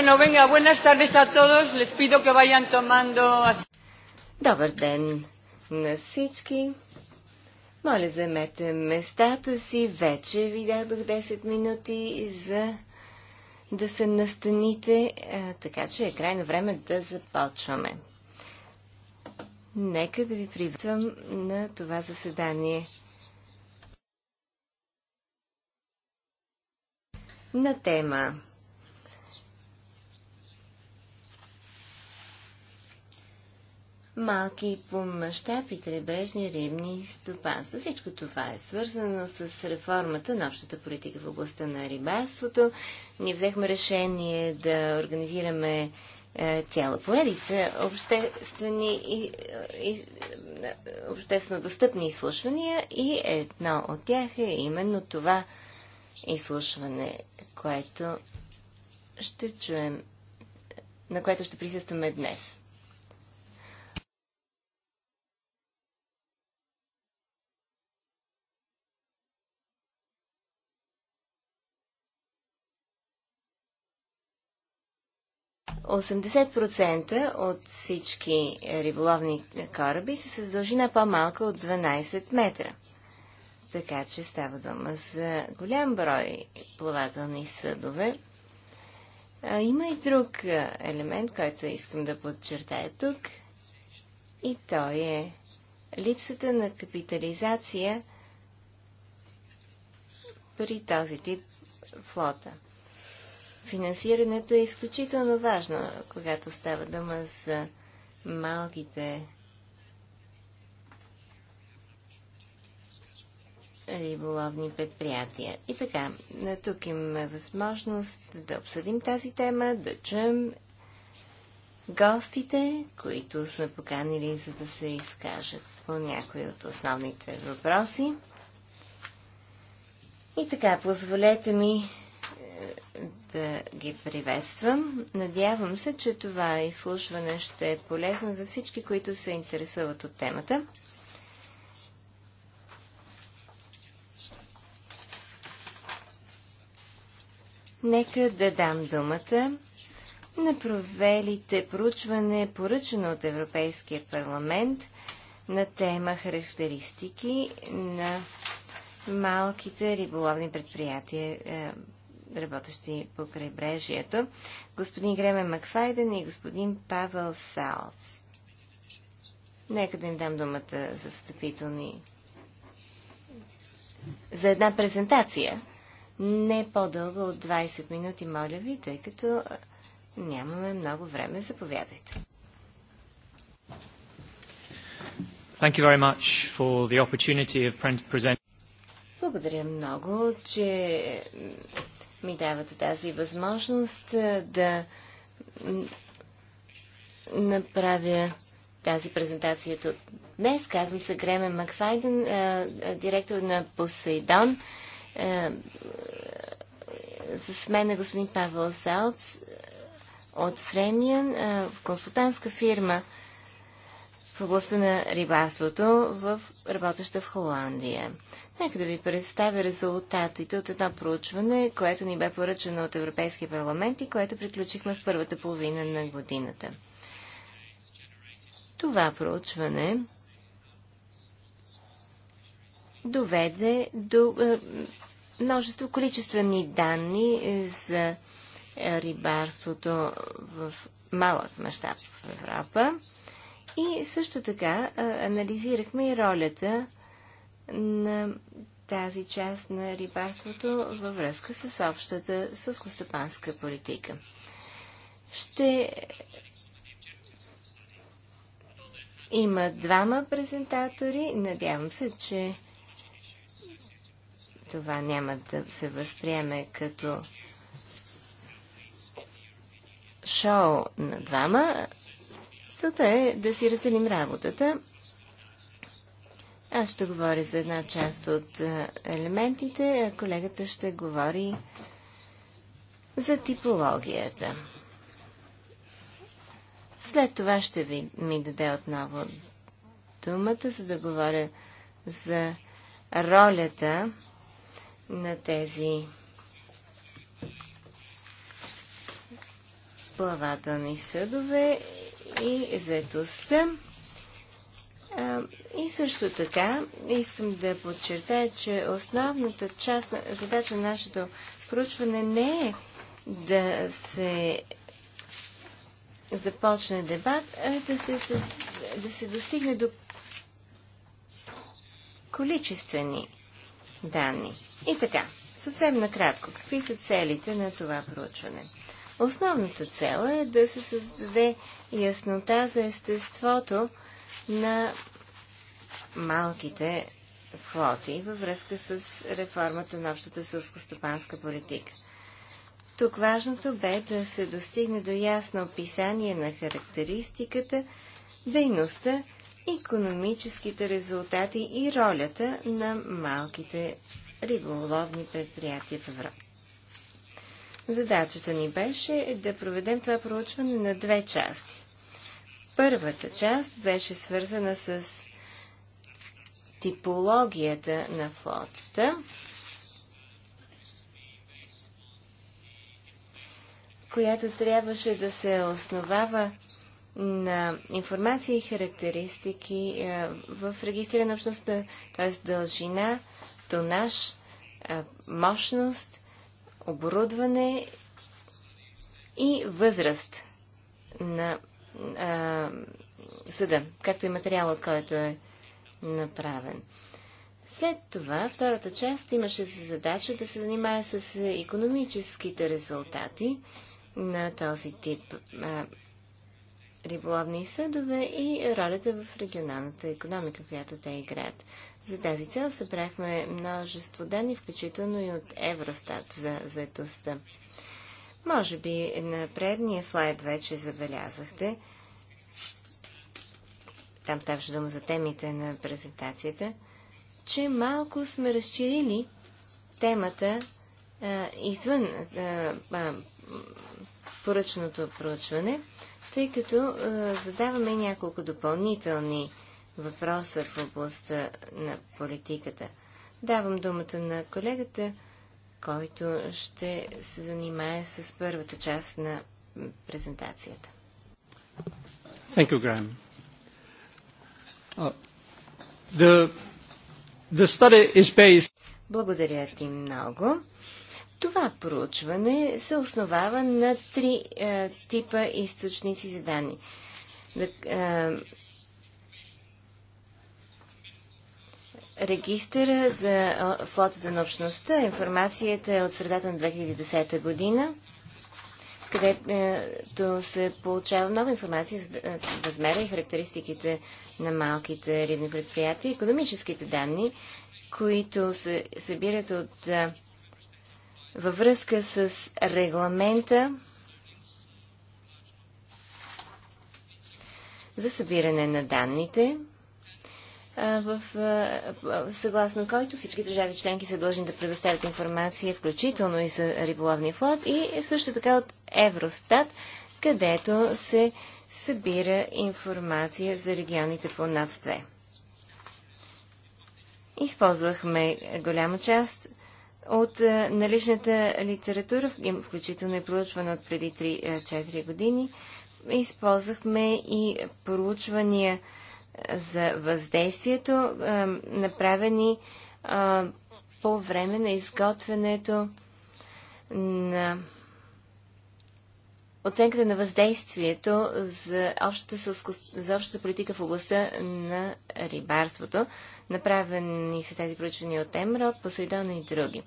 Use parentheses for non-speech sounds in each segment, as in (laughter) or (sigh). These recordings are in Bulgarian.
Bueno, venga, buenas tardes a todos. Les pido que vayan tomando... Добър ден на всички. Моля, замете местата си. Вече ви дадох 10 минути за да се настаните, така че е крайно време да започваме. Нека да ви приветствам на това заседание. На тема малки по мащаб и крайбрежни рибни стопанства. Всичко това е свързано с реформата на общата политика в областта на рибарството. Ние взехме решение да организираме е, цяла поредица обществени и, и, обществено достъпни изслушвания и едно от тях е именно това изслушване, което ще чуем, на което ще присъстваме днес. 80% от всички риболовни кораби са с дължина по-малка от 12 метра. Така че става дума за голям брой плавателни съдове. А, има и друг елемент, който искам да подчертая тук. И той е липсата на капитализация при този тип флота – Финансирането е изключително важно, когато става дума за малките риболовни предприятия. И така, тук имаме възможност да обсъдим тази тема, да чуем гостите, които сме поканили за да се изкажат по някои от основните въпроси. И така, позволете ми да ги приветствам. Надявам се, че това изслушване ще е полезно за всички, които се интересуват от темата. Нека да дам думата на провелите проучване, поръчено от Европейския парламент на тема характеристики на малките риболовни предприятия е, работещи по крайбрежието, господин Греме Макфайден и господин Павел Салц. Нека да им дам думата за встъпителни... за една презентация. Не по-дълга от 20 минути, моля ви, тъй като нямаме много време. Заповядайте. Thank you very much for the opportunity of presenting. Благодаря много, че ми давате тази възможност да направя тази презентация днес. Казвам се Греме Макфайден, директор на Посейдон. С мен е господин Павел Салц от Фремиан, консултантска фирма – в областта на рибарството в работеща в Холандия. Нека да ви представя резултатите от едно проучване, което ни бе поръчано от Европейския парламент и което приключихме в първата половина на годината. Това проучване доведе до е, множество количествени данни е, за е, рибарството в малък мащаб в Европа. И също така анализирахме и ролята на тази част на рибарството във връзка с общата сълскостопанска политика. Ще има двама презентатори. Надявам се, че това няма да се възприеме като шоу на двама, Целта е да си разделим работата. Аз ще говоря за една част от елементите, а колегата ще говори за типологията. След това ще ви, ми даде отново думата, за да говоря за ролята на тези плавателни съдове и заедостта. И също така искам да подчертая, че основната част, на задача на нашето проучване не е да се започне дебат, а да се, да се достигне до количествени данни. И така, съвсем накратко, какви са целите на това проучване? Основната цел е да се създаде яснота за естеството на малките флоти във връзка с реформата на общата сълскостопанска политика. Тук важното бе да се достигне до ясно описание на характеристиката, дейността, економическите резултати и ролята на малките риболовни предприятия в Европа. Задачата ни беше да проведем това проучване на две части. Първата част беше свързана с типологията на флотата, която трябваше да се основава на информация и характеристики е, в регистрирана на общността, т.е. дължина, тонаж, е, мощност оборудване и възраст на а, съда, както и материал, от който е направен. След това, втората част имаше се задача да се занимае с економическите резултати на този тип а, риболовни съдове и ролята в регионалната економика, която те играят. За тази цел събрахме множество данни, включително и от Евростат за заедостта. Може би на предния слайд вече забелязахте. Там ставаше дума за темите на презентацията, че малко сме разширили темата а, извън а, а, поръчното проучване, тъй като задаваме няколко допълнителни въпроса в областта на политиката. Давам думата на колегата, който ще се занимае с първата част на презентацията. Thank you, Graham. Uh, the, the study is based... Благодаря ти много. Това проучване се основава на три е, типа източници за данни. Да, е, регистъра за флотата на общността, информацията е от средата на 2010 година, където се получава много информация за размера е, и характеристиките на малките рибни предприятия, економическите данни, които се събират от е, във връзка с регламента за събиране на данните, в, съгласно който всички държави членки са длъжни да предоставят информация, включително и за риболовния флот, и също така от Евростат, където се събира информация за регионите по над 2. Използвахме голяма част от е, наличната литература, включително и проучване от преди 3-4 е, години. Използвахме и проучвания е, за въздействието, направени по време на изготвянето на оценката на въздействието за общата, сълско... за общата политика в областта на рибарството. Направени са тези проучвания от Емрод, Посейдон и други.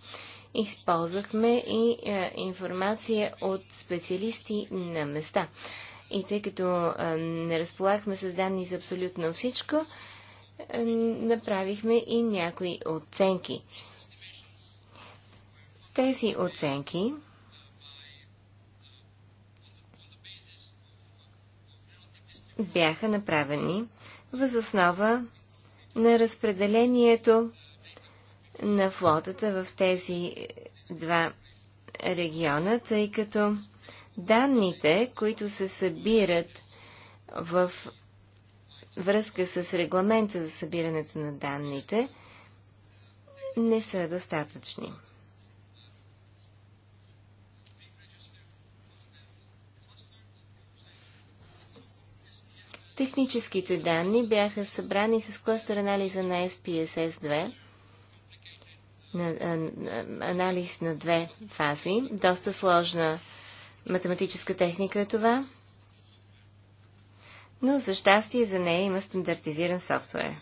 Използвахме и е, информация от специалисти на места. И тъй като е, не разполагахме с данни за абсолютно всичко, е, направихме и някои оценки. Тези оценки бяха направени възоснова на разпределението на флотата в тези два региона, тъй като данните, които се събират в връзка с регламента за събирането на данните, не са достатъчни. Техническите данни бяха събрани с кластър анализа на SPSS-2, на, а, анализ на две фази. Доста сложна математическа техника е това, но за щастие за нея има стандартизиран софтуер.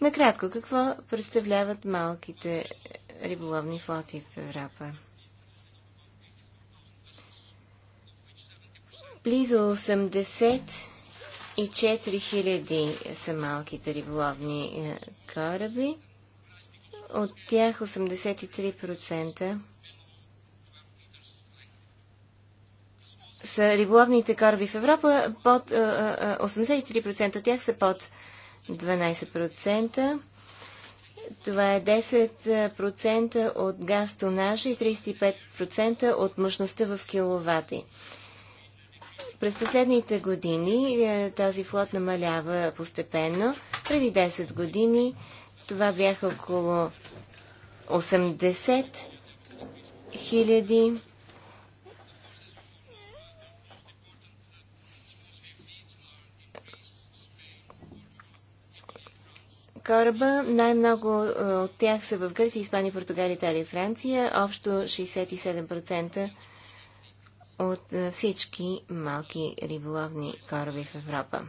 Накратко, какво представляват малките риболовни флоти в Европа? Близо 84 000 са малките риболовни е, кораби. От тях 83% са риболовните кораби в Европа. Под, 83% е, е, от тях са под 12%. Това е 10% от газ тонажа и 35% от мощността в киловати. През последните години е, този флот намалява постепенно. Преди 10 години това бяха около 80 хиляди. кораба. Най-много е, от тях са в Гърция, Испания, Португалия, Италия и Франция. Общо 67% от е, всички малки риболовни кораби в Европа.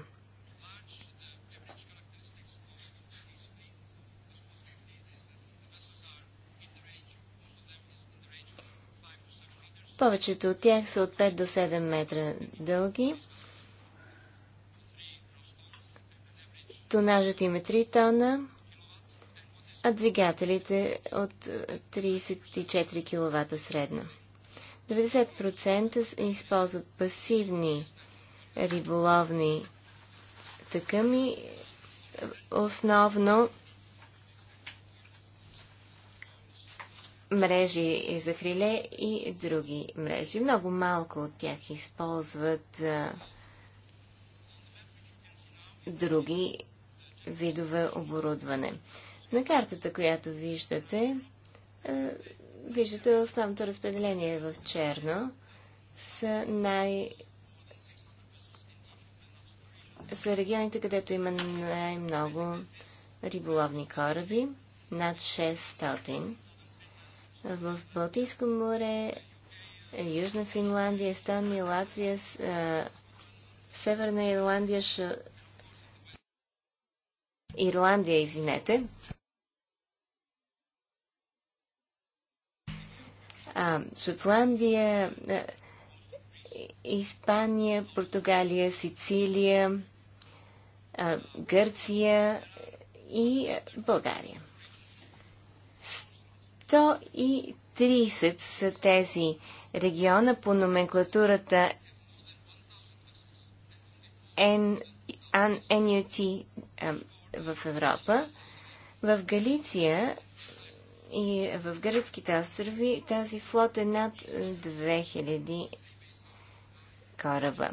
Повечето от тях са от 5 до 7 метра дълги. Тонажът им е 3 тона, а двигателите от 34 кВт средно. 90% използват пасивни риболовни такъми, основно мрежи за хриле и други мрежи. Много малко от тях използват а, други видове оборудване. На картата, която виждате, виждате основното разпределение е в черно са най... са регионите, където има най-много риболовни кораби, над 600. В Балтийско море, Южна Финландия, Естония, Латвия, Северна Ирландия, Ш... Ирландия, извинете, Шотландия, Испания, Португалия, Сицилия, Гърция и България. 130 са тези региона по номенклатурата NUT в Европа. В Галиция и в гръцките острови тази флот е над 2000 е, кораба.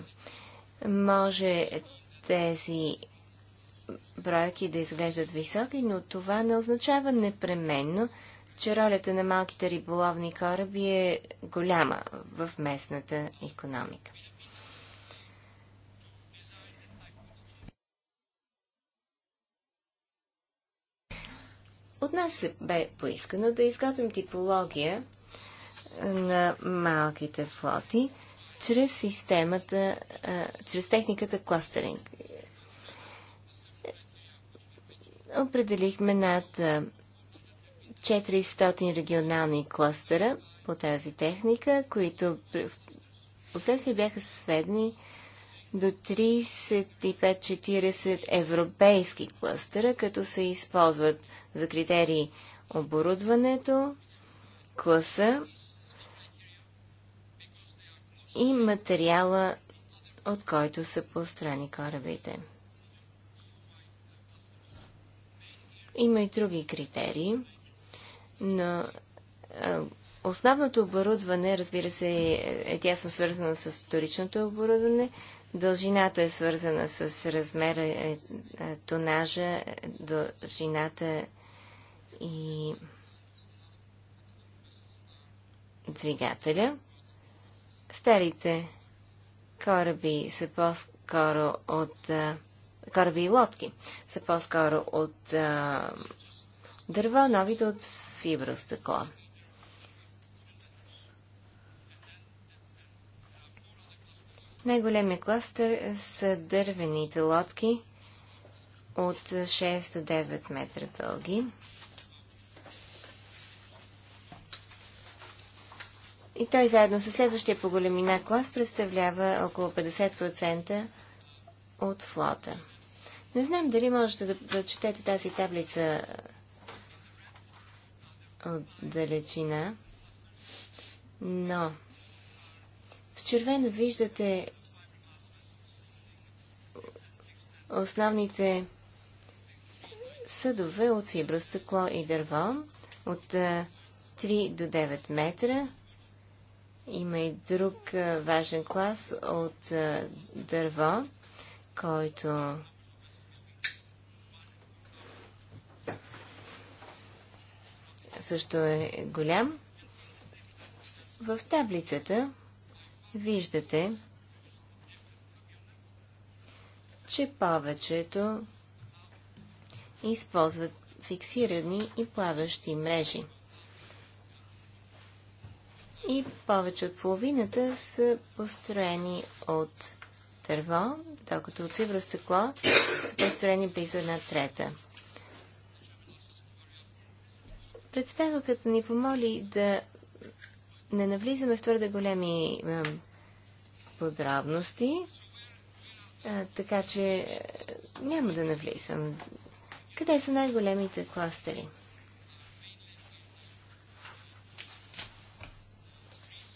Може тези бройки да изглеждат високи, но това не означава непременно, че ролята на малките риболовни кораби е голяма в местната економика. От нас бе поискано да изготвим типология на малките флоти чрез системата, чрез техниката кластеринг. Определихме над 400 регионални кластера по тази техника, които в последствие бяха сведени до 35-40 европейски кластера, като се използват за критерии оборудването, класа и материала, от който са построени корабите. Има и други критерии, но основното оборудване, разбира се, е, е тясно свързано с вторичното оборудване, Дължината е свързана с размера, е, е, тонажа, дължината и двигателя. Старите кораби са по-скоро от... кораби и лодки са по-скоро от дърво, новите от фибростъкло. Най-големия кластър са дървените лодки от 6 до 9 метра дълги. И той заедно с следващия по големина клас представлява около 50% от флота. Не знам дали можете да прочетете тази таблица от далечина, но в червено виждате основните съдове от фибростъкло и дърво от 3 до 9 метра. Има и друг важен клас от дърво, който също е голям. В таблицата виждате, че повечето използват фиксирани и плаващи мрежи. И повече от половината са построени от дърво, докато от фибро стъкло са построени близо една трета. Председателката ни помоли да не навлизаме в твърде големи е, подробности, така че е, няма да навлизам. Къде са най-големите кластери?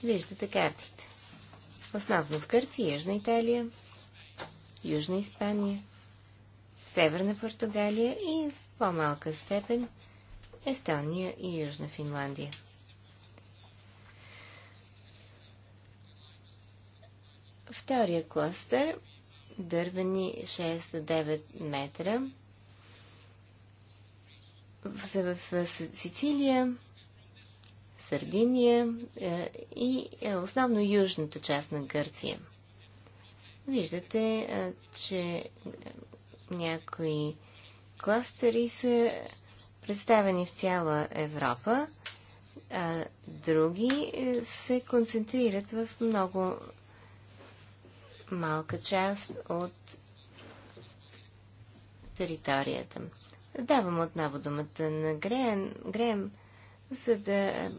Виждате картите. Основно в Гърция, Южна Италия, Южна Испания, Северна Португалия и в по-малка степен Естония и Южна Финландия. Втория кластър, дървени 6 до 9 метра. са в Сицилия, Сардиния е, и е, основно южната част на Гърция. Виждате, е, че някои кластери са представени в цяла Европа, а други се концентрират в много малка част от територията. Давам отново думата на Греем, Греем за да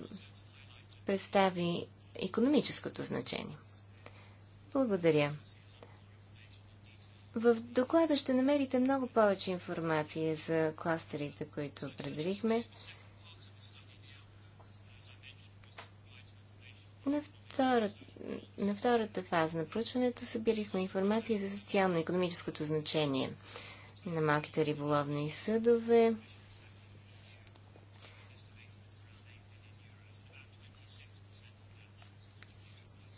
представи економическото значение. Благодаря. В доклада ще намерите много повече информация за кластерите, които определихме. На втората на втората фаза на проучването събирахме информация за социално-економическото значение на малките риболовни съдове,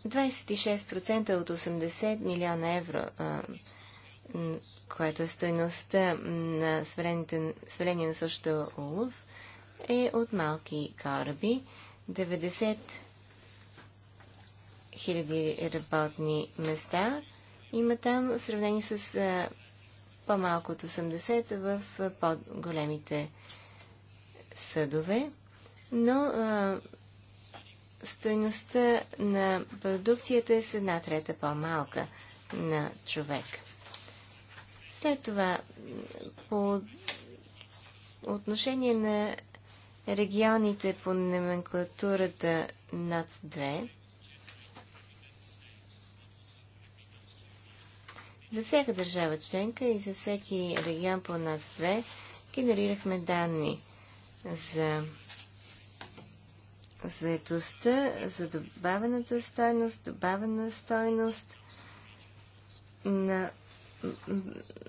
26% от 80 милиона евро, което е стойността на сваление на същото улов, е от малки кораби. 90 Хиляди работни места има там, в сравнение с по-малко от 80 в по-големите съдове. Но а, стойността на продукцията е с една трета по-малка на човек. След това, по отношение на регионите по номенклатурата НАЦ-2, За всяка държава членка и за всеки регион по нас две генерирахме данни за заедостта, за добавената стойност, добавена стойност на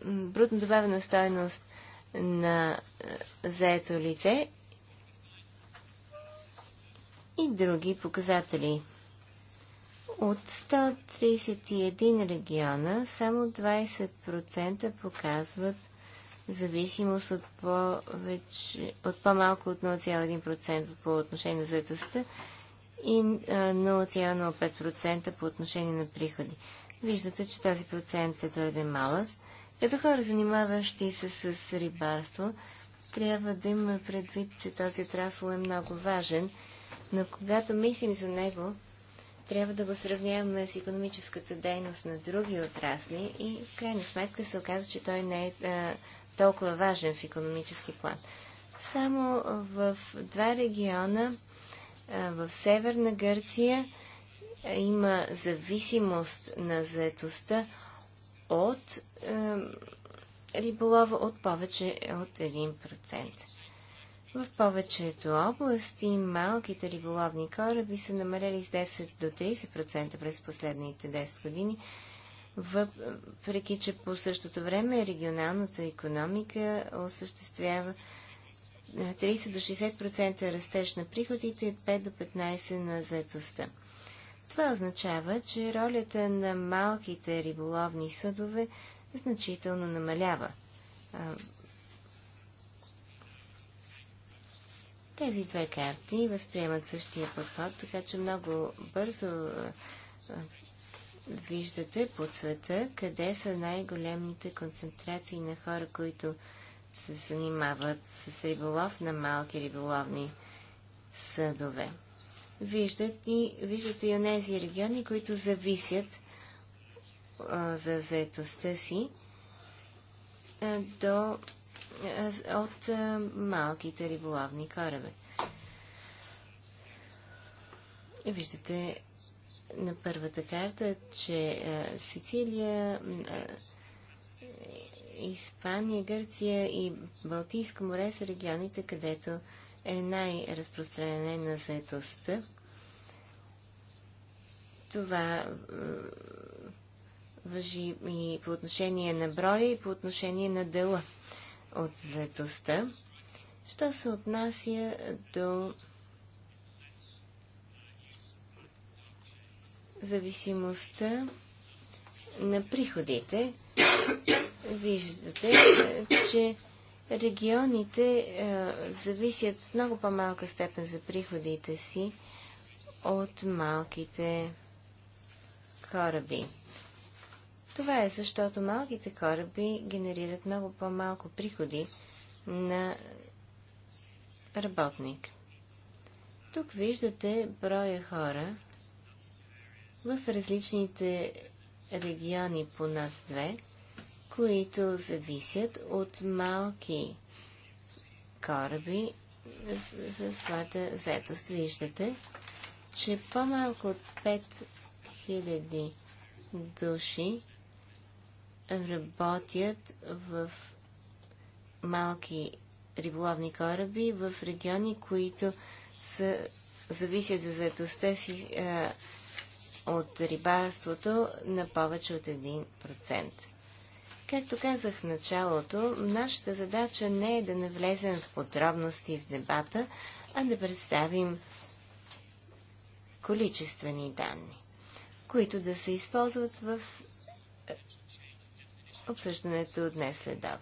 брутно добавена стойност на е, заето лице и други показатели. От 131 региона само 20% показват зависимост от, повече, от по-малко от 0,1% по отношение на заедостта и 0,05% по отношение на приходи. Виждате, че този процент е твърде малък. Като хора, занимаващи се с рибарство, трябва да имаме предвид, че този отрасъл е много важен, но когато мислим за него, трябва да го сравняваме с економическата дейност на други отрасли и в крайна сметка се оказва, че той не е а, толкова важен в економически план. Само в два региона, а, в северна Гърция, а, има зависимост на заетостта от риболова от повече от 1%. В повечето области малките риболовни кораби са намалели с 10 до 30% през последните 10 години, въпреки че по същото време регионалната економика осъществява 30 до 60% растеж на приходите и 5 до 15% на заетостта. Това означава, че ролята на малките риболовни съдове значително намалява Тези две карти възприемат същия подход, така че много бързо виждате по света къде са най-големите концентрации на хора, които се занимават с риболов на малки риболовни съдове. Виждат и, виждате и онези региони, които зависят а, за заетостта си а, до от малките риболовни кораби. Виждате на първата карта, че Сицилия, Испания, Гърция и Балтийско море са регионите, където е най-разпространена на заетостта. Това въжи и по отношение на броя, и по отношение на дела от заедостта. Що се отнася до зависимостта на приходите, (coughs) виждате, че регионите е, зависят в много по-малка степен за приходите си от малките кораби. Това е защото малките кораби генерират много по-малко приходи на работник. Тук виждате броя хора в различните региони по нас две, които зависят от малки кораби за своята заетост. Виждате, че по-малко от 5000 души работят в малки риболовни кораби в региони, които са, зависят за заедостта си а, от рибарството на повече от 1%. Както казах в началото, нашата задача не е да навлезем в подробности в дебата, а да представим количествени данни, които да се използват в обсъждането днес след обед.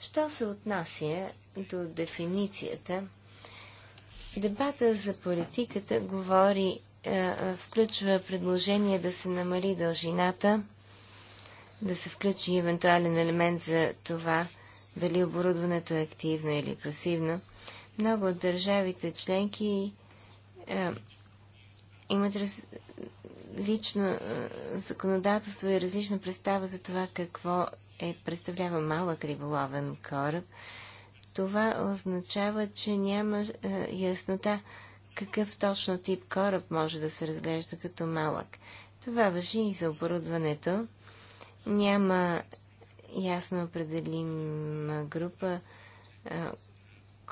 Що се отнася до дефиницията, дебата за политиката говори, е, включва предложение да се намали дължината, да се включи евентуален елемент за това, дали оборудването е активно или пасивно. Много от държавите членки е, имат раз различно законодателство и различна представа за това какво е, представлява малък риболовен кораб, това означава, че няма е, яснота какъв точно тип кораб може да се разглежда като малък. Това въжи и за оборудването. Няма ясно определима група, е,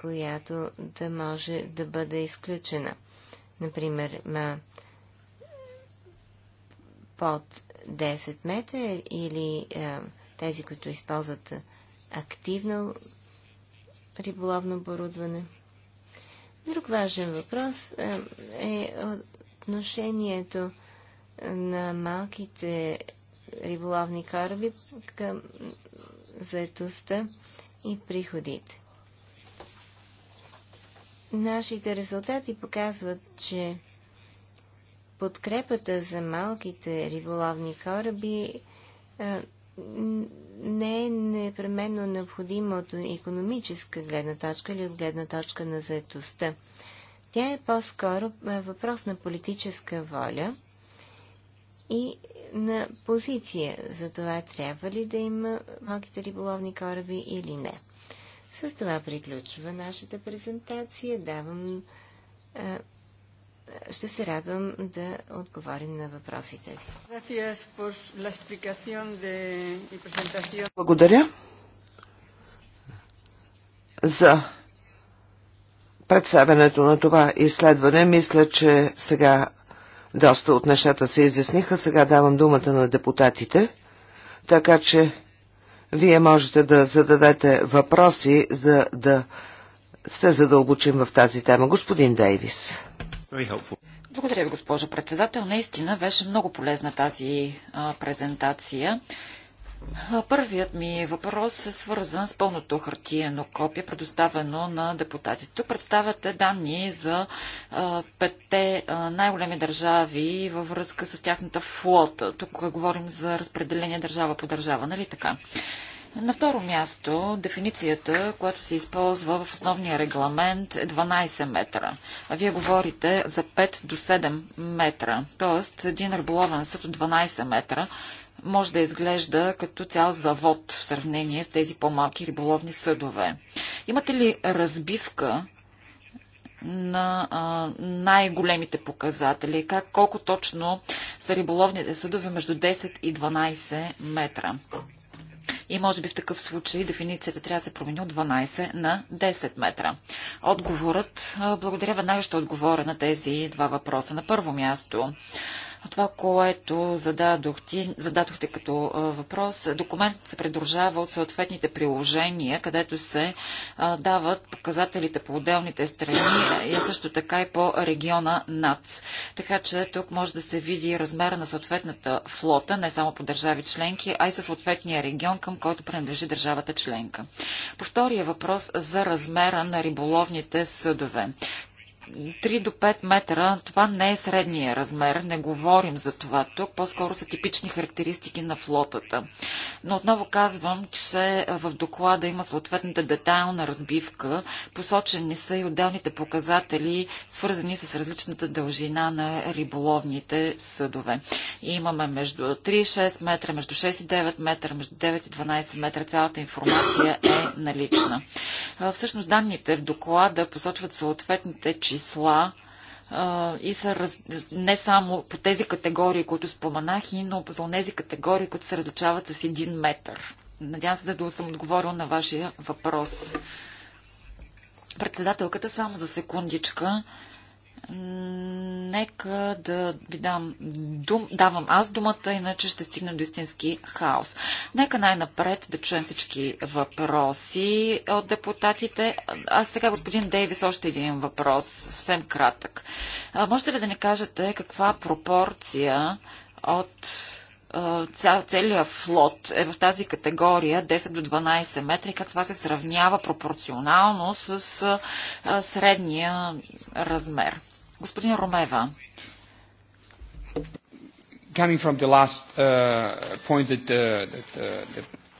която да може да бъде изключена. Например, ма, под 10 метра или е, тези, които използват активно риболовно оборудване. Друг важен въпрос е, е отношението на малките риболовни кораби към заетостта и приходите. Нашите резултати показват, че подкрепата за малките риболовни кораби а, е, не е непременно необходима от економическа гледна точка или от гледна точка на заетостта. Тя е по-скоро е, въпрос на политическа воля и на позиция за това трябва ли да има малките риболовни кораби или не. С това приключва нашата презентация. Давам а, е, ще се радвам да отговорим на въпросите ви. Благодаря за представянето на това изследване. Мисля, че сега доста от нещата се изясниха. Сега давам думата на депутатите, така че вие можете да зададете въпроси, за да се задълбочим в тази тема. Господин Дейвис. Благодаря ви, госпожо председател. Наистина беше много полезна тази а, презентация. Първият ми въпрос е свързан с пълното хартиено копие, предоставено на депутатите. Тук представяте данни за петте най-големи държави във връзка с тяхната флота. Тук говорим за разпределение държава по държава, нали така? На второ място, дефиницията, която се използва в основния регламент е 12 метра. А вие говорите за 5 до 7 метра. Тоест, един риболовен съд от 12 метра може да изглежда като цял завод в сравнение с тези по-малки риболовни съдове. Имате ли разбивка на най-големите показатели, как, колко точно са риболовните съдове между 10 и 12 метра. И може би в такъв случай дефиницията трябва да се промени от 12 на 10 метра. Отговорът, благодаря веднага ще отговоря на тези два въпроса. На първо място, това, което зададохте, зададохте като въпрос, документът се придружава от съответните приложения, където се дават показателите по отделните страни и е също така и по региона НАЦ. Така че тук може да се види размера на съответната флота, не само по държави членки, а и със съответния регион, към който принадлежи държавата членка. По втория въпрос за размера на риболовните съдове. 3 до 5 метра, това не е средния размер, не говорим за това тук, по-скоро са типични характеристики на флотата. Но отново казвам, че в доклада има съответната детайлна разбивка, посочени са и отделните показатели, свързани с различната дължина на риболовните съдове. И имаме между 3 и 6 метра, между 6 и 9 метра, между 9 и 12 метра, цялата информация е налична. Всъщност данните в доклада посочват съответните числа числа и са раз... не само по тези категории, които споменах, и но за тези категории, които се различават с един метър. Надявам се да съм отговорил на вашия въпрос. Председателката, само за секундичка. Нека да ви дам, дум, давам аз думата, иначе ще стигна до истински хаос. Нека най-напред да чуем всички въпроси от депутатите. А сега, господин Дейвис, още един въпрос, съвсем кратък. А, можете ли да ни кажете каква пропорция от целият флот е в тази категория 10 до 12 метри, как това се сравнява пропорционално с средния размер. Господин Ромева. Uh, uh,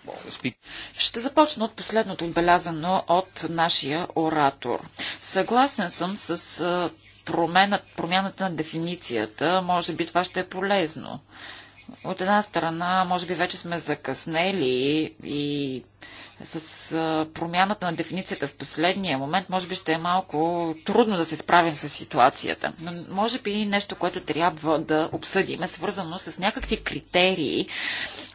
uh, ще започна от последното отбелязано от нашия оратор. Съгласен съм с промяната на дефиницията. Може би това ще е полезно. От една страна, може би вече сме закъснели и с промяната на дефиницията в последния момент, може би ще е малко трудно да се справим с ситуацията. Но може би нещо, което трябва да обсъдим е свързано с някакви критерии,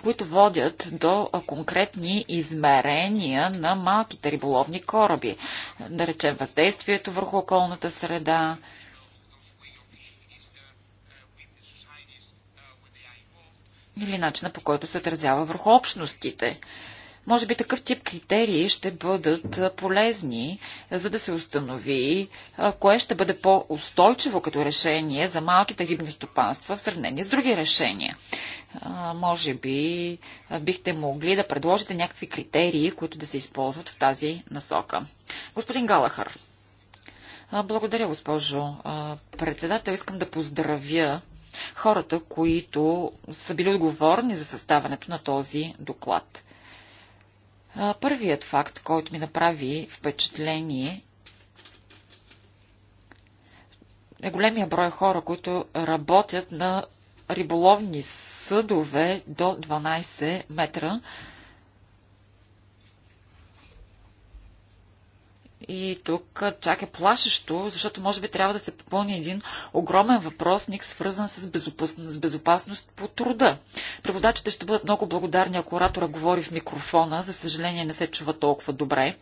които водят до конкретни измерения на малките риболовни кораби. Да речем въздействието върху околната среда, или начина по който се отразява върху общностите. Може би такъв тип критерии ще бъдат полезни, за да се установи кое ще бъде по-устойчиво като решение за малките рибни стопанства в сравнение с други решения. Може би бихте могли да предложите някакви критерии, които да се използват в тази насока. Господин Галахър. Благодаря, госпожо председател. Искам да поздравя хората, които са били отговорни за съставането на този доклад. Първият факт, който ми направи впечатление, е големия брой хора, които работят на риболовни съдове до 12 метра, И тук чак е плашещо, защото може би трябва да се попълни един огромен въпросник, свързан с безопасност, с безопасност по труда. Преводачите ще бъдат много благодарни, ако оратора говори в микрофона. За съжаление не се чува толкова добре.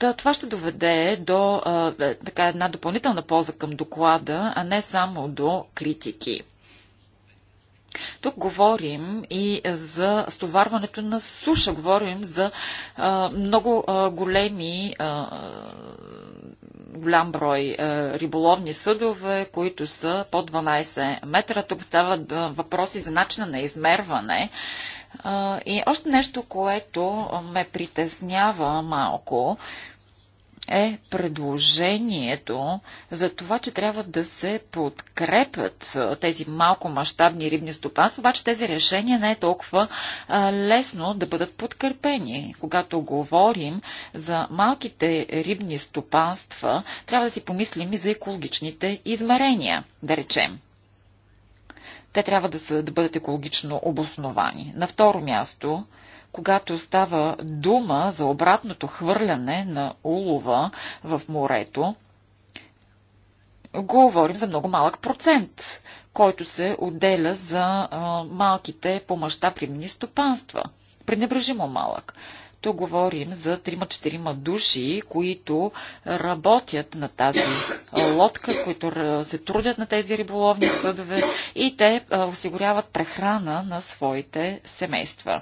Да, това ще доведе до а, е, така, една допълнителна полза към доклада, а не само до критики. Тук говорим и за стоварването на суша, говорим за а, много а, големи, а, голям брой а, риболовни съдове, които са по 12 метра. Тук стават въпроси за начина на измерване. А, и още нещо, което ме притеснява малко. А, е предложението за това, че трябва да се подкрепят тези малко мащабни рибни стопанства, обаче тези решения не е толкова лесно да бъдат подкрепени. Когато говорим за малките рибни стопанства, трябва да си помислим и за екологичните измерения, да речем те трябва да, са, да бъдат екологично обосновани. На второ място, когато става дума за обратното хвърляне на улова в морето, говорим за много малък процент, който се отделя за а, малките по мащаб рибни стопанства. Пренебрежимо малък. Тук говорим за 3-4 души, които работят на тази лодка, които се трудят на тези риболовни съдове и те осигуряват прехрана на своите семейства.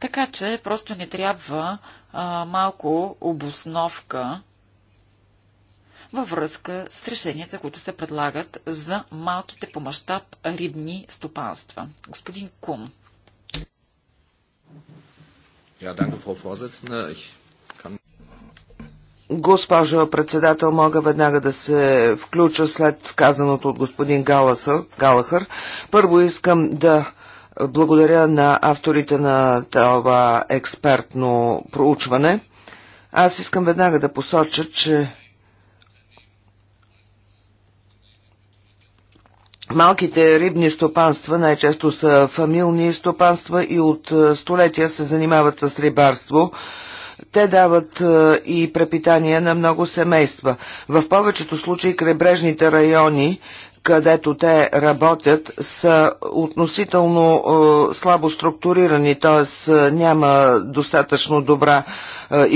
Така че просто ни трябва а, малко обосновка във връзка с решенията, които се предлагат за малките по мащаб рибни стопанства. Господин Кум. Ja, danke, Госпожо председател, мога веднага да се включа след казаното от господин Галаса, Галахър. Първо искам да благодаря на авторите на това експертно проучване. Аз искам веднага да посоча, че Малките рибни стопанства най-често са фамилни стопанства и от е, столетия се занимават с рибарство. Те дават е, и препитание на много семейства. В повечето случаи крайбрежните райони където те работят, са относително е, слабо структурирани, т.е. няма достатъчно добра е,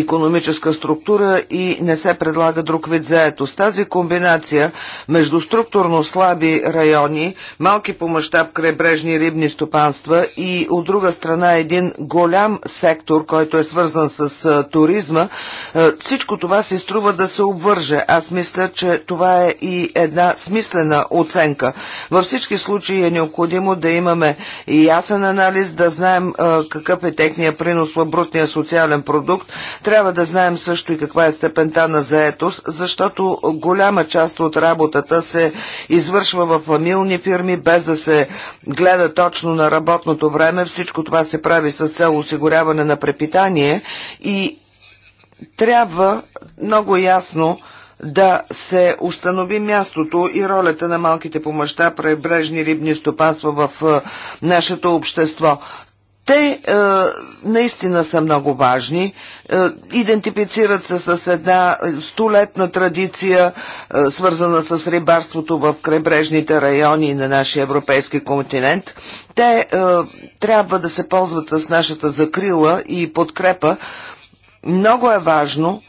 економическа структура и не се предлага друг вид заетост. Тази комбинация между структурно слаби райони, малки по мащаб крайбрежни рибни стопанства и от друга страна един голям сектор, който е свързан с е, туризма, е, всичко това се струва да се обвърже. Аз мисля, че това е и една смислена оценка. Във всички случаи е необходимо да имаме и ясен анализ, да знаем какъв е техния принос в брутния социален продукт. Трябва да знаем също и каква е степента на заетост, защото голяма част от работата се извършва в фамилни фирми, без да се гледа точно на работното време. Всичко това се прави с цел осигуряване на препитание и трябва много ясно да се установи мястото и ролята на малките по мащаб пребрежни рибни стопанства в е, нашето общество. Те е, наистина са много важни. Е, идентифицират се с една столетна традиция, е, свързана с рибарството в крайбрежните райони на нашия европейски континент. Те е, трябва да се ползват с нашата закрила и подкрепа. Много е важно е,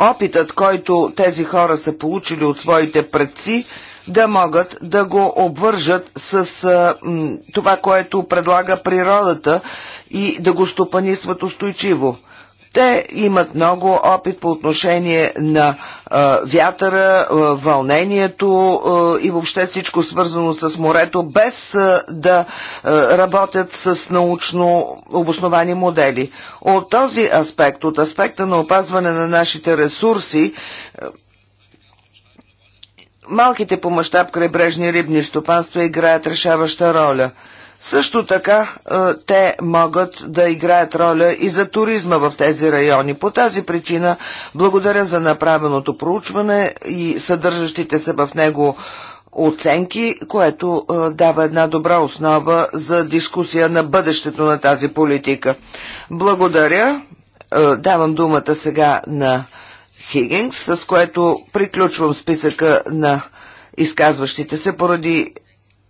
опитът, който тези хора са получили от своите предци, да могат да го обвържат с а, м, това, което предлага природата и да го стопанисват устойчиво. Те имат много опит по отношение на а, вятъра, а, вълнението а, и въобще всичко свързано с морето, без а, да а, работят с научно обосновани модели. От този аспект, от аспекта на опазване на нашите ресурси, малките по мащаб крайбрежни рибни стопанства играят решаваща роля – също така е, те могат да играят роля и за туризма в тези райони. По тази причина благодаря за направеното проучване и съдържащите се в него оценки, което е, дава една добра основа за дискусия на бъдещето на тази политика. Благодаря. Е, давам думата сега на Хигингс, с което приключвам списъка на изказващите се поради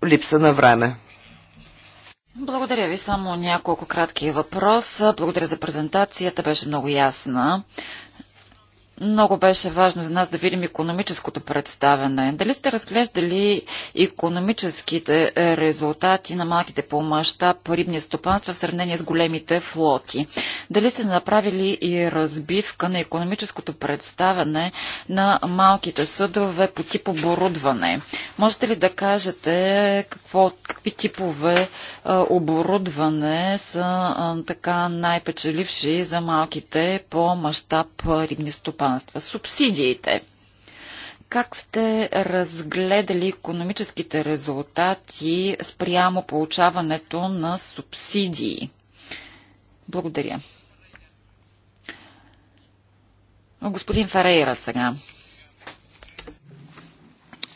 липса на време. Благодаря ви. Само няколко кратки въпроса. Благодаря за презентацията. Беше много ясна. Много беше важно за нас да видим економическото представяне. Дали сте разглеждали економическите е, резултати на малките по мащаб рибни стопанства в сравнение с големите флоти? Дали сте направили и разбивка на економическото представяне на малките съдове по тип оборудване? Можете ли да кажете какво, какви типове е, оборудване са е, така най-печеливши за малките по мащаб рибни стопанства? стопанства, субсидиите. Как сте разгледали економическите резултати спрямо получаването на субсидии? Благодаря. Господин Ферейра сега.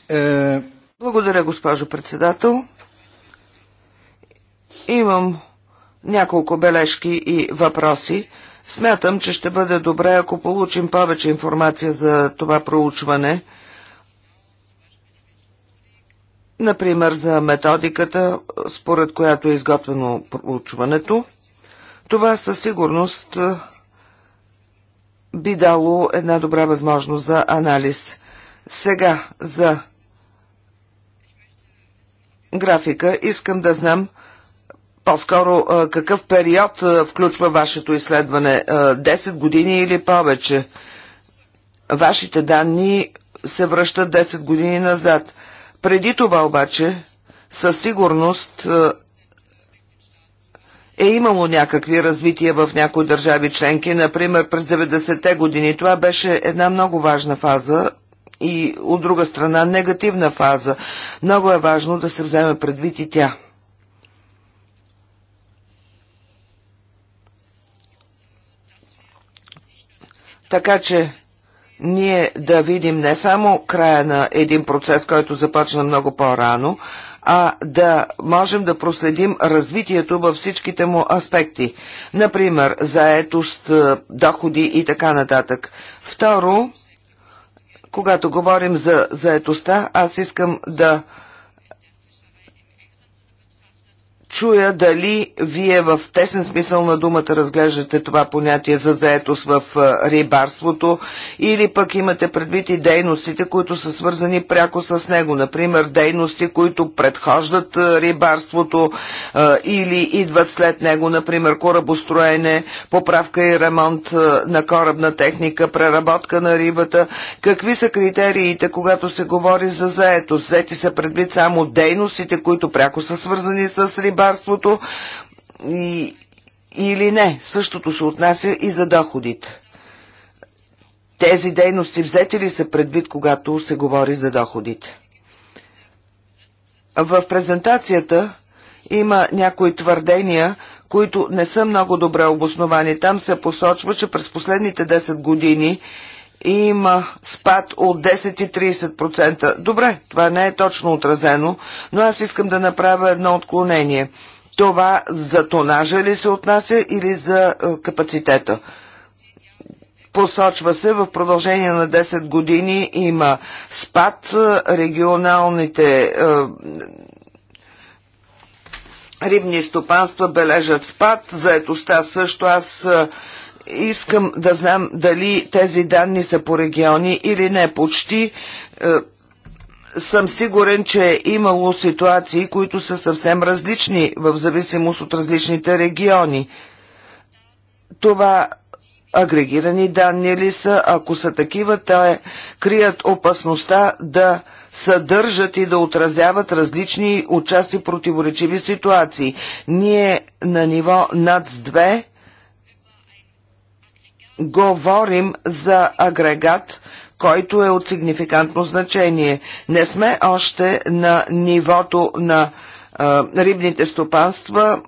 Е... Благодаря, госпожо председател. Имам няколко бележки и въпроси. Смятам, че ще бъде добре, ако получим повече информация за това проучване, например за методиката, според която е изготвено проучването. Това със сигурност би дало една добра възможност за анализ. Сега за графика искам да знам по-скоро какъв период включва вашето изследване? 10 години или повече? Вашите данни се връщат 10 години назад. Преди това обаче, със сигурност е имало някакви развития в някои държави членки, например през 90-те години. Това беше една много важна фаза и от друга страна негативна фаза. Много е важно да се вземе предвид и тя. така че ние да видим не само края на един процес, който започна много по-рано, а да можем да проследим развитието във всичките му аспекти. Например, заетост, е, доходи и така нататък. Второ, когато говорим за заетостта, аз искам да чуя дали вие в тесен смисъл на думата разглеждате това понятие за заетост в рибарството или пък имате предвид и дейностите, които са свързани пряко с него. Например, дейности, които предхождат рибарството или идват след него, например, корабостроене, поправка и ремонт на корабна техника, преработка на рибата. Какви са критериите, когато се говори за заетост? Взети са предвид само дейностите, които пряко са свързани с рибарството рибарството и, или не. Същото се отнася и за доходите. Тези дейности взети ли са предвид, когато се говори за доходите? В презентацията има някои твърдения, които не са много добре обосновани. Там се посочва, че през последните 10 години има спад от 10,30%. Добре, това не е точно отразено, но аз искам да направя едно отклонение. Това за тонажа ли се отнася или за е, капацитета? Посочва се, в продължение на 10 години има спад, е, регионалните е, рибни стопанства бележат спад, заедостта също. Аз Искам да знам дали тези данни са по региони или не. Почти е, съм сигурен, че е имало ситуации, които са съвсем различни в зависимост от различните региони. Това агрегирани данни ли са? Ако са такива, те крият опасността да съдържат и да отразяват различни отчасти противоречиви ситуации. Ние на ниво НАЦ-2 говорим за агрегат, който е от сигнификантно значение. Не сме още на нивото на а, рибните стопанства.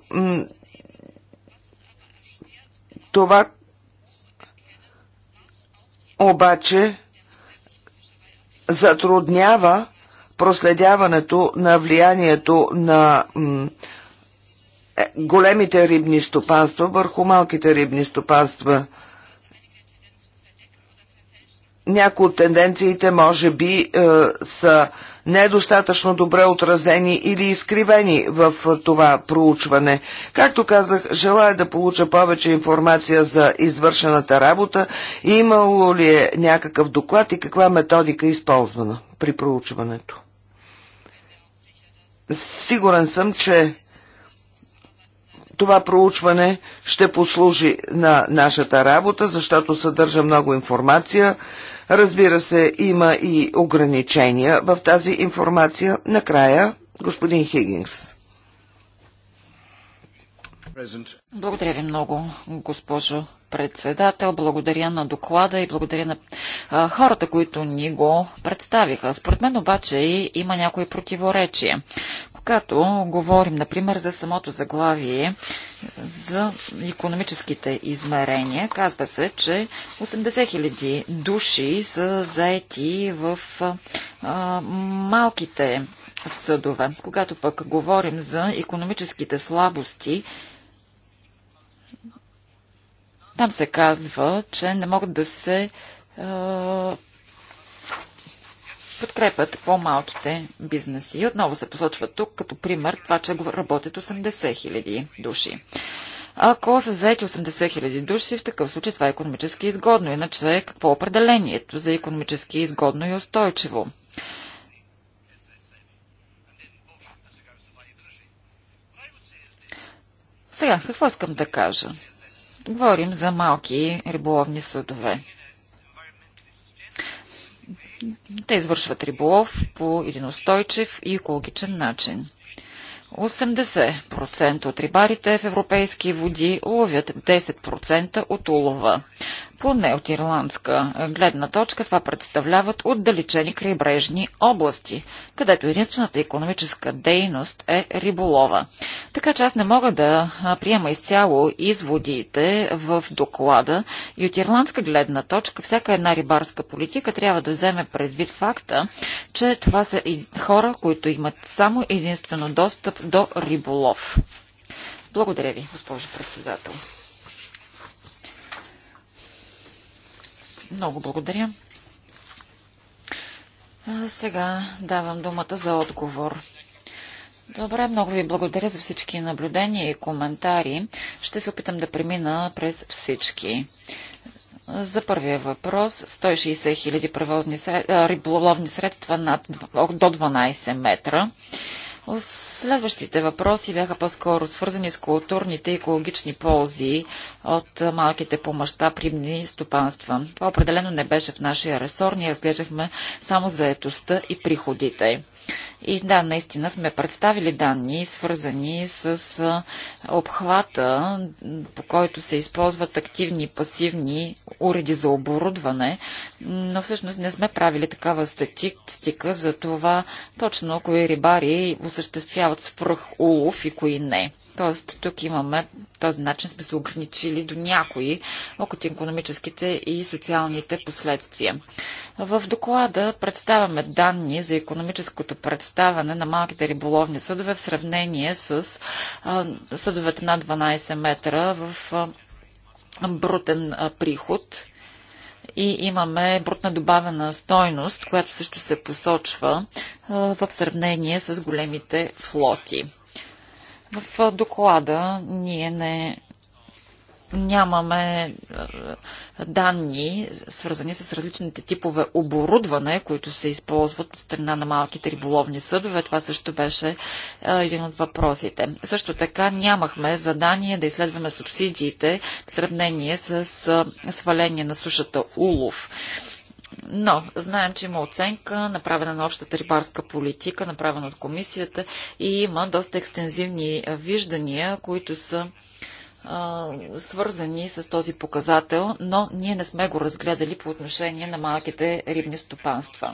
Това обаче затруднява проследяването на влиянието на е, големите рибни стопанства върху малките рибни стопанства – някои от тенденциите може би е, са недостатъчно добре отразени или изкривени в е, това проучване. Както казах, желая да получа повече информация за извършената работа, имало ли е някакъв доклад и каква методика е използвана при проучването. Сигурен съм, че това проучване ще послужи на нашата работа, защото съдържа много информация, Разбира се, има и ограничения в тази информация. Накрая, господин Хигингс. Благодаря ви много, госпожо председател. Благодаря на доклада и благодаря на а, хората, които ни го представиха. Според мен обаче има някои противоречия. Като говорим, например, за самото заглавие за економическите измерения, казва се, че 80 000 души са заети в а, малките съдове. Когато пък говорим за економическите слабости, там се казва, че не могат да се подкрепят по-малките бизнеси. отново се посочва тук като пример това, че работят 80 000 души. Ако са заети 80 000 души, в такъв случай това е економически изгодно. Иначе какво е определението за економически изгодно и устойчиво? Сега, какво искам да кажа? Говорим за малки риболовни съдове. Те извършват риболов по един устойчив и екологичен начин. 80% от рибарите в европейски води ловят 10% от улова. Поне от ирландска гледна точка това представляват отдалечени крайбрежни области, където единствената економическа дейност е риболова. Така че аз не мога да приема изцяло изводите в доклада и от ирландска гледна точка всяка една рибарска политика трябва да вземе предвид факта, че това са хора, които имат само единствено достъп до риболов. Благодаря ви, госпожо председател. Много благодаря. Сега давам думата за отговор. Добре, много ви благодаря за всички наблюдения и коментари. Ще се опитам да премина през всички. За първия въпрос, 160 хиляди риболовни средства над, до 12 метра. Следващите въпроси бяха по-скоро свързани с културните и екологични ползи от малките по мащаб примни стопанства. Това определено не беше в нашия ресор. Ние разглеждахме само заетостта и приходите. И да, наистина сме представили данни, свързани с обхвата, по който се използват активни и пасивни уреди за оборудване, но всъщност не сме правили такава статистика за това точно кои рибари осъществяват свръх улов и кои не. Тоест, тук имаме този начин сме се ограничили до някои от економическите и социалните последствия. В доклада представяме данни за економическото представяне на малките риболовни съдове в сравнение с съдовете над 12 метра в брутен приход и имаме брутна добавена стойност, която също се посочва в сравнение с големите флоти. В доклада ние не нямаме данни, свързани с различните типове оборудване, които се използват от страна на малките риболовни съдове. Това също беше един от въпросите. Също така нямахме задание да изследваме субсидиите в сравнение с сваление на сушата улов. Но знаем, че има оценка, направена на общата рибарска политика, направена от комисията и има доста екстензивни виждания, които са а, свързани с този показател, но ние не сме го разгледали по отношение на малките рибни стопанства.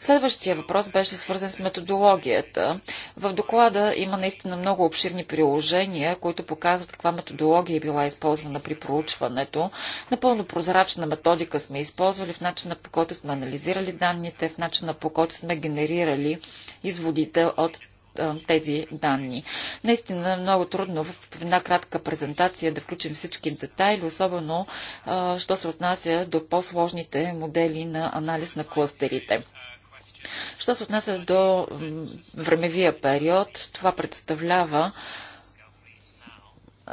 Следващия въпрос беше свързан с методологията. В доклада има наистина много обширни приложения, които показват каква методология е била използвана при проучването. Напълно прозрачна методика сме използвали в начина по който сме анализирали данните, в начина по който сме генерирали изводите от тези данни. Наистина е много трудно в една кратка презентация да включим всички детайли, особено що се отнася до по-сложните модели на анализ на кластерите. Що се отнася до времевия период, това представлява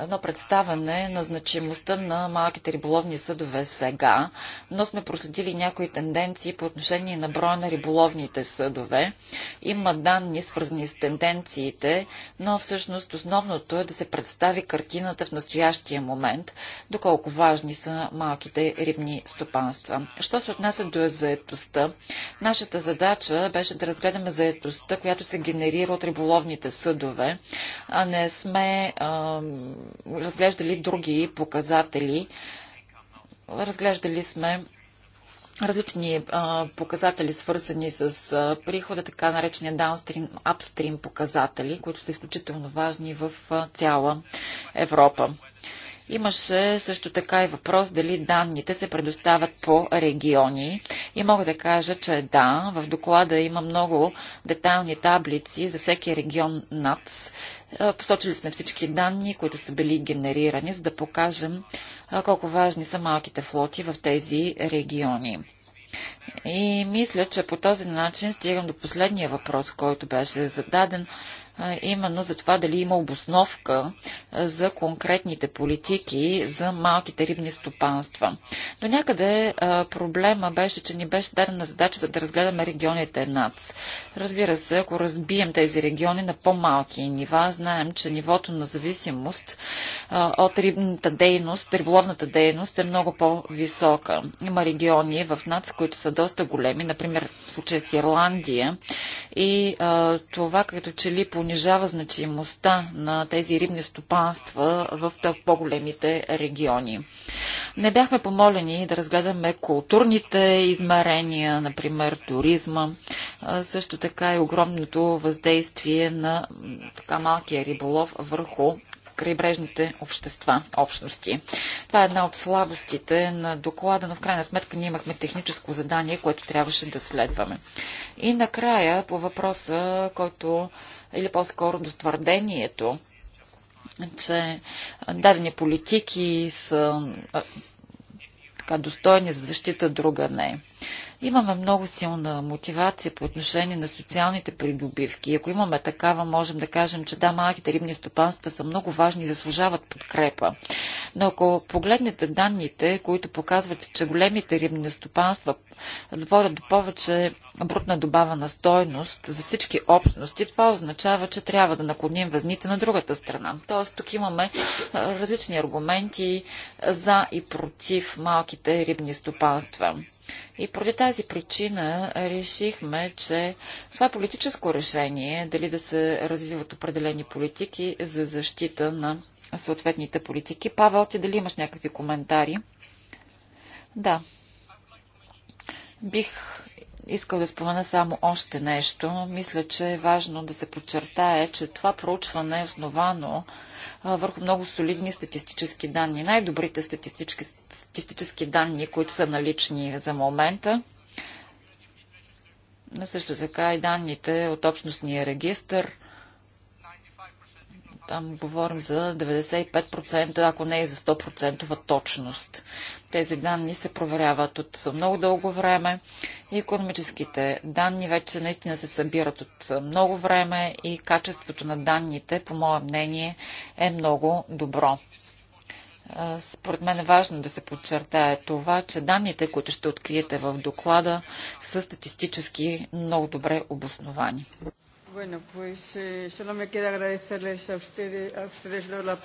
едно представане на значимостта на малките риболовни съдове сега, но сме проследили някои тенденции по отношение на броя на риболовните съдове. Има данни свързани с тенденциите, но всъщност основното е да се представи картината в настоящия момент, доколко важни са малките рибни стопанства. Що се отнася до заетостта, нашата задача беше да разгледаме заетостта, която се генерира от риболовните съдове, а не сме разглеждали други показатели. Разглеждали сме различни показатели, свързани с прихода, така наречения downstream, upstream показатели, които са изключително важни в цяла Европа. Имаше също така и въпрос дали данните се предоставят по региони. И мога да кажа, че да, в доклада има много детайлни таблици за всеки регион НАЦ. Е, посочили сме всички данни, които са били генерирани, за да покажем е, колко важни са малките флоти в тези региони. И мисля, че по този начин стигам до последния въпрос, който беше зададен именно за това дали има обосновка за конкретните политики за малките рибни стопанства. До някъде проблема беше, че ни беше дадена задачата да разгледаме регионите НАЦ. Разбира се, ако разбием тези региони на по-малки нива, знаем, че нивото на зависимост от рибната дейност, риболовната дейност е много по-висока. Има региони в НАЦ, които са доста големи, например в случая с Ирландия. И а, това, като че ли по понижава значимостта на тези рибни стопанства в по-големите региони. Не бяхме помолени да разгледаме културните измерения, например туризма, също така и огромното въздействие на така малкия риболов върху крайбрежните общества, общности. Това е една от слабостите на доклада, но в крайна сметка ние имахме техническо задание, което трябваше да следваме. И накрая по въпроса, който или по-скоро до твърдението, че дадени политики са така, достойни за защита, друга не. Имаме много силна мотивация по отношение на социалните придобивки. Ако имаме такава, можем да кажем, че да, малките рибни стопанства са много важни и заслужават подкрепа. Но ако погледнете данните, които показват, че големите рибни стопанства водят до повече брутна добавена стойност за всички общности, това означава, че трябва да наклоним възните на другата страна. Тоест, тук имаме различни аргументи за и против малките рибни стопанства. И поради тази причина решихме, че това е политическо решение, дали да се развиват определени политики за защита на съответните политики. Павел, ти дали имаш някакви коментари? Да. Бих искал да спомена само още нещо. Мисля, че е важно да се подчертае, че това проучване е основано върху много солидни статистически данни. Най-добрите статистически, статистически данни, които са налични за момента. Но също така и данните от общностния регистр, там говорим за 95%, ако не и за 100% точност. Тези данни се проверяват от много дълго време и економическите данни вече наистина се събират от много време и качеството на данните, по мое мнение, е много добро. Според мен е важно да се подчертае това, че данните, които ще откриете в доклада, са статистически много добре обосновани. Bueno, pues eh, solo me queda agradecerles a ustedes, a ustedes dos la...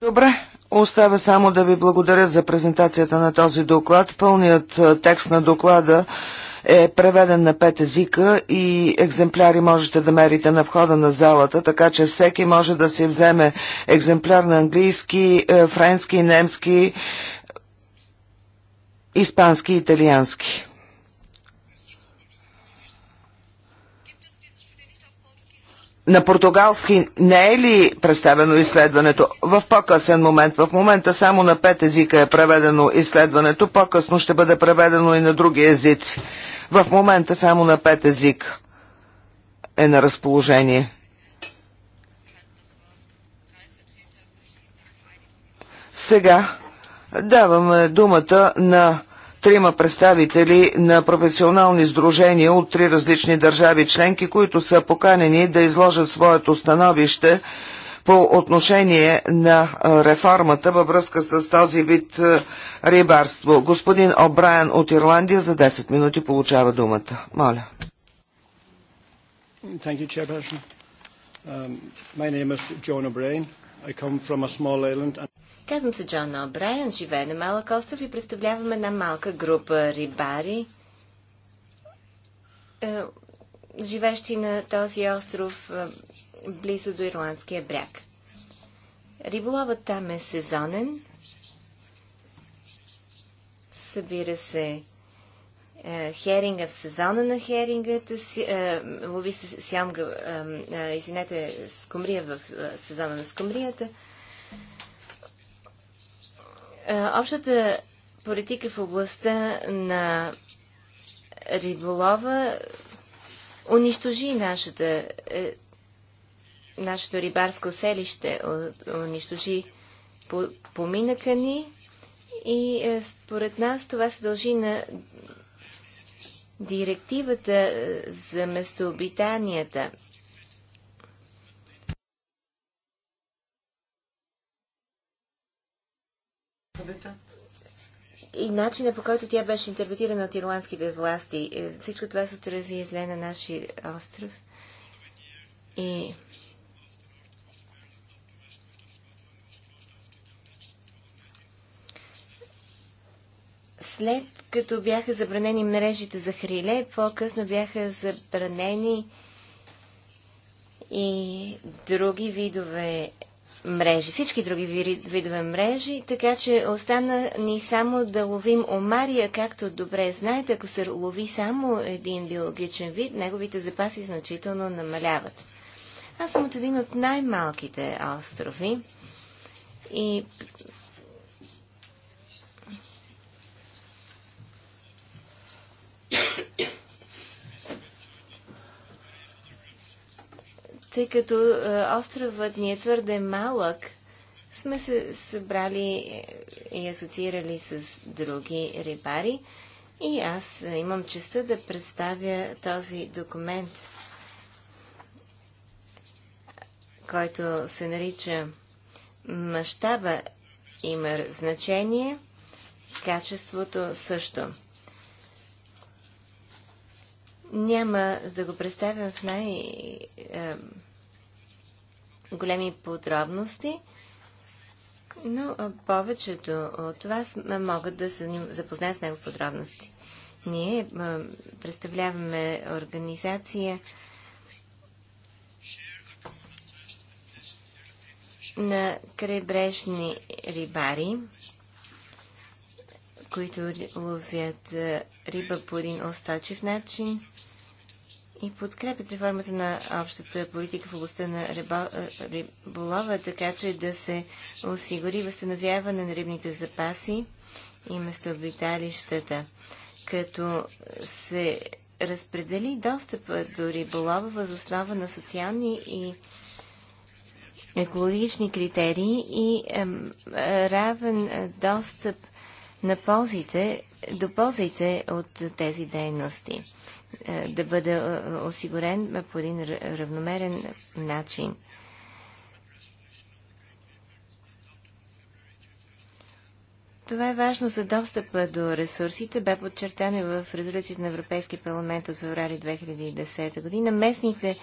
Добре, Остава само да ви благодаря за презентацията на този доклад. Пълният е, текст на доклада е преведен на пет езика и екземпляри можете да мерите на входа на залата, така че всеки може да си вземе екземпляр на английски, е, френски, немски, испански и италиански. на португалски не е ли представено изследването? В по-късен момент, в момента само на пет езика е преведено изследването, по-късно ще бъде преведено и на други езици. В момента само на пет език е на разположение. Сега даваме думата на трима представители на професионални сдружения от три различни държави членки, които са поканени да изложат своето становище по отношение на реформата във връзка с този вид рибарство. Господин Обрайан от Ирландия за 10 минути получава думата. Моля. Thank you, Chairperson. Um, my name is John O'Brien. Казвам се Джон Обрайан, живея на Малък остров и представлявам една малка група рибари, е, живещи на този остров е, близо до Ирландския бряг. Риболовът там е сезонен, събира се е, херинга, в сезона на херингата, е, лови се сямга, е, извинете, скумрия в сезона на скумрията. Общата политика в областта на риболова унищожи нашата, нашето рибарско селище, унищожи поминъка ни и според нас това се дължи на директивата е, за местообитанията. И начина по който тя беше интерпретирана от ирландските власти. Е, всичко това се отрази зле на нашия остров. И След като бяха забранени мрежите за хриле, по-късно бяха забранени и други видове мрежи, всички други видове мрежи, така че остана ни само да ловим омария, както добре знаете, ако се лови само един биологичен вид, неговите запаси значително намаляват. Аз съм от един от най-малките острови и Тъй като е, островът ни е твърде малък, сме се събрали и асоциирали с други рибари. И аз е, имам честа да представя този документ, който се нарича Мащаба има значение, качеството също. Няма да го представям в най-големи подробности, но повечето от вас могат да се запознаят с него в подробности. Ние представляваме организация на крайбрежни рибари, които ловят риба по един устойчив начин и подкрепят реформата на общата политика в областта на е, риболова, така че да се осигури възстановяване на рибните запаси и местообиталищата, като се разпредели достъп до риболова основа на социални и екологични критерии и равен е, достъп на ползите, до ползите от тези дейности. Е, да бъде е, осигурен по един равномерен начин. Това е важно за достъпа до ресурсите. Бе подчертано в резолюцията на Европейския парламент от феврари 2010 година. Местните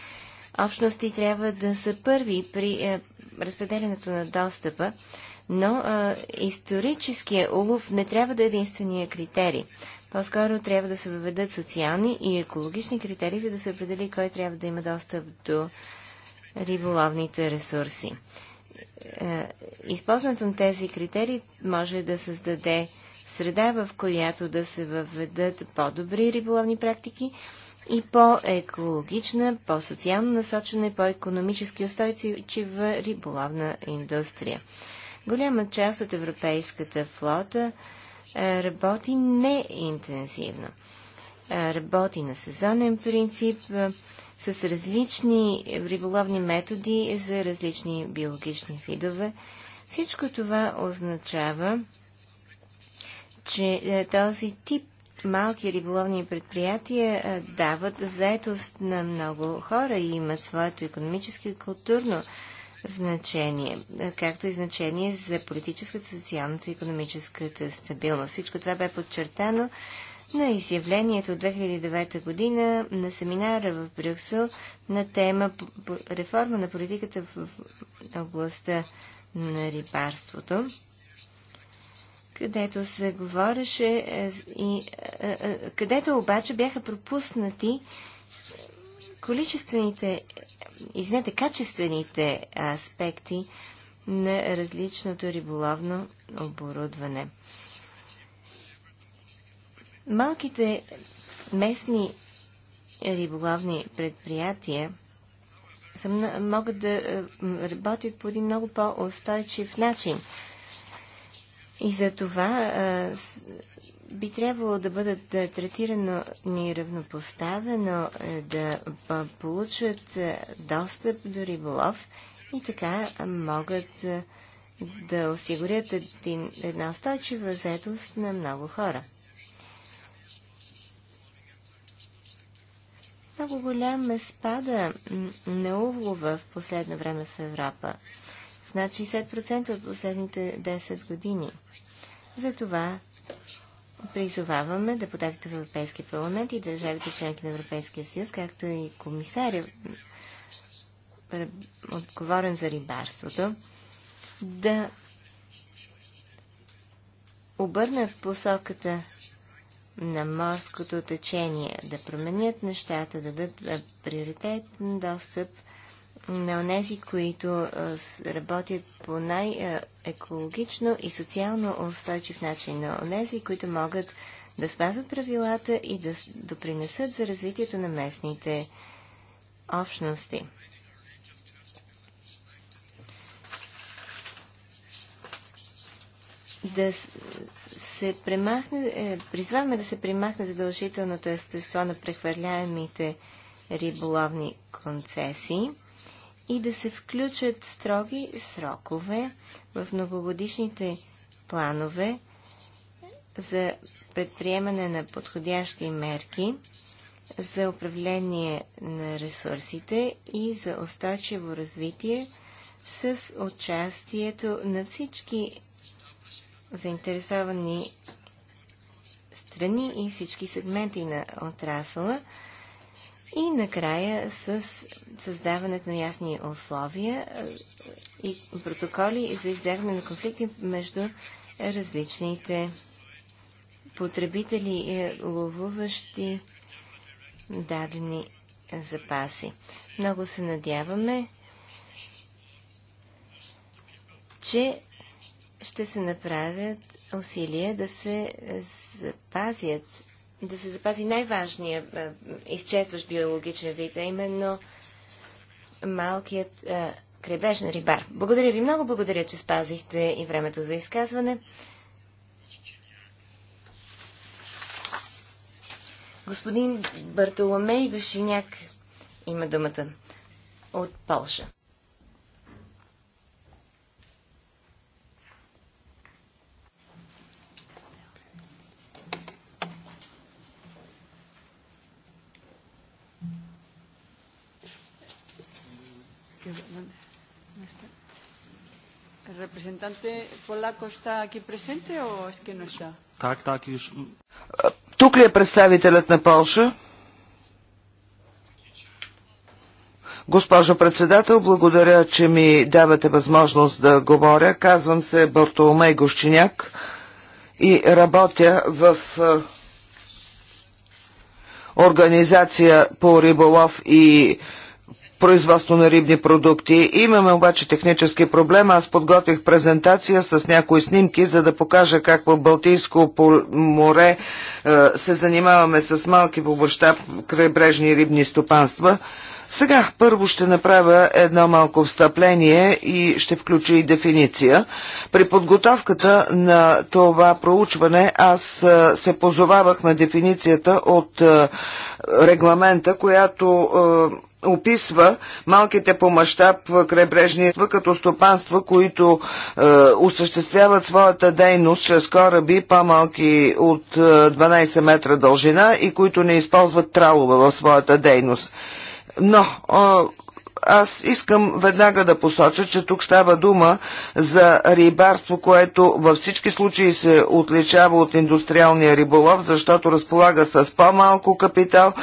общности трябва да са първи при е, разпределянето на достъпа, но историческия улов не трябва да е единствения критерий. По-скоро трябва да се въведат социални и екологични критерии, за да се определи кой трябва да има достъп до риболовните ресурси. Е, използването на тези критерии може да създаде среда, в която да се въведат по-добри риболовни практики и по-екологична, по-социално насочена и по-економически устойчива риболовна индустрия. Голяма част от европейската флота е, работи неинтензивно. Е, работи на сезонен принцип е, с различни риболовни методи за различни биологични видове. Всичко това означава, че този тип малки риболовни предприятия дават заетост на много хора и имат своето економическо и културно значение, както и значение за политическата, социалната и економическата стабилност. Всичко това бе подчертано на изявлението от 2009 година на семинара в Брюксел на тема реформа на политиката в областта на рибарството, където се говореше е, и е, е, където обаче бяха пропуснати количествените, извинете, качествените аспекти на различното риболовно оборудване. Малките местни риболовни предприятия са, могат да е, работят по един много по-устойчив начин. И за това е, би трябвало да бъдат е, третирани равнопоставено, е, да получат е, достъп до риболов и така могат да осигурят една устойчива заедост на много хора. Много голям е спада на улова в последно време в Европа. Значи 60% от последните 10 години. Затова призоваваме депутатите в Европейския парламент и държавите членки на Европейския съюз, както и комисаря, отговорен за рибарството, да обърнат посоката на морското течение, да променят нещата, да дадат приоритетен достъп на онези, които работят по най-екологично и социално устойчив начин, на онези, които могат да спазват правилата и да допринесат за развитието на местните общности. Да се премахне, е, призваме да се премахне задължителното естество на прехвърляемите риболовни концесии – и да се включат строги срокове в многогодишните планове за предприемане на подходящи мерки за управление на ресурсите и за устойчиво развитие с участието на всички заинтересовани страни и всички сегменти на отрасъла, и накрая с създаването на ясни условия е, и протоколи за избягване на конфликти между различните потребители, ловуващи дадени запаси. Много се надяваме, че ще се направят усилия да се запазят да се запази най-важния е, изчезващ биологичен вид, а именно малкият а, е, крайбрежен рибар. Благодаря ви много, благодаря, че спазихте и времето за изказване. Господин Бартоломей Вашиняк има думата от Полша. ¿El representante polaco está aquí presente o es que no está? Так, так, и... Тук ли е представителят на Полша? Госпожо председател, благодаря, че ми давате възможност да говоря. Казвам се Бартоломей Гощиняк и работя в организация по риболов и производство на рибни продукти. Имаме обаче технически проблем. Аз подготвих презентация с някои снимки, за да покажа как в Балтийско море е, се занимаваме с малки по баща крайбрежни рибни стопанства. Сега първо ще направя едно малко встъпление и ще включа и дефиниция. При подготовката на това проучване аз е, се позовавах на дефиницията от е, регламента, която описва малките по мащаб крайбрежниства като стопанства, които е, осъществяват своята дейност чрез кораби по-малки от 12 е, метра дължина и които не използват тралове в своята дейност. Но е, аз искам веднага да посоча, че тук става дума за рибарство, което във всички случаи се отличава от индустриалния риболов, защото разполага с по-малко капитал,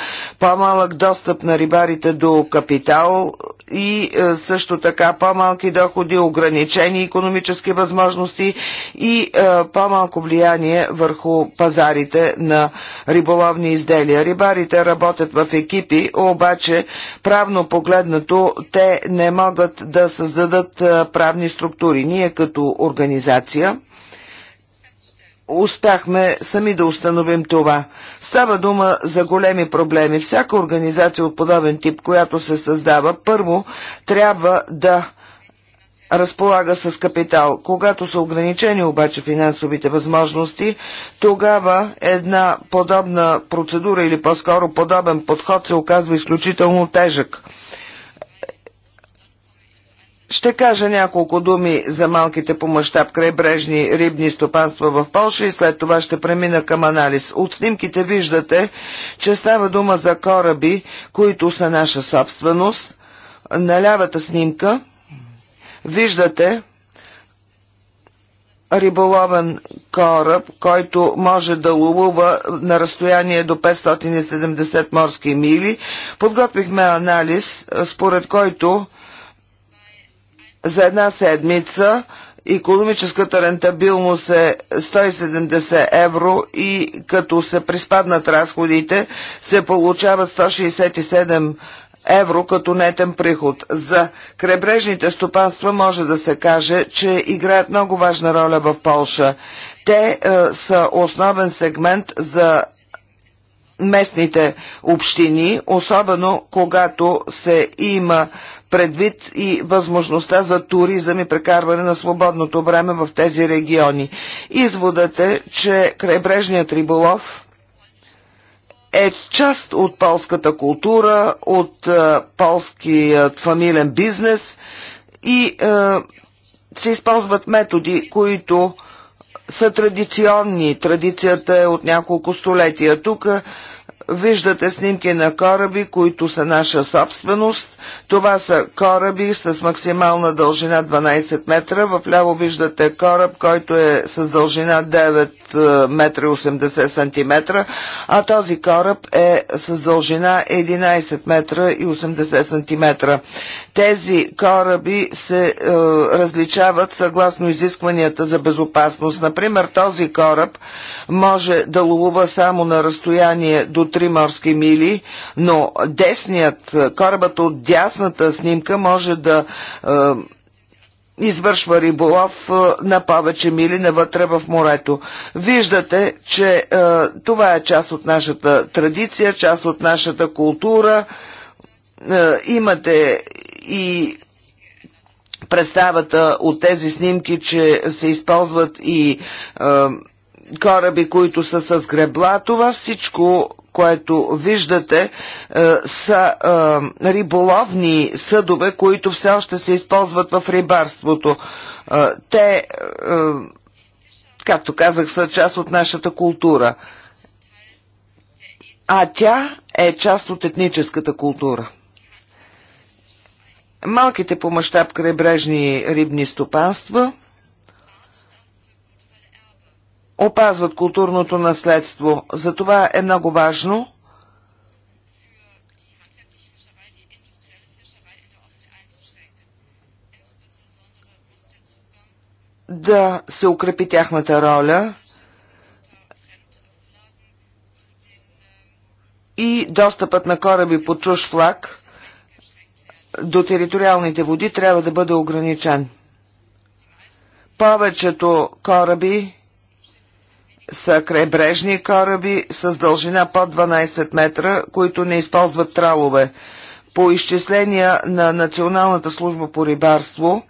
по-малък достъп на рибарите до капитал, и е, също така по-малки доходи, ограничени економически възможности и е, по-малко влияние върху пазарите на риболовни изделия. Рибарите работят в екипи, обаче правно погледнато те не могат да създадат е, правни структури. Ние като организация успяхме сами да установим това. Става дума за големи проблеми. Всяка организация от подобен тип, която се създава, първо трябва да разполага с капитал. Когато са ограничени обаче финансовите възможности, тогава една подобна процедура или по-скоро подобен подход се оказва изключително тежък. Ще кажа няколко думи за малките по мащаб крайбрежни рибни стопанства в Польша и след това ще премина към анализ. От снимките виждате, че става дума за кораби, които са наша собственост. На лявата снимка виждате риболовен кораб, който може да ловува на разстояние до 570 морски мили. Подготвихме анализ, според който за една седмица економическата рентабилност е 170 евро и като се приспаднат разходите се получава 167 евро като нетен приход. За крайбрежните стопанства може да се каже, че играят много важна роля в Полша. Те е, са основен сегмент за местните общини, особено когато се има предвид и възможността за туризъм и прекарване на свободното време в тези региони. Изводът е, че крайбрежният риболов е част от полската култура, от е, полският фамилен бизнес и е, се използват методи, които са традиционни. Традицията е от няколко столетия. Тук Виждате снимки на кораби, които са наша собственост. Това са кораби с максимална дължина 12 метра. В ляво виждате кораб, който е с дължина 9 е, метра 80 сантиметра, а този кораб е с дължина 11 метра и 80 сантиметра. Тези кораби се е, различават съгласно изискванията за безопасност. Например, този кораб може да ловува само на разстояние до 3 морски мили, но десният, е, корабът от дясната снимка може да е, извършва риболов е, на повече мили навътре в морето. Виждате, че е, това е част от нашата традиция, част от нашата култура. Е, имате и представата от тези снимки, че се използват и е, кораби, които са с гребла. Това всичко което виждате, е, са е, риболовни съдове, които все още се използват в рибарството. Е, те, както казах, са част от нашата култура. А тя е част от етническата култура. Малките по мащаб крайбрежни рибни стопанства – опазват културното наследство. За това е много важно да се укрепи тяхната роля и достъпът на кораби под чуш флаг до териториалните води трябва да бъде ограничен. Повечето кораби са крайбрежни кораби с дължина под 12 метра, които не използват тралове. По изчисления на Националната служба по рибарство,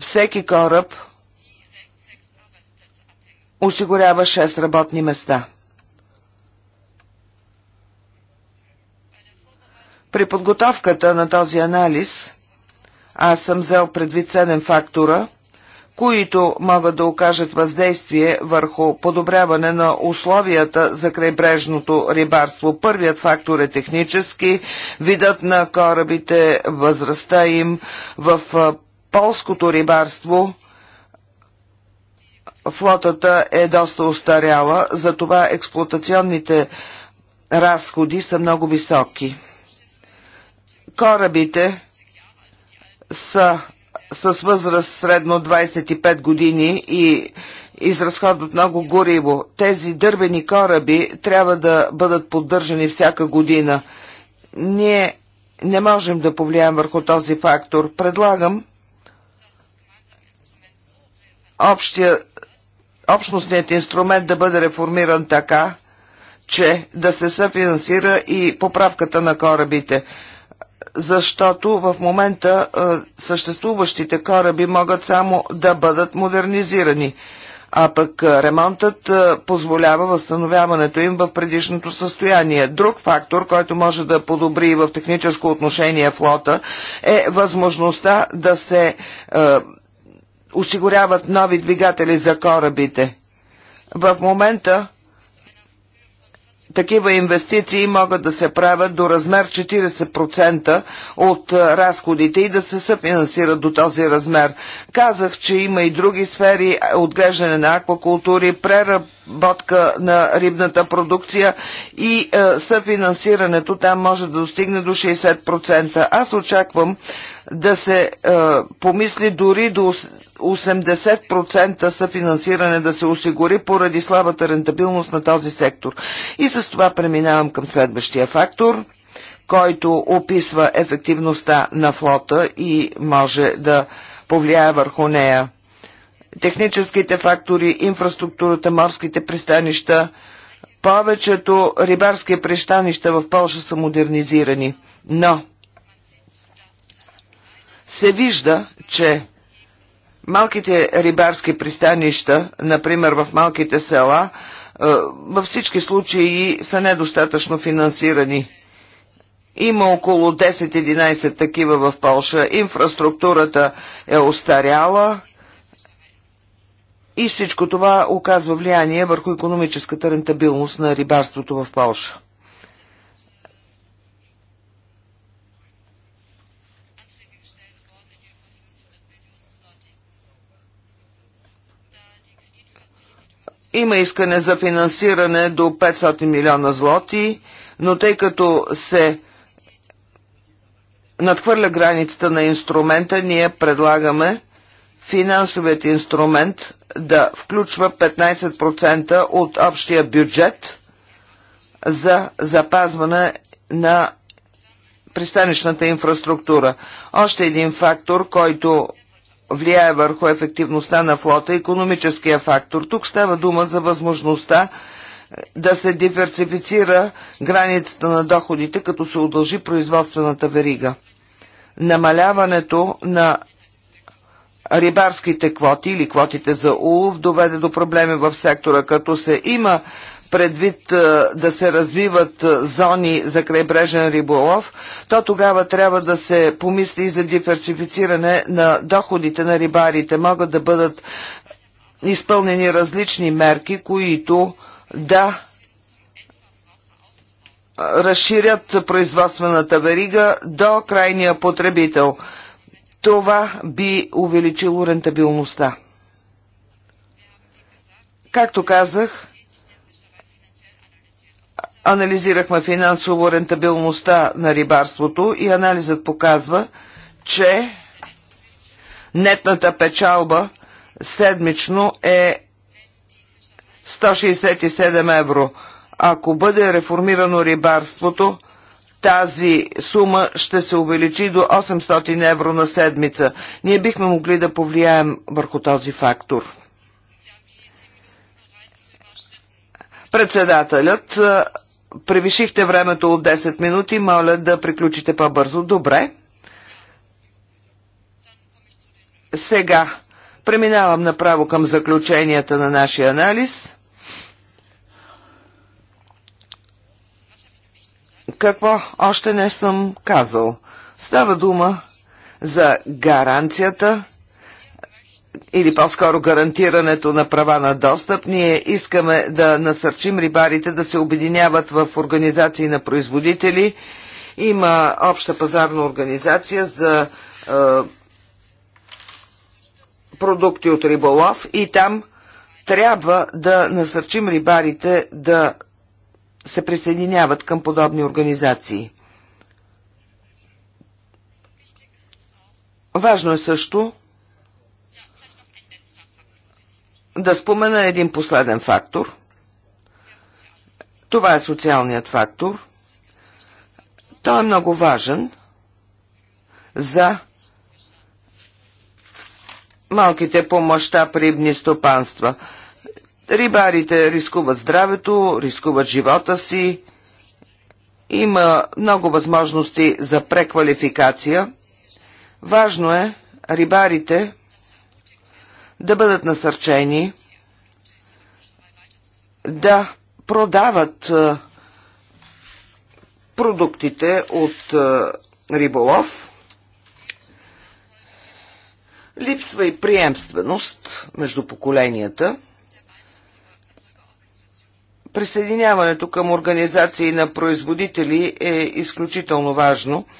всеки кораб осигурява 6 работни места. При подготовката на този анализ аз съм взел предвид 7 фактора – които могат да окажат въздействие върху подобряване на условията за крайбрежното рибарство. Първият фактор е технически, видът на корабите, възрастта им в полското рибарство – флотата е доста устаряла, затова експлуатационните разходи са много високи. Корабите са с възраст средно 25 години и изразходват много гориво. Тези дървени кораби трябва да бъдат поддържани всяка година. Ние не можем да повлияем върху този фактор. Предлагам общия, общностният инструмент да бъде реформиран така, че да се съфинансира и поправката на корабите защото в момента съществуващите кораби могат само да бъдат модернизирани, а пък ремонтът позволява възстановяването им в предишното състояние. Друг фактор, който може да подобри и в техническо отношение флота, е възможността да се осигуряват нови двигатели за корабите. В момента такива инвестиции могат да се правят до размер 40% от разходите и да се съфинансират до този размер. Казах, че има и други сфери, отглеждане на аквакултури, преработка на рибната продукция и съфинансирането там може да достигне до 60%. Аз очаквам да се е, помисли дори до 80% съфинансиране да се осигури поради слабата рентабилност на този сектор. И с това преминавам към следващия фактор който описва ефективността на флота и може да повлияе върху нея. Техническите фактори, инфраструктурата, морските пристанища, повечето рибарски пристанища в Польша са модернизирани, но се вижда, че малките рибарски пристанища, например в малките села, е, във всички случаи са недостатъчно финансирани. Има около 10-11 такива в Полша. Инфраструктурата е остаряла и всичко това оказва влияние върху економическата рентабилност на рибарството в Полша. Има искане за финансиране до 500 милиона злоти, но тъй като се надхвърля границата на инструмента, ние предлагаме финансовият инструмент да включва 15% от общия бюджет за запазване на пристанищната инфраструктура. Още един фактор, който влияе върху ефективността на флота, економическия фактор. Тук става дума за възможността е, да се диверсифицира границата на доходите, като се удължи производствената верига. Намаляването на рибарските квоти или квотите за улов доведе до проблеми в сектора, като се има предвид да се развиват зони за крайбрежен риболов, то тогава трябва да се помисли и за диверсифициране на доходите на рибарите. Могат да бъдат изпълнени различни мерки, които да разширят производствената верига до крайния потребител. Това би увеличило рентабилността. Както казах, Анализирахме финансово рентабилността на рибарството и анализът показва, че нетната печалба седмично е 167 евро. Ако бъде реформирано рибарството, тази сума ще се увеличи до 800 евро на седмица. Ние бихме могли да повлияем върху този фактор. Председателят Превишихте времето от 10 минути. Моля да приключите по-бързо. Добре. Сега преминавам направо към заключенията на нашия анализ. Какво още не съм казал? Става дума за гаранцията или по-скоро гарантирането на права на достъп. Ние искаме да насърчим рибарите да се обединяват в организации на производители. Има обща пазарна организация за е, продукти от риболов и там трябва да насърчим рибарите да се присъединяват към подобни организации. Важно е също да спомена един последен фактор. Това е социалният фактор. Той е много важен за малките по мащаб рибни стопанства. Рибарите рискуват здравето, рискуват живота си. Има много възможности за преквалификация. Важно е рибарите да бъдат насърчени да продават продуктите от риболов. Липсва и приемственост между поколенията. Присъединяването към организации на производители е изключително важно –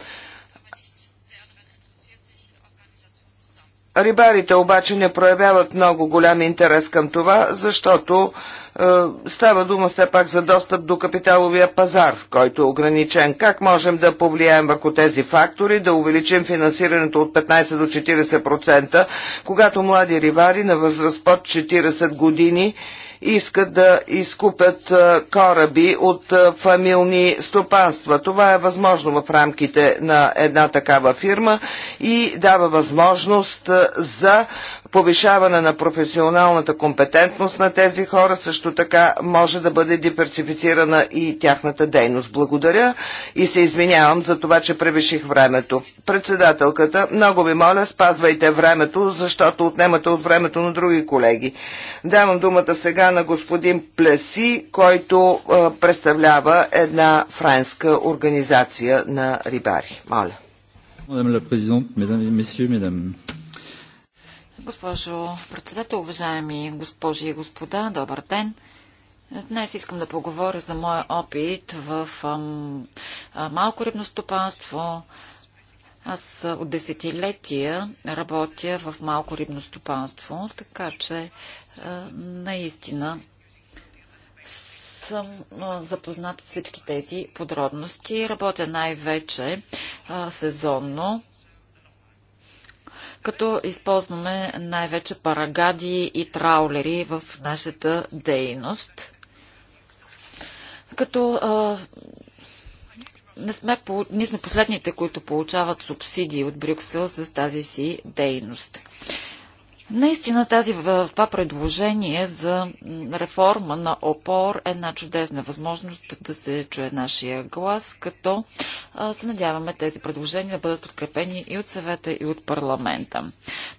Рибарите обаче не проявяват много голям интерес към това, защото е, става дума все пак за достъп до капиталовия пазар, който е ограничен. Как можем да повлияем върху тези фактори, да увеличим финансирането от 15 до 40%, когато млади рибари на възраст под 40 години искат да изкупят кораби от фамилни стопанства. Това е възможно в рамките на една такава фирма и дава възможност за повишаване на професионалната компетентност на тези хора, също така може да бъде диверсифицирана и тяхната дейност. Благодаря и се извинявам за това, че превиших времето. Председателката, много ви моля, спазвайте времето, защото отнемате от времето на други колеги. Давам думата сега на господин Плеси, който представлява една френска организация на рибари. Моля. Мадам la президент, Mesdames et Messieurs, Mesdames, Госпожо председател, уважаеми госпожи и господа, добър ден! Днес искам да поговоря за моя опит в малко рибно стопанство. Аз от десетилетия работя в малко рибно стопанство, така че а, наистина съм запознат с всички тези подробности. Работя най-вече сезонно като използваме най-вече парагади и траулери в нашата дейност. Като а, не сме, ние сме последните, които получават субсидии от Брюксел с тази си дейност. Наистина тази, това предложение за реформа на опор е една чудесна възможност да се чуе нашия глас, като се надяваме тези предложения да бъдат подкрепени и от съвета, и от парламента.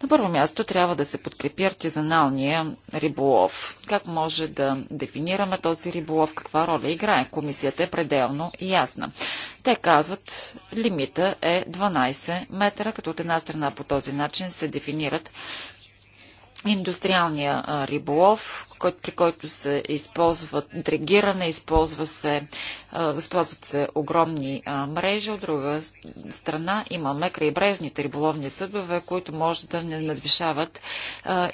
На първо място трябва да се подкрепи артизаналния риболов. Как може да дефинираме този риболов, каква роля играе? Комисията е пределно ясна. Те казват, лимита е 12 метра, като от една страна по този начин се дефинират индустриалния риболов, при който се използват дрегиране, използва се, използват се огромни мрежи. От друга страна имаме крайбрежните риболовни съдове, които може да не надвишават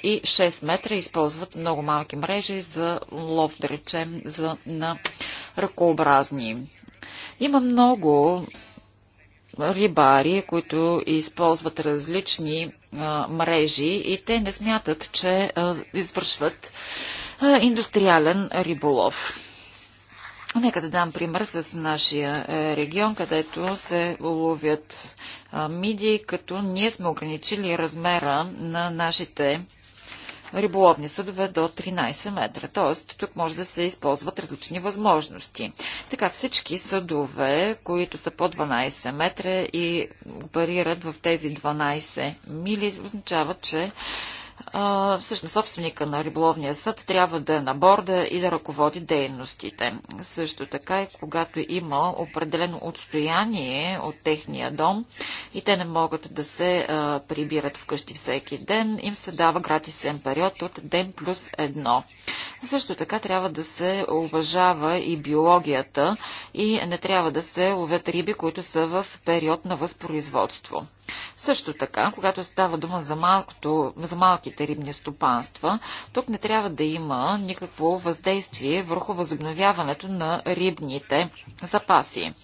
и 6 метра, използват много малки мрежи за лов, да речем, за, на ръкообразни. Има много рибари, които използват различни мрежи и те не смятат, че извършват индустриален риболов. Нека да дам пример с нашия е, регион, където се ловят миди, като ние сме ограничили размера на нашите риболовни съдове до 13 метра. Тоест, тук може да се използват различни възможности. Така всички съдове, които са по 12 метра и оперират в тези 12 мили, означава, че всъщност собственика на риболовния съд трябва да е на борда и да ръководи дейностите. Също така и когато има определено отстояние от техния дом и те не могат да се а, прибират вкъщи всеки ден, им се дава гратисен период от ден плюс едно. Също така трябва да се уважава и биологията и не трябва да се ловят риби, които са в период на възпроизводство. Също така, когато става дума за, малкото, за малките рибни стопанства, тук не трябва да има никакво въздействие върху възобновяването на рибните запаси.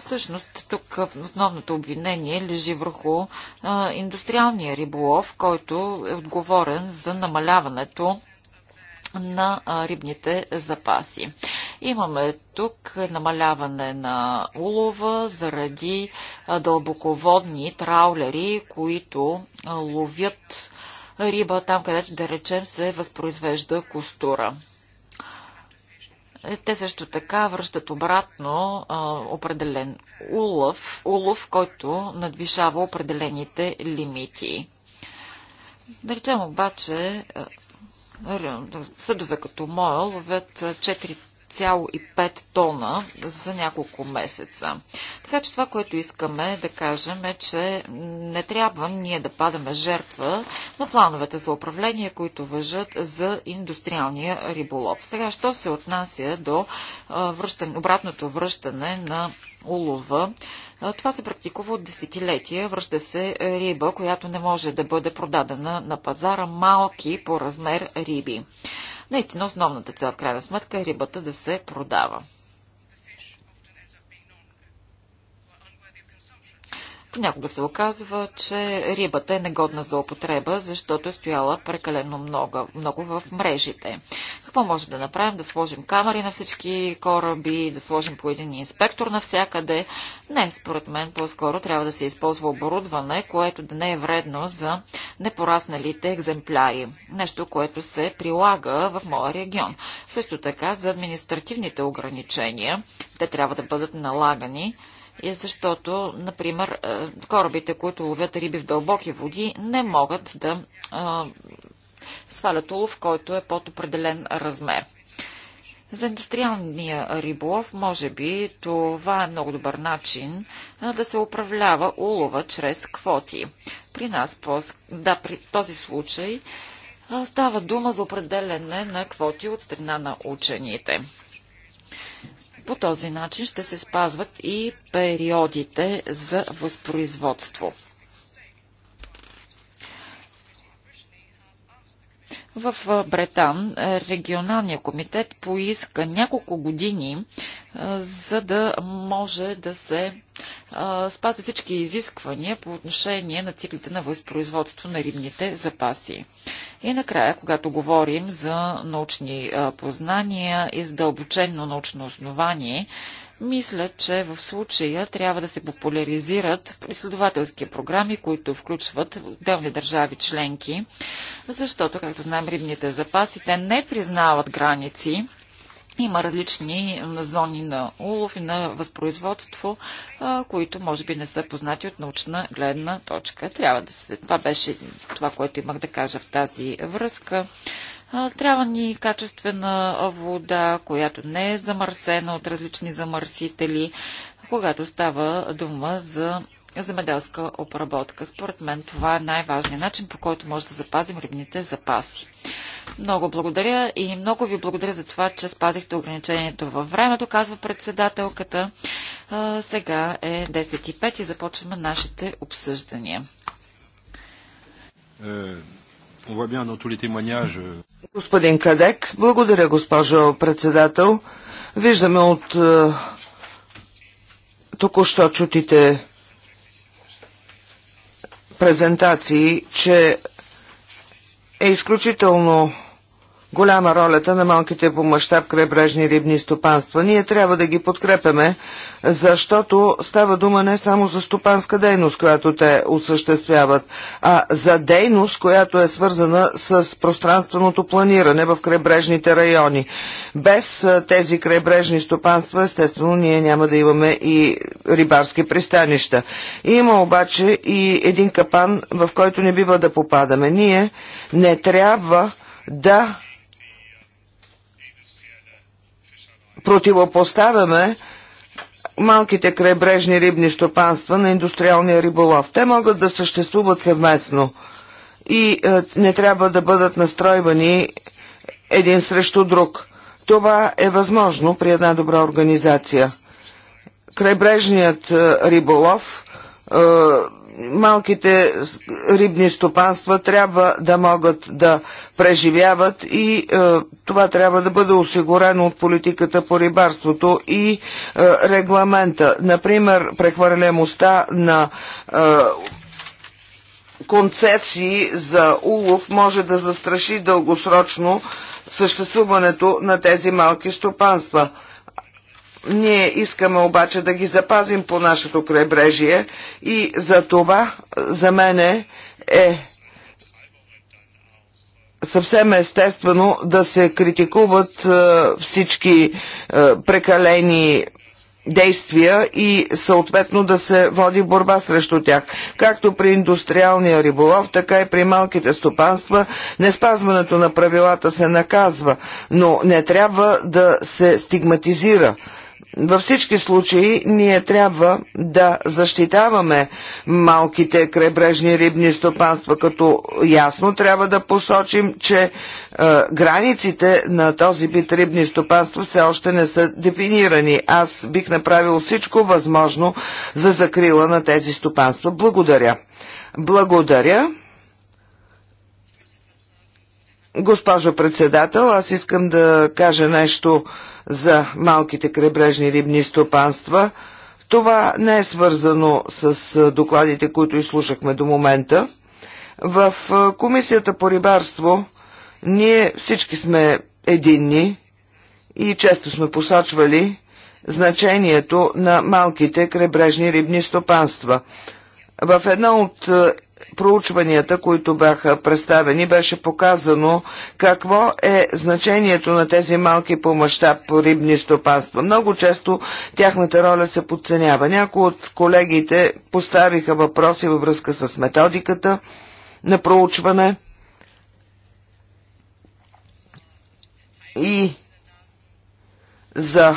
Всъщност, тук основното обвинение лежи върху индустриалния риболов, който е отговорен за намаляването на рибните запаси. Имаме тук намаляване на улова заради дълбоководни траулери, които ловят риба там, където да речем се възпроизвежда костура. Те също така връщат обратно а, определен улов, улов, който надвишава определените лимити. Да речем обаче, съдове като моя ловят 4,5 тона за няколко месеца. Така че това, което искаме да кажем е, че не трябва ние да падаме жертва на плановете за управление, които въжат за индустриалния риболов. Сега, що се отнася до връщане, обратното връщане на улова. Това се практикува от десетилетия. Връща се риба, която не може да бъде продадена на пазара малки по размер риби. Наистина основната цел в крайна сметка е рибата да се продава. Понякога се оказва, че рибата е негодна за употреба, защото е стояла прекалено много, много в мрежите. Какво можем да направим? Да сложим камери на всички кораби, да сложим по един инспектор навсякъде. Не, според мен по-скоро трябва да се използва оборудване, което да не е вредно за непорасналите екземпляри. Нещо, което се прилага в моя регион. Също така за административните ограничения. Те трябва да бъдат налагани и е, защото, например, е, корабите, които ловят риби в дълбоки води, не могат да свалят улов, който е под определен размер. За индустриалния риболов, може би, това е много добър начин да се управлява улова чрез квоти. При нас, да, при този случай, става дума за определене на квоти от страна на учените. По този начин ще се спазват и периодите за възпроизводство. В Бретан е, регионалния комитет поиска няколко години, за да може да се спазят всички изисквания по отношение на циклите на възпроизводство на рибните запаси. И накрая, когато говорим за научни познания и задълбочено научно основание, мисля, че в случая трябва да се популяризират изследователски програми, които включват отделни държави членки, защото, както знаем, рибните запаси, те не признават граници има различни зони на улов и на възпроизводство, които може би не са познати от научна гледна точка. Трябва да се... Това беше това, което имах да кажа в тази връзка. Трябва ни качествена вода, която не е замърсена от различни замърсители, когато става дума за земеделска обработка. Според мен това е най-важният начин, по който може да запазим рибните запаси. Много благодаря и много ви благодаря за това, че спазихте ограничението във времето, казва председателката. сега е 10.05 и започваме нашите обсъждания. Е, on voit bien dans tous les témoignages. Господин Кадек, благодаря, госпожо председател. Виждаме от е, току-що чутите презентации, че е изключително голяма ролята на малките по мащаб крайбрежни рибни стопанства. Ние трябва да ги подкрепяме, защото става дума не само за стопанска дейност, която те осъществяват, а за дейност, която е свързана с пространственото планиране в крайбрежните райони. Без тези крайбрежни стопанства, естествено, ние няма да имаме и рибарски пристанища. Има обаче и един капан, в който не бива да попадаме. Ние не трябва да противопоставяме малките крайбрежни рибни стопанства на индустриалния риболов. Те могат да съществуват съвместно и е, не трябва да бъдат настройвани един срещу друг. Това е възможно при една добра организация. Крайбрежният е, риболов е, малките рибни стопанства трябва да могат да преживяват и е, това трябва да бъде осигурено от политиката по рибарството и е, регламента. Например, прехвърлемостта на е, концепции за улов може да застраши дългосрочно съществуването на тези малки стопанства. Ние искаме обаче да ги запазим по нашето крайбрежие и за това за мен е съвсем естествено да се критикуват е, всички е, прекалени действия и съответно да се води борба срещу тях. Както при индустриалния риболов, така и при малките стопанства, неспазването на правилата се наказва, но не трябва да се стигматизира. Във всички случаи ние трябва да защитаваме малките крайбрежни рибни стопанства, като ясно трябва да посочим, че е, границите на този бит рибни стопанства все още не са дефинирани. Аз бих направил всичко възможно за закрила на тези стопанства. Благодаря. Благодаря. Госпожо председател, аз искам да кажа нещо за малките крайбрежни рибни стопанства. Това не е свързано с докладите, които изслушахме до момента. В Комисията по рибарство ние всички сме единни и често сме посочвали значението на малките крайбрежни рибни стопанства. В една от проучванията, които бяха представени, беше показано какво е значението на тези малки по мащаб по рибни стопанства. Много често тяхната роля се подценява. Някои от колегите поставиха въпроси във връзка с методиката на проучване и за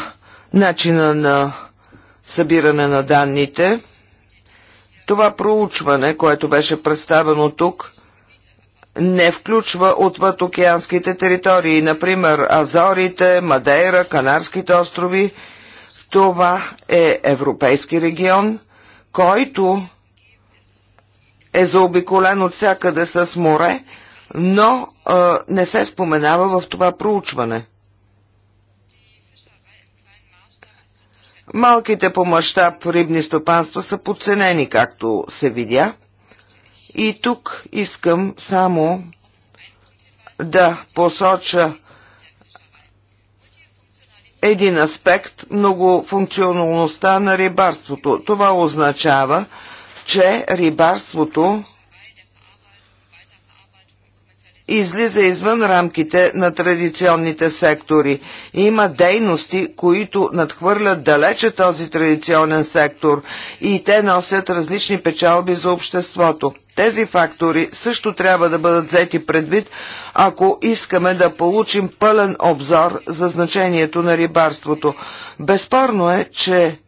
начина на събиране на данните – това проучване, което беше представено тук, не включва отвъд океанските територии, например Азорите, Мадейра, Канарските острови. Това е европейски регион, който е заобиколен от всякъде с море, но а, не се споменава в това проучване. Малките по мащаб рибни стопанства са подценени, както се видя. И тук искам само да посоча един аспект – многофункционалността на рибарството. Това означава, че рибарството – излиза извън рамките на традиционните сектори. Има дейности, които надхвърлят далече този традиционен сектор и те носят различни печалби за обществото. Тези фактори също трябва да бъдат взети предвид, ако искаме да получим пълен обзор за значението на рибарството. Безспорно е, че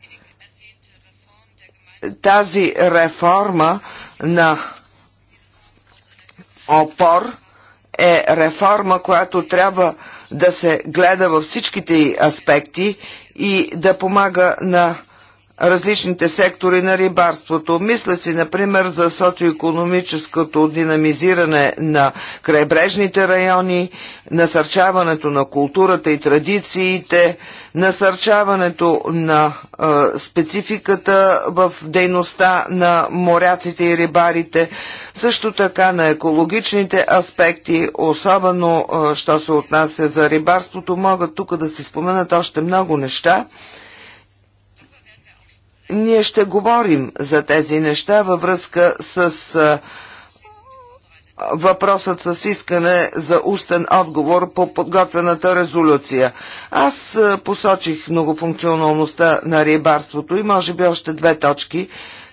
тази реформа на опор – е реформа, която трябва да се гледа във всичките аспекти и да помага на различните сектори на рибарството. Мисля си, например, за социоекономическото динамизиране на крайбрежните райони, насърчаването на културата и традициите, насърчаването на е, спецификата в дейността на моряците и рибарите, също така на екологичните аспекти, особено е, що се отнася за рибарството, могат тук да се споменат още много неща. Ние ще говорим за тези неща във връзка с въпросът с искане за устен отговор по подготвената резолюция. Аз посочих многофункционалността на рибарството и може би още две точки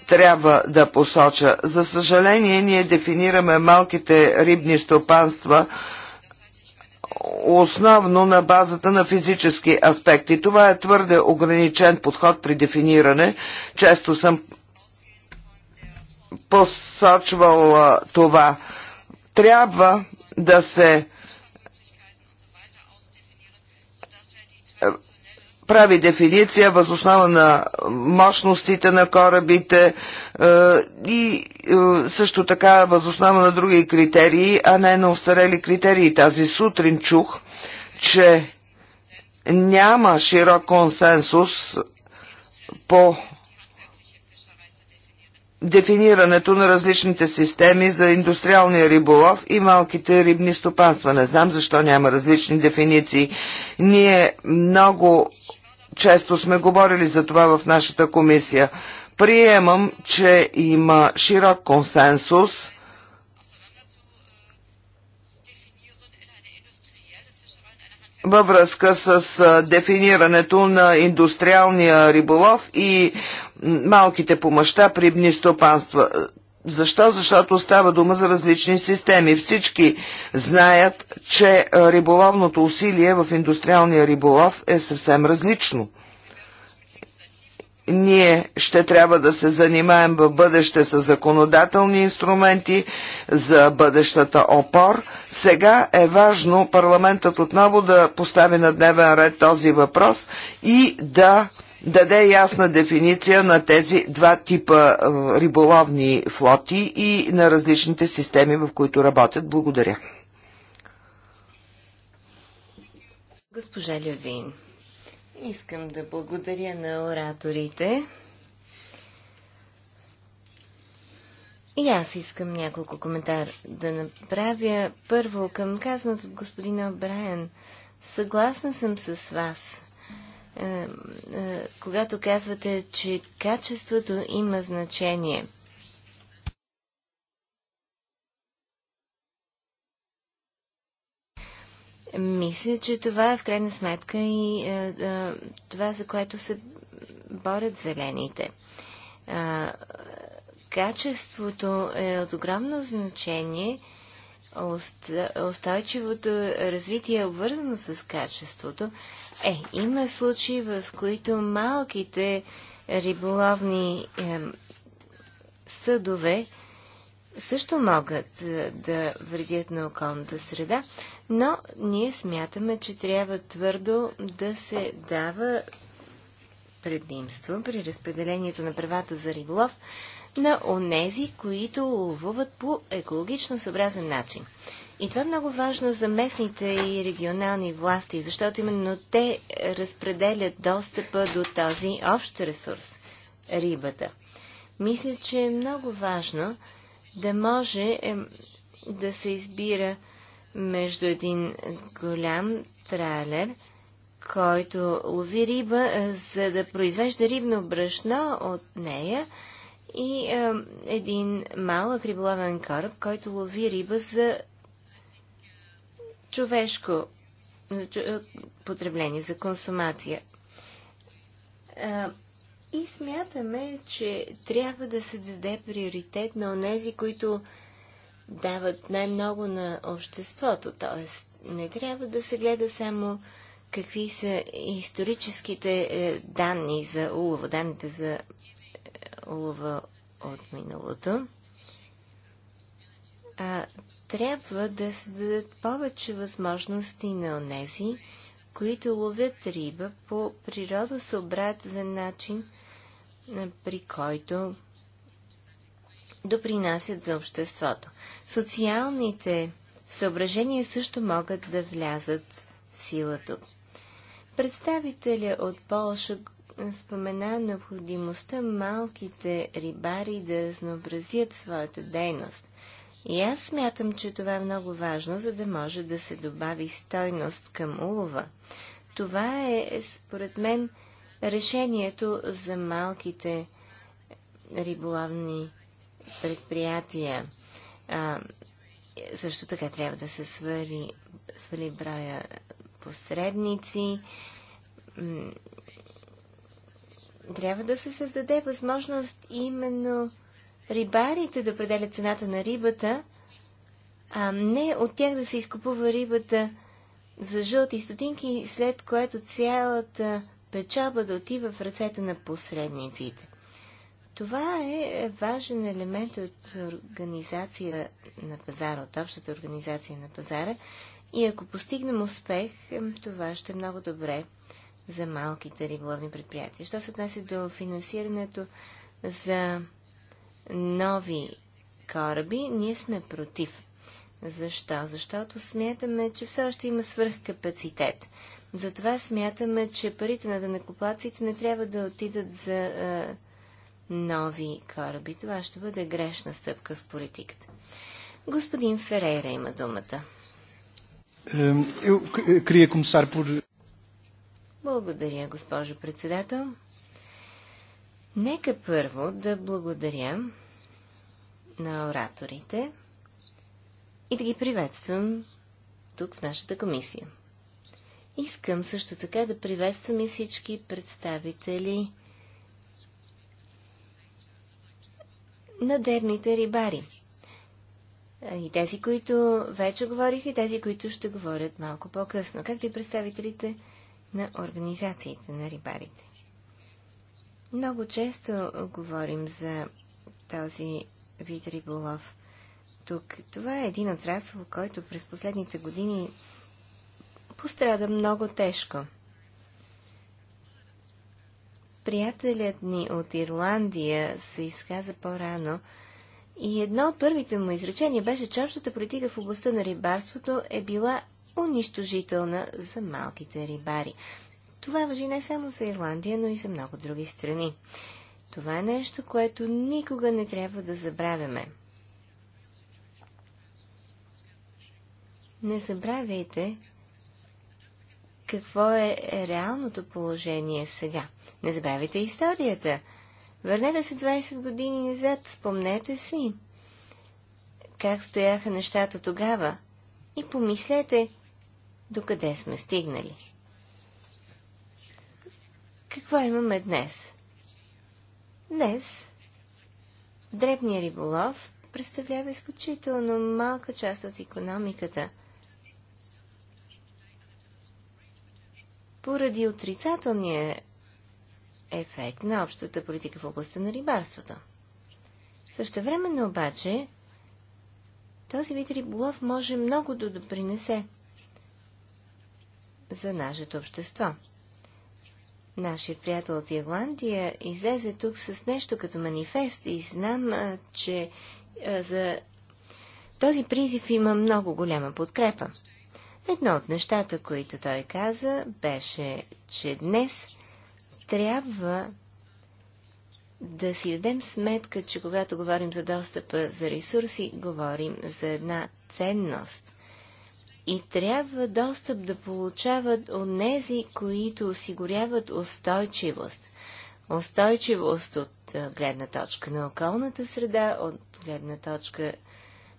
трябва да посоча. За съжаление, ние дефинираме малките рибни стопанства – основно на базата на физически аспекти. Това е твърде ограничен подход при дефиниране. Често съм посочвал това. Трябва да се прави дефиниция възоснова на мощностите на корабите е, и е, също така възоснова на други критерии, а не на устарели критерии. Тази сутрин чух, че няма широк консенсус по дефинирането на различните системи за индустриалния риболов и малките рибни стопанства. Не знам защо няма различни дефиниции. Ние много често сме говорили за това в нашата комисия. Приемам, че има широк консенсус във връзка с дефинирането на индустриалния риболов и малките по при рибни стопанства. Защо? Защото става дума за различни системи. Всички знаят, че риболовното усилие в индустриалния риболов е съвсем различно ние ще трябва да се занимаем в бъдеще с законодателни инструменти за бъдещата опор. Сега е важно парламентът отново да постави на дневен ред този въпрос и да даде ясна дефиниция на тези два типа е, риболовни флоти и на различните системи, в които работят. Благодаря. Госпожа Левин, искам да благодаря на ораторите. И аз искам няколко коментар да направя. Първо, към казаното от господин Брайан. Съгласна съм с вас. Е, е, когато казвате, че качеството има значение. Мисля, че това е в крайна сметка и е, е това, за което се борят зелените. Е, качеството е от огромно значение. устойчивото развитие е обвързано с качеството, е, има случаи, в които малките риболовни е, съдове също могат е, да вредят на околната среда, но ние смятаме, че трябва твърдо да се дава предимство при разпределението на правата за риболов на онези, които ловуват по екологично съобразен начин. И това е много важно за местните и регионални власти, защото именно те разпределят достъпа до този общ ресурс – рибата. Мисля, че е много важно да може да се избира между един голям тралер, който лови риба, е, за да произвежда рибно брашно от нея, и е, един малък риболовен кораб, който лови риба за човешко е, потребление, за консумация. И смятаме, че трябва да се даде приоритет на онези, които дават най-много на обществото. Тоест, не трябва да се гледа само какви са историческите е, данни за улова, данните за е, улова от миналото. А трябва да се дадат повече възможности на онези, които ловят риба по природосъобразен начин, при който допринасят за обществото. Социалните съображения също могат да влязат в силата. Представителя от Полша спомена необходимостта малките рибари да разнообразят своята дейност. И аз смятам, че това е много важно, за да може да се добави стойност към улова. Това е, според мен, решението за малките риболовни предприятия. А, също така трябва да се свали, свали броя посредници. Трябва да се създаде възможност именно рибарите да определят цената на рибата, а не от тях да се изкупува рибата за жълти стотинки, след което цялата печалба да отива в ръцете на посредниците. Това е важен елемент от организация на пазара, от общата организация на пазара. И ако постигнем успех, това ще е много добре за малките риболовни предприятия. Що се отнася до финансирането за нови кораби, ние сме против. Защо? Защото смятаме, че все още има свръхкапацитет. Затова смятаме, че парите на данекоплаците не трябва да отидат за е, нови кораби. Това ще бъде грешна стъпка в политиката. Господин Ферейра има думата. Е, е, Благодаря, госпожо председател. Нека първо да благодаря на ораторите и да ги приветствам тук в нашата комисия. Искам също така да приветствам и всички представители на дебните рибари. И тези, които вече говорих, и тези, които ще говорят малко по-късно, както и представителите на организациите на рибарите. Много често говорим за този вид риболов тук. Това е един отрасъл, който през последните години пострада много тежко. Приятелят ни от Ирландия се изказа по-рано и едно от първите му изречения беше, че общата политика в областта на рибарството е била унищожителна за малките рибари. Това въжи не само за Ирландия, но и за много други страни. Това е нещо, което никога не трябва да забравяме. Не забравяйте какво е реалното положение сега. Не забравяйте историята. Върнете се 20 години назад, спомнете си как стояха нещата тогава и помислете докъде сме стигнали. Какво имаме днес? Днес дребният риболов представлява изключително малка част от економиката. Поради отрицателния ефект на общата политика в областта на рибарството. Също Същевременно обаче, този вид риболов може много да допринесе за нашето общество. Нашият приятел от Ирландия излезе тук с нещо като манифест и знам, че за този призив има много голяма подкрепа. Едно от нещата, които той каза, беше, че днес трябва да си дадем сметка, че когато говорим за достъпа за ресурси, говорим за една ценност и трябва достъп да получават от нези, които осигуряват устойчивост. Устойчивост от гледна точка на околната среда, от гледна точка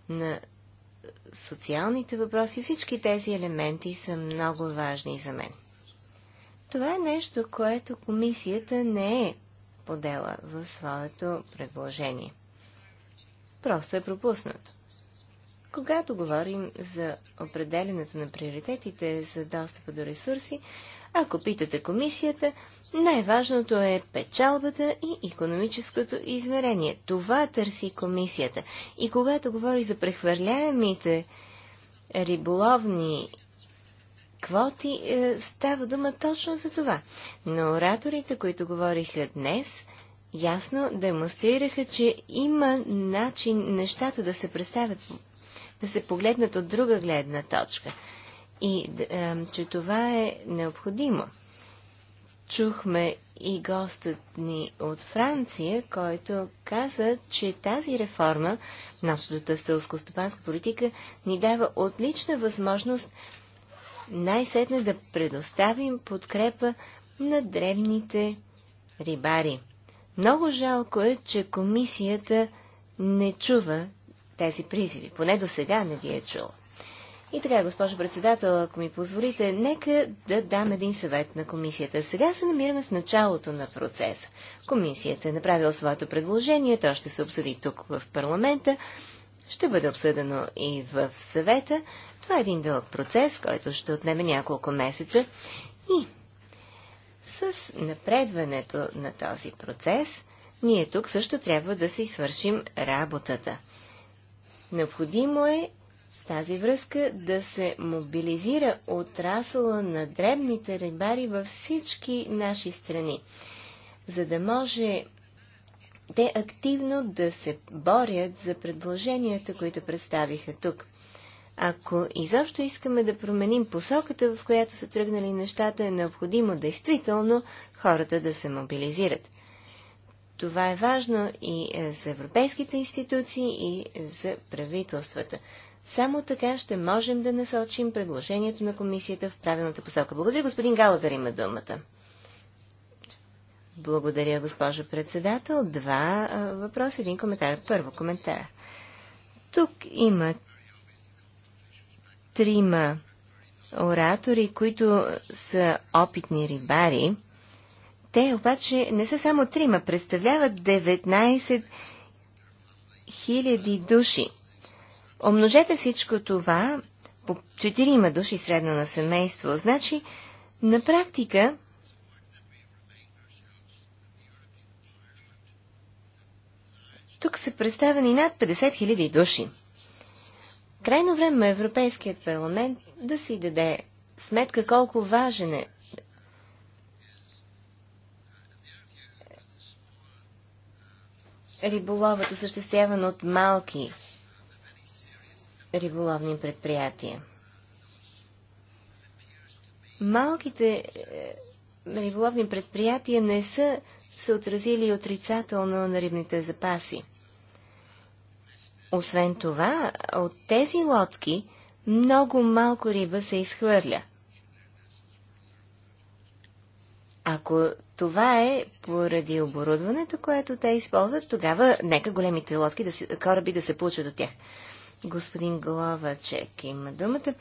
на социалните въпроси. Всички тези елементи са много важни за мен. Това е нещо, което комисията не е подела в своето предложение. Просто е пропуснато. Когато говорим за определенето на приоритетите за достъпа до ресурси, ако питате комисията, най-важното е печалбата и економическото измерение. Това търси комисията. И когато говори за прехвърляемите риболовни квоти, е, става дума точно за това. Но ораторите, които говориха днес, ясно демонстрираха, че има начин нещата да се представят да се погледнат от друга гледна точка. И е, че това е необходимо. Чухме и гостът ни от Франция, който каза, че тази реформа на общата селско-стопанска политика ни дава отлична възможност най-сетне да предоставим подкрепа на древните рибари. Много жалко е, че комисията не чува тези призиви. Поне до сега не ги е чул. И така, госпожо председател, ако ми позволите, нека да дам един съвет на комисията. Сега се намираме в началото на процеса. Комисията е направила своето предложение, то ще се обсъди тук в парламента, ще бъде обсъдено и в съвета. Това е един дълъг процес, който ще отнеме няколко месеца. И с напредването на този процес, ние тук също трябва да си свършим работата. Необходимо е в тази връзка да се мобилизира отрасъла на дребните рибари във всички наши страни, за да може те активно да се борят за предложенията, които представиха тук. Ако изобщо искаме да променим посоката, в която са тръгнали нещата, е необходимо действително хората да се мобилизират. Това е важно и е, за европейските институции, и е, за правителствата. Само така ще можем да насочим предложението на комисията в правилната посока. Благодаря, господин Галагър има думата. Благодаря, госпожо председател. Два въпроса, един коментар. Първо коментар. Тук има трима оратори, които са опитни рибари – те обаче не са само трима, представляват 19 000 души. Омножете всичко това по 4 души средно на семейство. Значи, на практика, тук са представени над 50 000 души. Крайно време е Европейският парламент да си даде сметка колко важен е риболовът, осъществяван от малки риболовни предприятия. Малките е, риболовни предприятия не са се отразили отрицателно на рибните запаси. Освен това, от тези лодки много малко риба се изхвърля. Ако това е поради оборудването, което те използват, тогава нека големите лодки да се, кораби да се получат от тях. Господин Головачек има думата.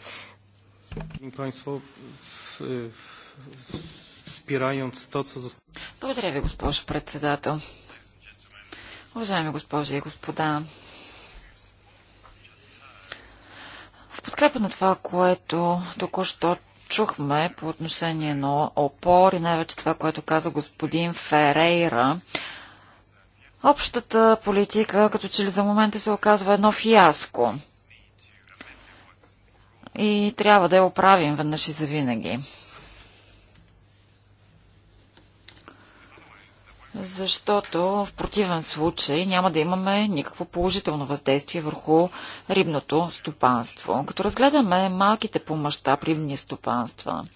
Благодаря ви, госпожо председател. Уважаеми госпожи и господа, в подкрепа на това, което току-що чухме по отношение на опор и най-вече това, което каза господин Ферейра, общата политика като че ли за момента се оказва едно фиаско. И трябва да я оправим веднъж и завинаги. защото в противен случай няма да имаме никакво положително въздействие върху рибното стопанство. Като разгледаме малките по мащаб рибни стопанства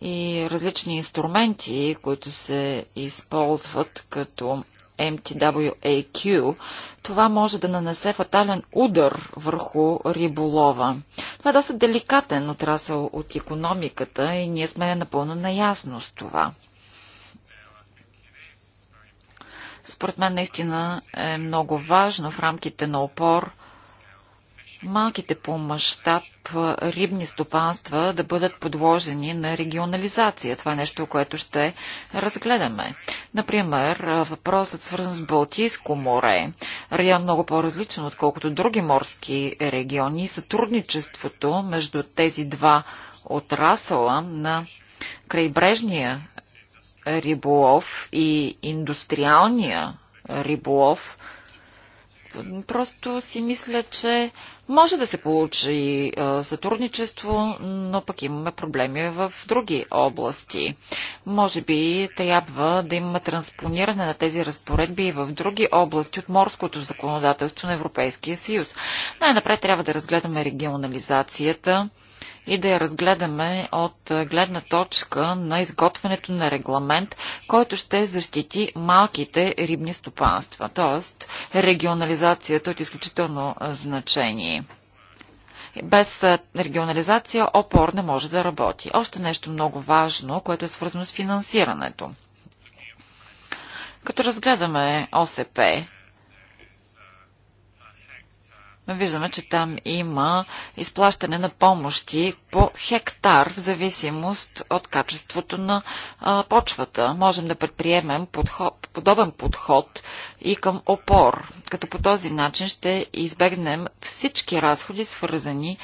и различни инструменти, които се използват като MTWAQ, това може да нанесе фатален удар върху риболова. Това е доста деликатен отрасъл от економиката и ние сме напълно наясно с това. Според мен наистина е много важно в рамките на опор малките по мащаб рибни стопанства да бъдат подложени на регионализация. Това е нещо, което ще разгледаме. Например, въпросът свързан с Балтийско море. Район много по-различен, отколкото други морски региони. Сътрудничеството между тези два отрасъла на крайбрежния риболов и индустриалния риболов, просто си мисля, че може да се получи и сътрудничество, но пък имаме проблеми в други области. Може би трябва да има транспониране на тези разпоредби и в други области от морското законодателство на Европейския съюз. Най-напред трябва да разгледаме регионализацията и да я разгледаме от гледна точка на изготвянето на регламент, който ще защити малките рибни стопанства, т.е. регионализацията е от изключително значение. Без регионализация опор не може да работи. Още нещо много важно, което е свързано с финансирането. Като разгледаме ОСП, но виждаме, че там има изплащане на помощи по хектар в зависимост от качеството на а, почвата. Можем да предприемем подход, подобен подход и към опор, като по този начин ще избегнем всички разходи, свързани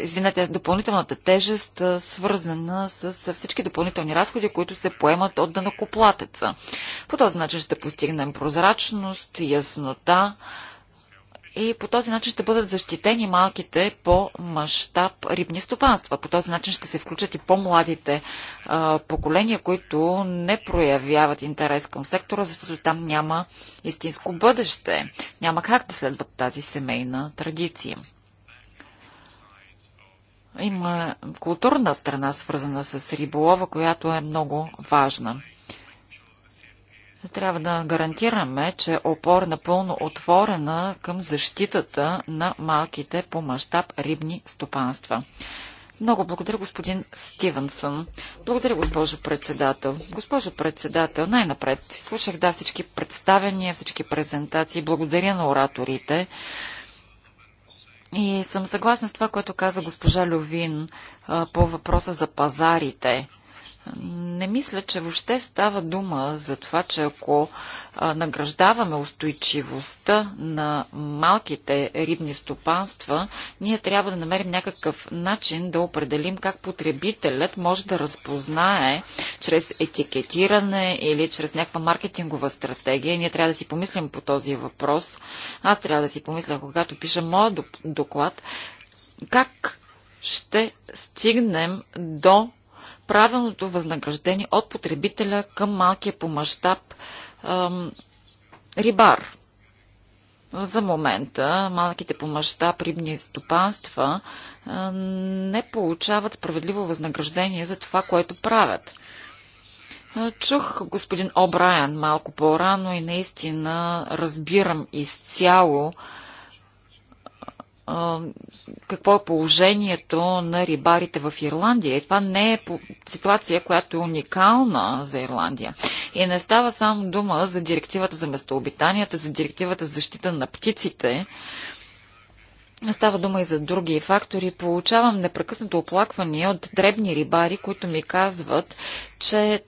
извинете, допълнителната тежест, свързана с всички допълнителни разходи, които се поемат от данокоплатеца. По този начин ще постигнем прозрачност, яснота, и по този начин ще бъдат защитени малките по мащаб рибни стопанства. По този начин ще се включат и по-младите поколения, които не проявяват интерес към сектора, защото там няма истинско бъдеще. Няма как да следват тази семейна традиция. Има културна страна, свързана с риболова, която е много важна. Трябва да гарантираме, че опор напълно отворена към защитата на малките по мащаб рибни стопанства. Много благодаря, господин Стивенсън. Благодаря, госпожо председател. Госпожо председател, най-напред слушах да всички представения, всички презентации. Благодаря на ораторите. И съм съгласна с това, което каза госпожа Лювин по въпроса за пазарите. Не мисля, че въобще става дума за това, че ако награждаваме устойчивостта на малките рибни стопанства, ние трябва да намерим някакъв начин да определим как потребителят може да разпознае чрез етикетиране или чрез някаква маркетингова стратегия. Ние трябва да си помислим по този въпрос. Аз трябва да си помисля, когато пиша моят доклад, как ще стигнем до правилното възнаграждение от потребителя към малкия по мащаб рибар. За момента малките по мащаб рибни стопанства не получават справедливо възнаграждение за това, което правят. Чух господин О'Брайан малко по-рано и наистина разбирам изцяло какво е положението на рибарите в Ирландия. И това не е ситуация, която е уникална за Ирландия. И не става само дума за директивата за местообитанията, за директивата за защита на птиците. Става дума и за други фактори. Получавам непрекъснато оплаквания от дребни рибари, които ми казват, че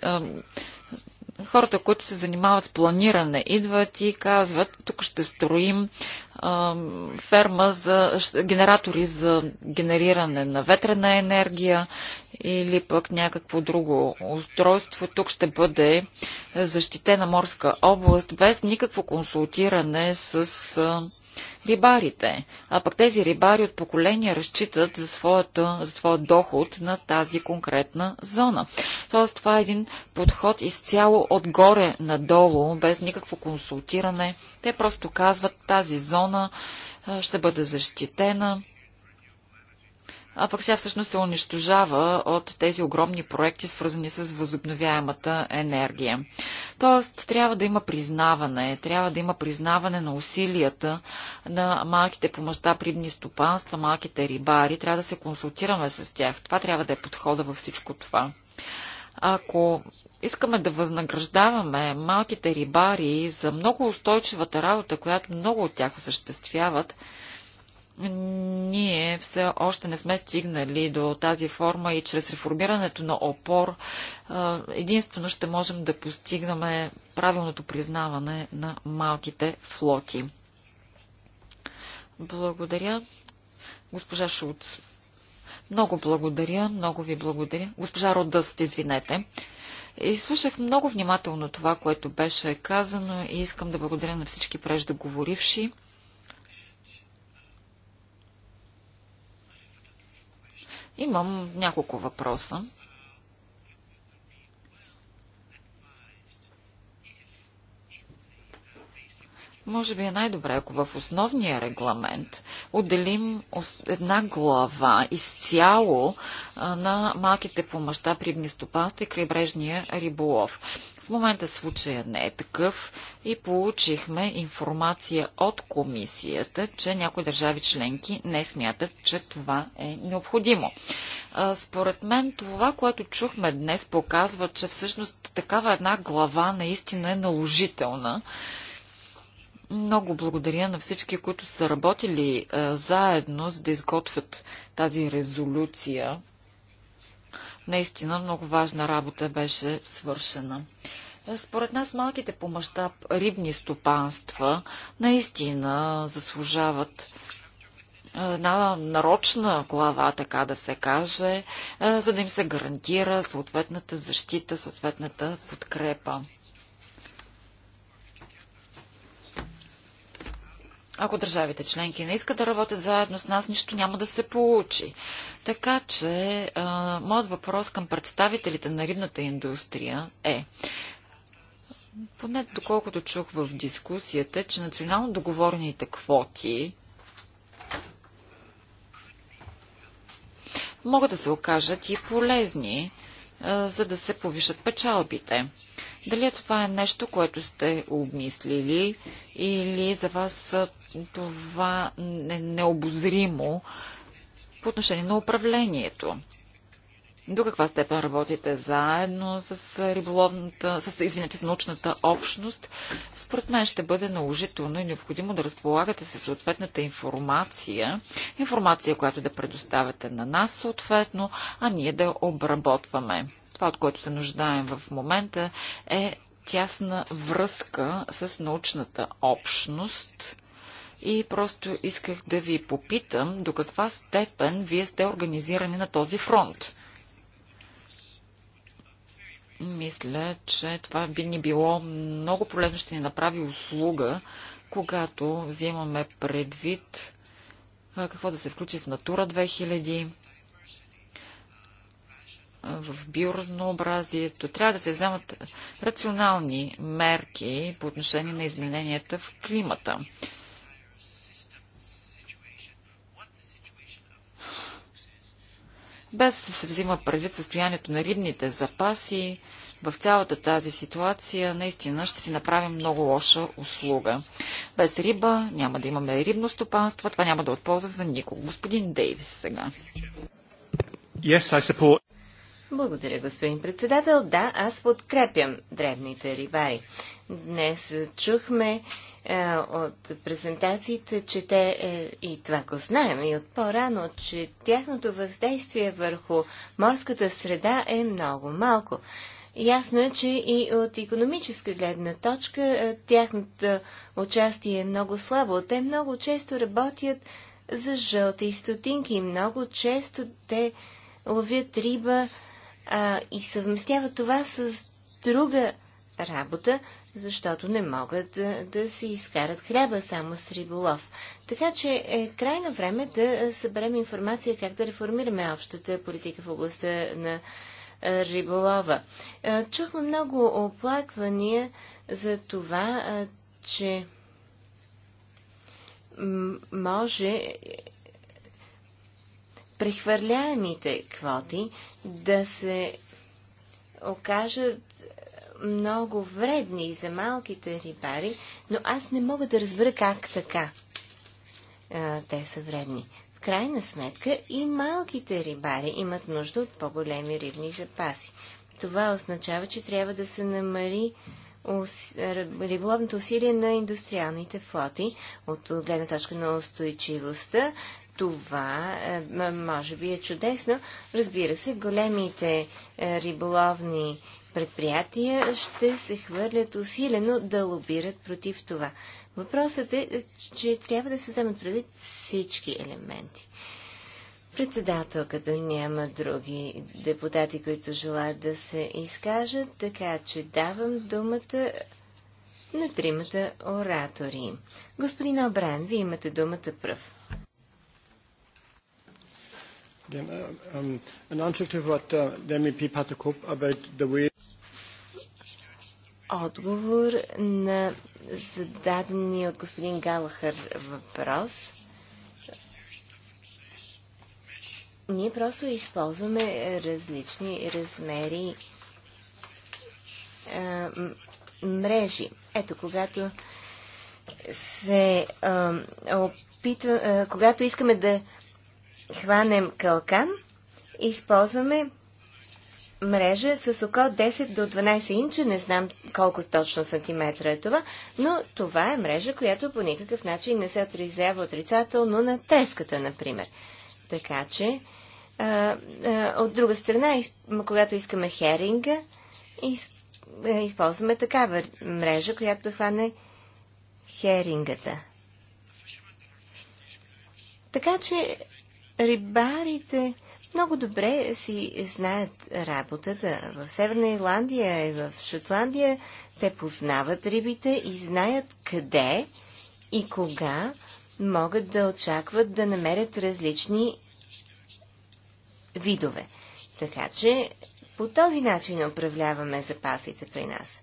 хората, които се занимават с планиране, идват и казват, тук ще строим а, ферма за генератори за генериране на ветрена енергия или пък някакво друго устройство. Тук ще бъде защитена морска област без никакво консултиране с а, рибарите. А пък тези рибари от поколения разчитат за, своята, за своя доход на тази конкретна зона. Тоест това е един подход изцяло отгоре надолу, без никакво консултиране. Те просто казват тази зона ще бъде защитена а пък сега всъщност се унищожава от тези огромни проекти, свързани с възобновяемата енергия. Тоест, трябва да има признаване, трябва да има признаване на усилията на малките по мащаб рибни стопанства, малките рибари, трябва да се консултираме с тях. Това трябва да е подхода във всичко това. Ако искаме да възнаграждаваме малките рибари за много устойчивата работа, която много от тях осъществяват, ние все още не сме стигнали до тази форма и чрез реформирането на опор единствено ще можем да постигнем правилното признаване на малките флоти. Благодаря. Госпожа Шуц, Много благодаря, много ви благодаря. Госпожа Родъст, извинете. И слушах много внимателно това, което беше казано и искам да благодаря на всички преждеговоривши. говоривши. Имам няколко въпроса. Може би е най-добре, ако в основния регламент отделим една глава изцяло на малките по мащаб рибни стопанства и крайбрежния риболов. В момента случая не е такъв и получихме информация от комисията, че някои държави членки не смятат, че това е необходимо. Според мен това, което чухме днес, показва, че всъщност такава една глава наистина е наложителна. Много благодаря на всички, които са работили заедно, за да изготвят тази резолюция. Наистина много важна работа беше свършена. Е, според нас малките по мащаб рибни стопанства наистина заслужават е, една нарочна глава, така да се каже, е, за да им се гарантира съответната защита, съответната подкрепа. Ако държавите членки не искат да работят заедно с нас, нищо няма да се получи. Така че, а, моят въпрос към представителите на рибната индустрия е, поне доколкото чух в дискусията, че национално договорените квоти могат да се окажат и полезни, а, за да се повишат печалбите. Дали това е нещо, което сте обмислили или за вас това е необозримо? по отношение на управлението. До каква степен работите заедно с риболовната, с, извинете, с научната общност? Според мен ще бъде наложително и необходимо да разполагате със съответната информация, информация, която да предоставяте на нас съответно, а ние да обработваме. Това, от което се нуждаем в момента, е тясна връзка с научната общност – и просто исках да ви попитам до каква степен вие сте организирани на този фронт. Мисля, че това би ни било много полезно, ще ни направи услуга, когато взимаме предвид какво да се включи в Натура 2000, в биоразнообразието. Трябва да се вземат рационални мерки по отношение на измененията в климата. без да се взима предвид състоянието на рибните запаси, в цялата тази ситуация наистина ще си направим много лоша услуга. Без риба няма да имаме рибно стопанство, това няма да е отполза за никого. Господин Дейвис сега. Yes, I support. Благодаря, господин председател. Да, аз подкрепям древните рибари. Днес чухме е, от презентациите, че те, е, и това го знаем и от по-рано, че тяхното въздействие върху морската среда е много малко. Ясно е, че и от економическа гледна точка е, тяхното участие е много слабо. Те много често работят за жълти стотинки и много често те ловят риба а, и съвместяват това с друга работа, защото не могат да, да си изкарат хляба само с риболов. Така че е крайно време да съберем информация как да реформираме общата политика в областта на риболова. Чухме много оплаквания за това, че може прехвърляемите квоти да се окажат много вредни и за малките рибари, но аз не мога да разбера как така а, те са вредни. В крайна сметка и малките рибари имат нужда от по-големи рибни запаси. Това означава, че трябва да се намали риболовното усилие на индустриалните флоти от гледна точка на устойчивостта. Това е, може би е чудесно. Разбира се, големите е, риболовни предприятия ще се хвърлят усилено да лобират против това. Въпросът е, че трябва да се вземат предвид всички елементи. Председателката няма други депутати, които желаят да се изкажат, така че давам думата на тримата оратори. Господин Обран, вие имате думата пръв. Um, um, an answer to what uh, MEP Patakop about the way отговор на зададения от господин Галахър въпрос. Ние просто използваме различни размери а, мрежи. Ето, когато се а, опитва, а, когато искаме да хванем калкан, използваме мрежа с око 10 до 12 инча, не знам колко точно сантиметра е това, но това е мрежа, която по никакъв начин не се отрезява отрицателно на треската, например. Така че, а, а, от друга страна, из, когато искаме херинга, из, а, използваме такава мрежа, която хване херингата. Така че, рибарите много добре си знаят работата. В Северна Ирландия и в Шотландия те познават рибите и знаят къде и кога могат да очакват да намерят различни видове. Така че по този начин управляваме запасите при нас.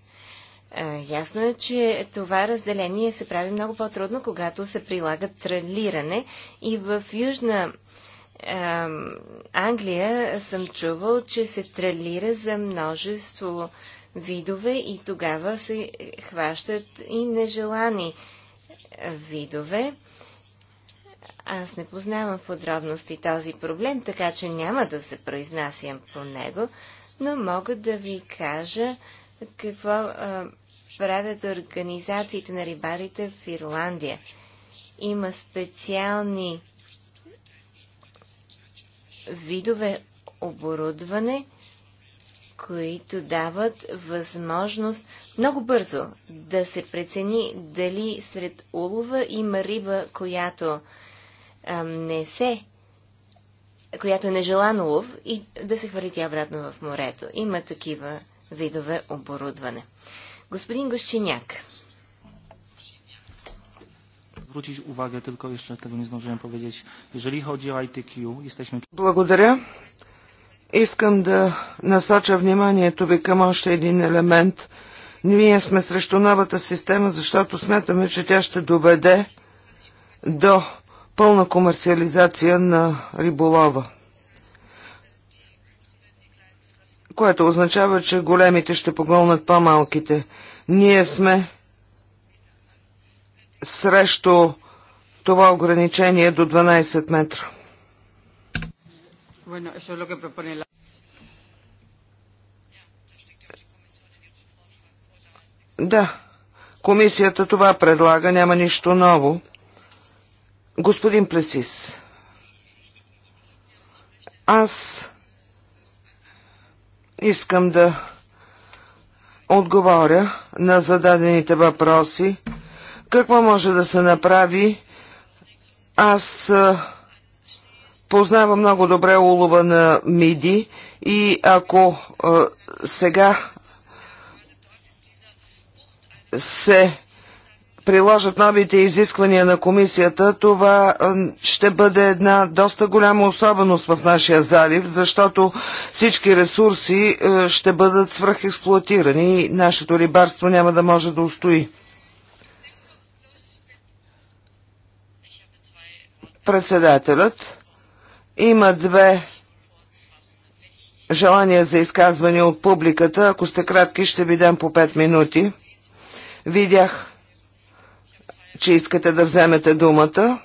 ясно е, че това разделение се прави много по-трудно, когато се прилага тралиране и в Южна Англия съм чувал, че се тралира за множество видове и тогава се хващат и нежелани видове. Аз не познавам подробности този проблем, така че няма да се произнасям по него, но мога да ви кажа какво а, правят организациите на рибарите в Ирландия. Има специални видове оборудване, които дават възможност много бързо да се прецени дали сред улова има риба, която а, не се която е нежелан улов и да се хвърли тя обратно в морето. Има такива видове оборудване. Господин Гощиняк zwrócić uwagę, tylko jeszcze tego nie zdążyłem powiedzieć. Jeżeli chodzi o ITQ, jesteśmy... Благодаря. Искам да насоча вниманието ви към още един елемент. Ние сме срещу новата система, защото смятаме, че тя ще доведе до пълна комерциализация на риболова. Което означава, че големите ще погълнат по-малките. Ние сме срещу това ограничение до 12 метра. Да, комисията това предлага, няма нищо ново. Господин Плесис, аз искам да отговоря на зададените въпроси. Какво може да се направи? Аз познавам много добре улова на миди и ако сега се приложат новите изисквания на комисията, това ще бъде една доста голяма особеност в нашия залив, защото всички ресурси ще бъдат свръхексплуатирани и нашето рибарство няма да може да устои. Председателят има две желания за изказване от публиката. Ако сте кратки, ще ви дам по 5 минути. Видях, че искате да вземете думата.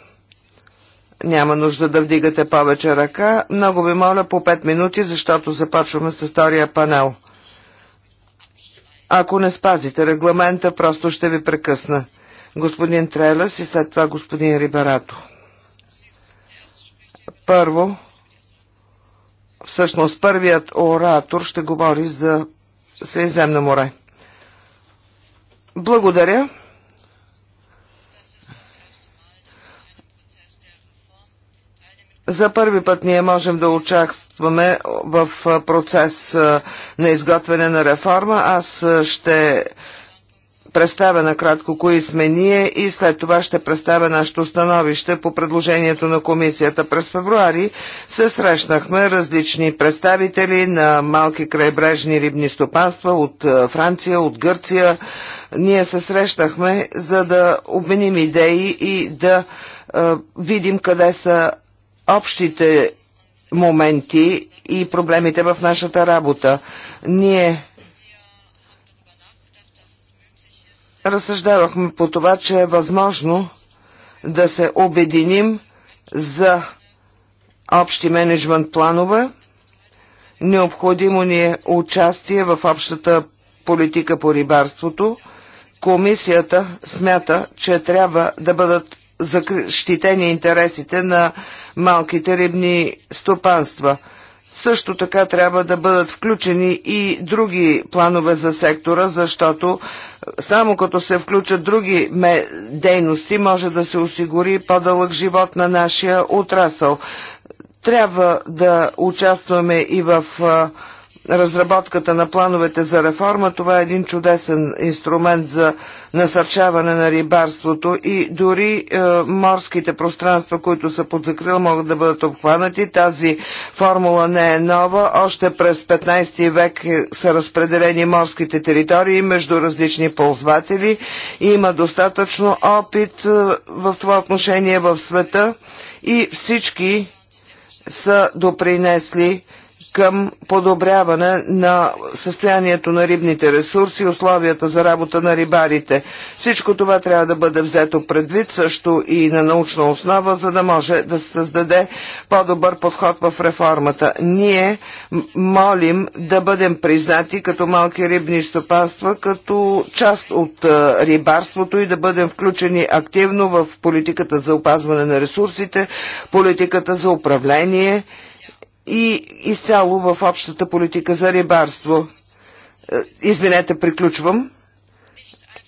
Няма нужда да вдигате повече ръка. Много ви моля по 5 минути, защото започваме с втория панел. Ако не спазите регламента, просто ще ви прекъсна. Господин Трелес и след това господин Риберато. Първо, всъщност първият оратор ще говори за Средиземно море. Благодаря. За първи път ние можем да участваме в процес на изготвяне на реформа. Аз ще представя накратко кои сме ние и след това ще представя нашето становище по предложението на комисията. През февруари се срещнахме различни представители на малки крайбрежни рибни стопанства от е, Франция, от Гърция. Ние се срещнахме за да обменим идеи и да е, видим къде са общите моменти и проблемите в нашата работа. Ние разсъждавахме по това, че е възможно да се обединим за общи менеджмент планове. Необходимо ни е участие в общата политика по рибарството. Комисията смята, че трябва да бъдат защитени интересите на малките рибни стопанства – също така трябва да бъдат включени и други планове за сектора, защото само като се включат други дейности може да се осигури по-дълъг живот на нашия отрасъл. Трябва да участваме и в разработката на плановете за реформа. Това е един чудесен инструмент за насърчаване на рибарството и дори е, морските пространства, които са под закрил, могат да бъдат обхванати. Тази формула не е нова. Още през 15 век е, са разпределени морските територии между различни ползватели. Има достатъчно опит е, в това отношение в света и всички са допринесли към подобряване на състоянието на рибните ресурси условията за работа на рибарите. Всичко това трябва да бъде взето предвид също и на научна основа, за да може да се създаде по-добър подход в реформата. Ние молим да бъдем признати като малки рибни стопанства, като част от рибарството и да бъдем включени активно в политиката за опазване на ресурсите, политиката за управление и изцяло в общата политика за рибарство. Е, извинете, приключвам.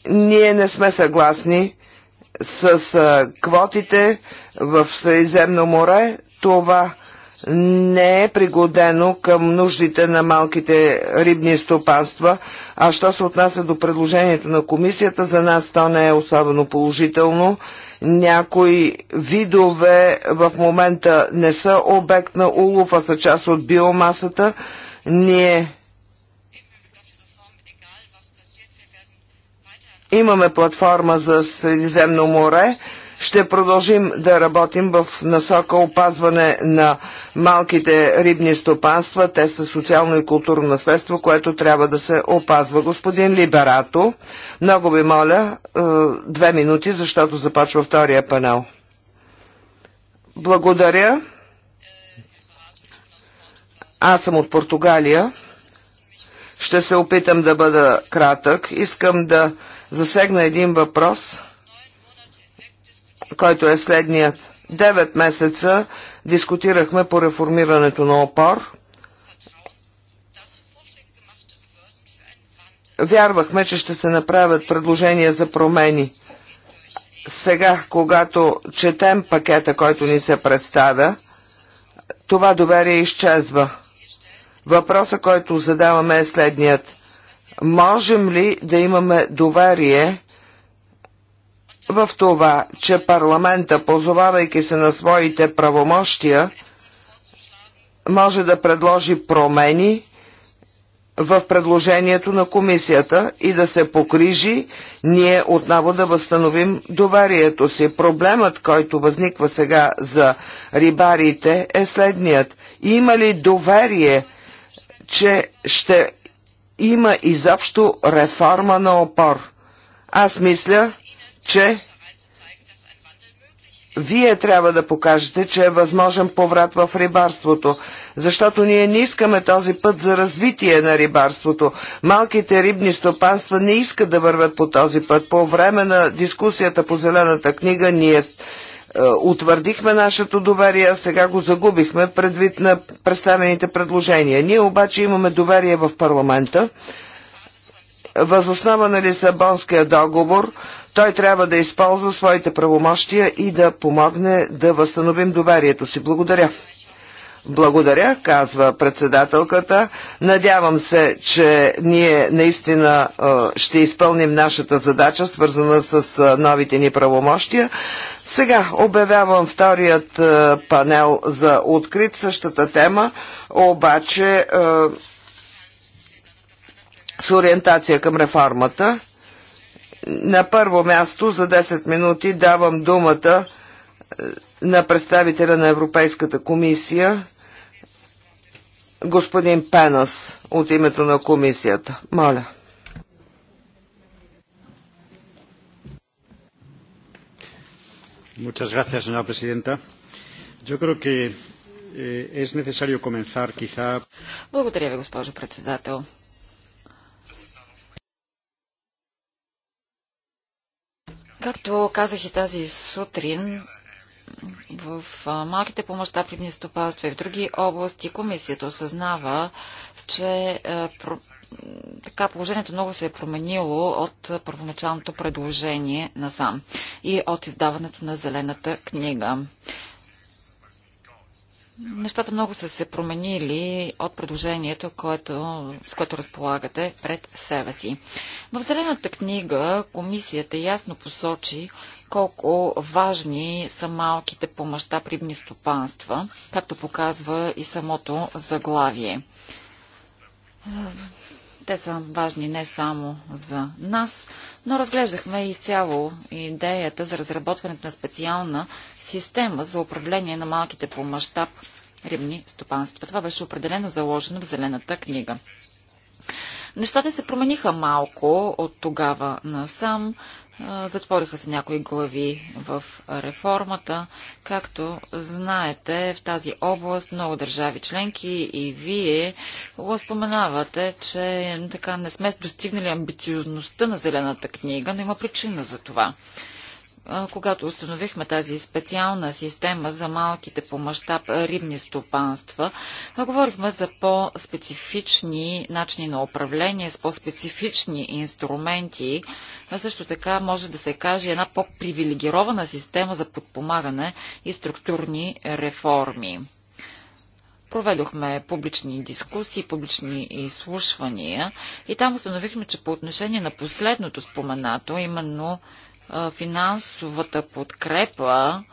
Ние не сме съгласни с е, квотите в Средиземно море. Това не е пригодено към нуждите на малките рибни стопанства, а що се отнася до предложението на комисията, за нас то не е особено положително. Някои видове в момента не са обект на улов, а са част от биомасата. Ние имаме платформа за Средиземно море, ще продължим да работим в насока опазване на малките рибни стопанства. Те са социално и културно наследство, което трябва да се опазва. Господин Либерато, много ви моля, е, две минути, защото започва втория панел. Благодаря. Аз съм от Португалия. Ще се опитам да бъда кратък. Искам да засегна един въпрос, който е следният. 9 месеца дискутирахме по реформирането на опор. Вярвахме, че ще се направят предложения за промени. Сега, когато четем пакета, който ни се представя, това доверие изчезва. Въпросът, който задаваме е следният. Можем ли да имаме доверие в това, че парламента, позовавайки се на своите правомощия, може да предложи промени в предложението на комисията и да се покрижи, ние отново да възстановим доверието си. Проблемът, който възниква сега за рибарите е следният. Има ли доверие, че ще има изобщо реформа на опор? Аз мисля, че вие трябва да покажете, че е възможен поврат в рибарството, защото ние не искаме този път за развитие на рибарството. Малките рибни стопанства не искат да върват по този път. По време на дискусията по Зелената книга ние е, утвърдихме нашето доверие, а сега го загубихме предвид на представените предложения. Ние обаче имаме доверие в парламента. Възоснова на Лисабонския договор – той трябва да използва своите правомощия и да помогне да възстановим доверието си. Благодаря. Благодаря, казва председателката. Надявам се, че ние наистина ще изпълним нашата задача, свързана с новите ни правомощия. Сега обявявам вторият панел за открит същата тема, обаче с ориентация към реформата. На първо място за 10 минути давам думата е, на представителя на Европейската комисия, господин Пенас, от името на комисията. Моля. Muchas Gracias, señora presidenta. Yo creo que eh, es necesario comenzar quizá. Благодаря ви, госпожо председател. Както казах и тази сутрин, в малките по мащаб рибни стопанства и в други области комисията осъзнава, че така положението много се е променило от първоначалното предложение насам и от издаването на зелената книга. Нещата много са се променили от предложението, което, с което разполагате пред себе си. В Зелената книга комисията ясно посочи колко важни са малките по мащаб прибни стопанства, както показва и самото заглавие. Те са важни не само за нас, но разглеждахме изцяло идеята за разработването на специална система за управление на малките по мащаб рибни стопанства. Това беше определено заложено в Зелената книга. Нещата се промениха малко от тогава насам. Затвориха се някои глави в реформата. Както знаете, в тази област много държави членки и вие го споменавате, че така не сме достигнали амбициозността на зелената книга, но има причина за това когато установихме тази специална система за малките по мащаб рибни стопанства, говорихме за по-специфични начини на управление, с по-специфични инструменти, а също така може да се каже една по-привилегирована система за подпомагане и структурни реформи. Проведохме публични дискусии, публични изслушвания и там установихме, че по отношение на последното споменато, именно финансовата подкрепа,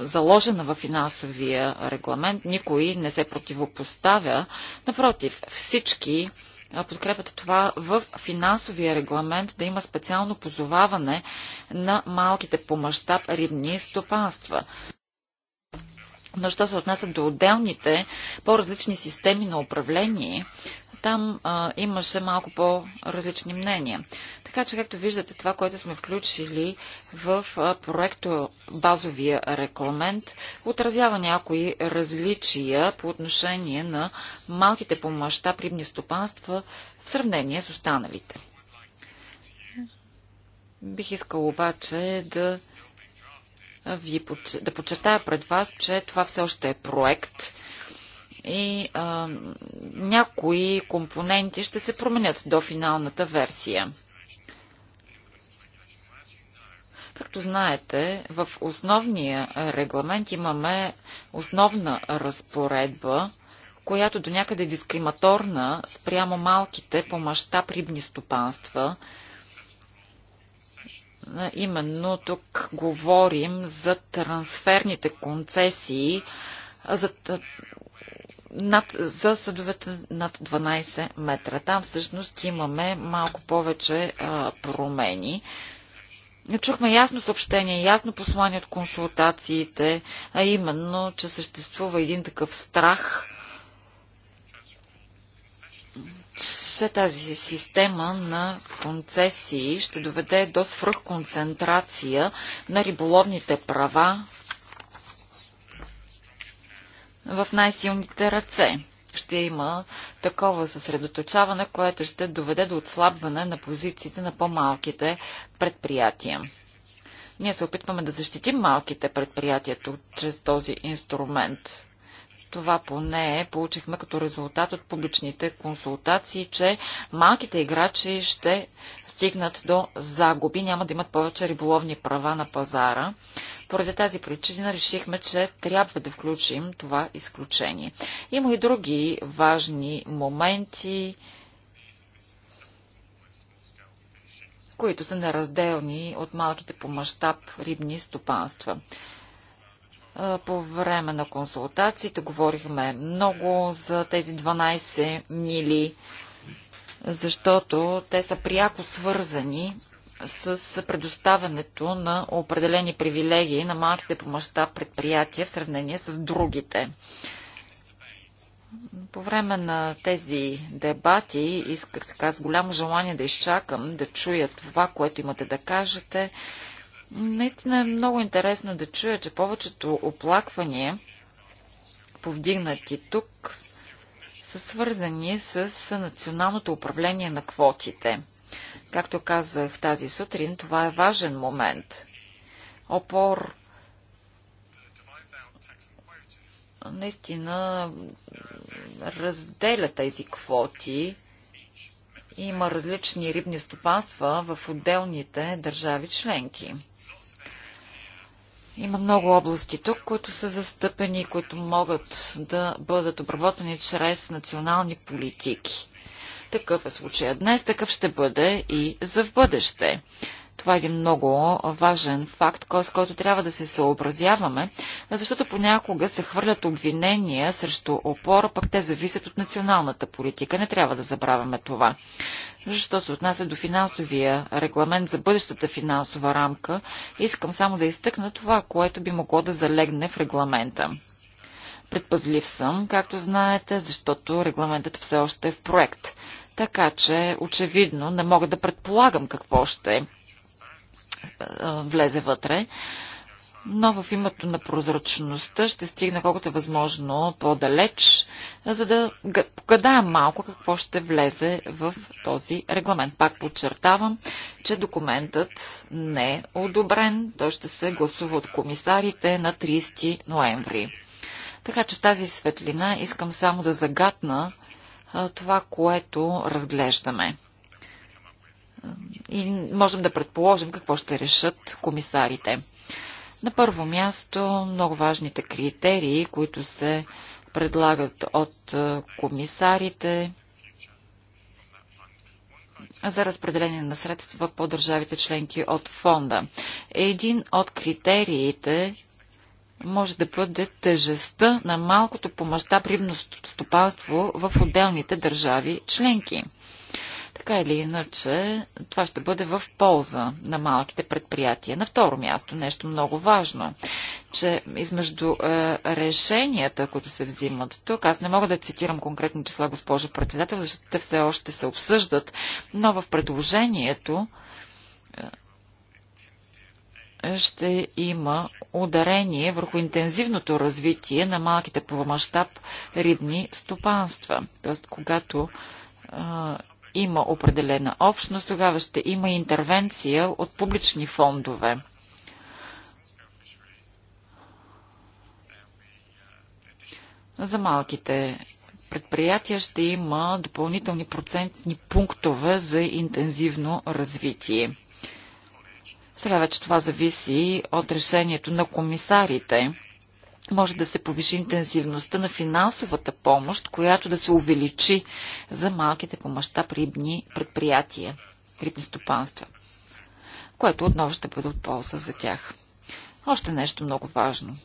заложена в финансовия регламент, никой не се противопоставя. Напротив, всички подкрепят това в финансовия регламент да има специално позоваване на малките по мащаб рибни стопанства. Но що се отнася до отделните, по-различни системи на управление, там а, имаше малко по-различни мнения. Така че, както виждате, това, което сме включили в а, проекто базовия рекламент, отразява някои различия по отношение на малките по мащаб рибни стопанства в сравнение с останалите. Бих искал обаче да ви, да подчертая пред вас, че това все още е проект – и а, някои компоненти ще се променят до финалната версия. Както знаете, в основния регламент имаме основна разпоредба, която до някъде е дискриматорна спрямо малките по мащаб рибни стопанства. Именно тук говорим за трансферните концесии, за над, за съдовете над 12 метра. Там всъщност имаме малко повече а, промени. Чухме ясно съобщение, ясно послание от консултациите, а именно, че съществува един такъв страх, че тази система на концесии ще доведе до свръхконцентрация на риболовните права в най-силните ръце. Ще има такова съсредоточаване, което ще доведе до отслабване на позициите на по-малките предприятия. Ние се опитваме да защитим малките предприятия чрез този инструмент това поне получихме като резултат от публичните консултации, че малките играчи ще стигнат до загуби, няма да имат повече риболовни права на пазара. Поради тази причина решихме, че трябва да включим това изключение. Има и други важни моменти, които са неразделни от малките по мащаб рибни стопанства. По време на консултациите говорихме много за тези 12 мили, защото те са пряко свързани с предоставянето на определени привилегии на малките по мащаб предприятия в сравнение с другите. По време на тези дебати исках така с голямо желание да изчакам, да чуя това, което имате да кажете, Наистина е много интересно да чуя, че повечето оплаквания, повдигнати тук, са свързани с националното управление на квотите. Както казах тази сутрин, това е важен момент. Опор наистина разделя тези квоти. Има различни рибни стопанства в отделните държави членки. Има много области тук, които са застъпени и които могат да бъдат обработени чрез национални политики. Такъв е случая днес, такъв ще бъде и за в бъдеще. Това е един много важен факт, с който трябва да се съобразяваме, защото понякога се хвърлят обвинения срещу опора, пък те зависят от националната политика. Не трябва да забравяме това. Защо се отнася до финансовия регламент за бъдещата финансова рамка, искам само да изтъкна това, което би могло да залегне в регламента. Предпазлив съм, както знаете, защото регламентът все още е в проект. Така че, очевидно, не мога да предполагам какво ще е влезе вътре. Но в името на прозрачността ще стигна колкото е възможно по-далеч, за да погадая малко какво ще влезе в този регламент. Пак подчертавам, че документът не е одобрен. Той ще се гласува от комисарите на 30 ноември. Така че в тази светлина искам само да загатна това, което разглеждаме и можем да предположим какво ще решат комисарите. На първо място, много важните критерии, които се предлагат от комисарите за разпределение на средства по държавите членки от фонда. Един от критериите може да бъде тежестта на малкото по мащаб рибно стопанство в отделните държави членки. Така или иначе, това ще бъде в полза на малките предприятия. На второ място, нещо много важно, че измежду е, решенията, които се взимат тук, аз не мога да цитирам конкретни числа, госпожо председател, защото те все още се обсъждат, но в предложението е, ще има ударение върху интензивното развитие на малките по мащаб рибни стопанства. Тоест, когато е, има определена общност, тогава ще има интервенция от публични фондове. За малките предприятия ще има допълнителни процентни пунктове за интензивно развитие. Сега вече това зависи от решението на комисарите може да се повиши интензивността на финансовата помощ, която да се увеличи за малките по мащаб рибни предприятия, рибни стопанства, което отново ще бъде от полза за тях. Още нещо много важно.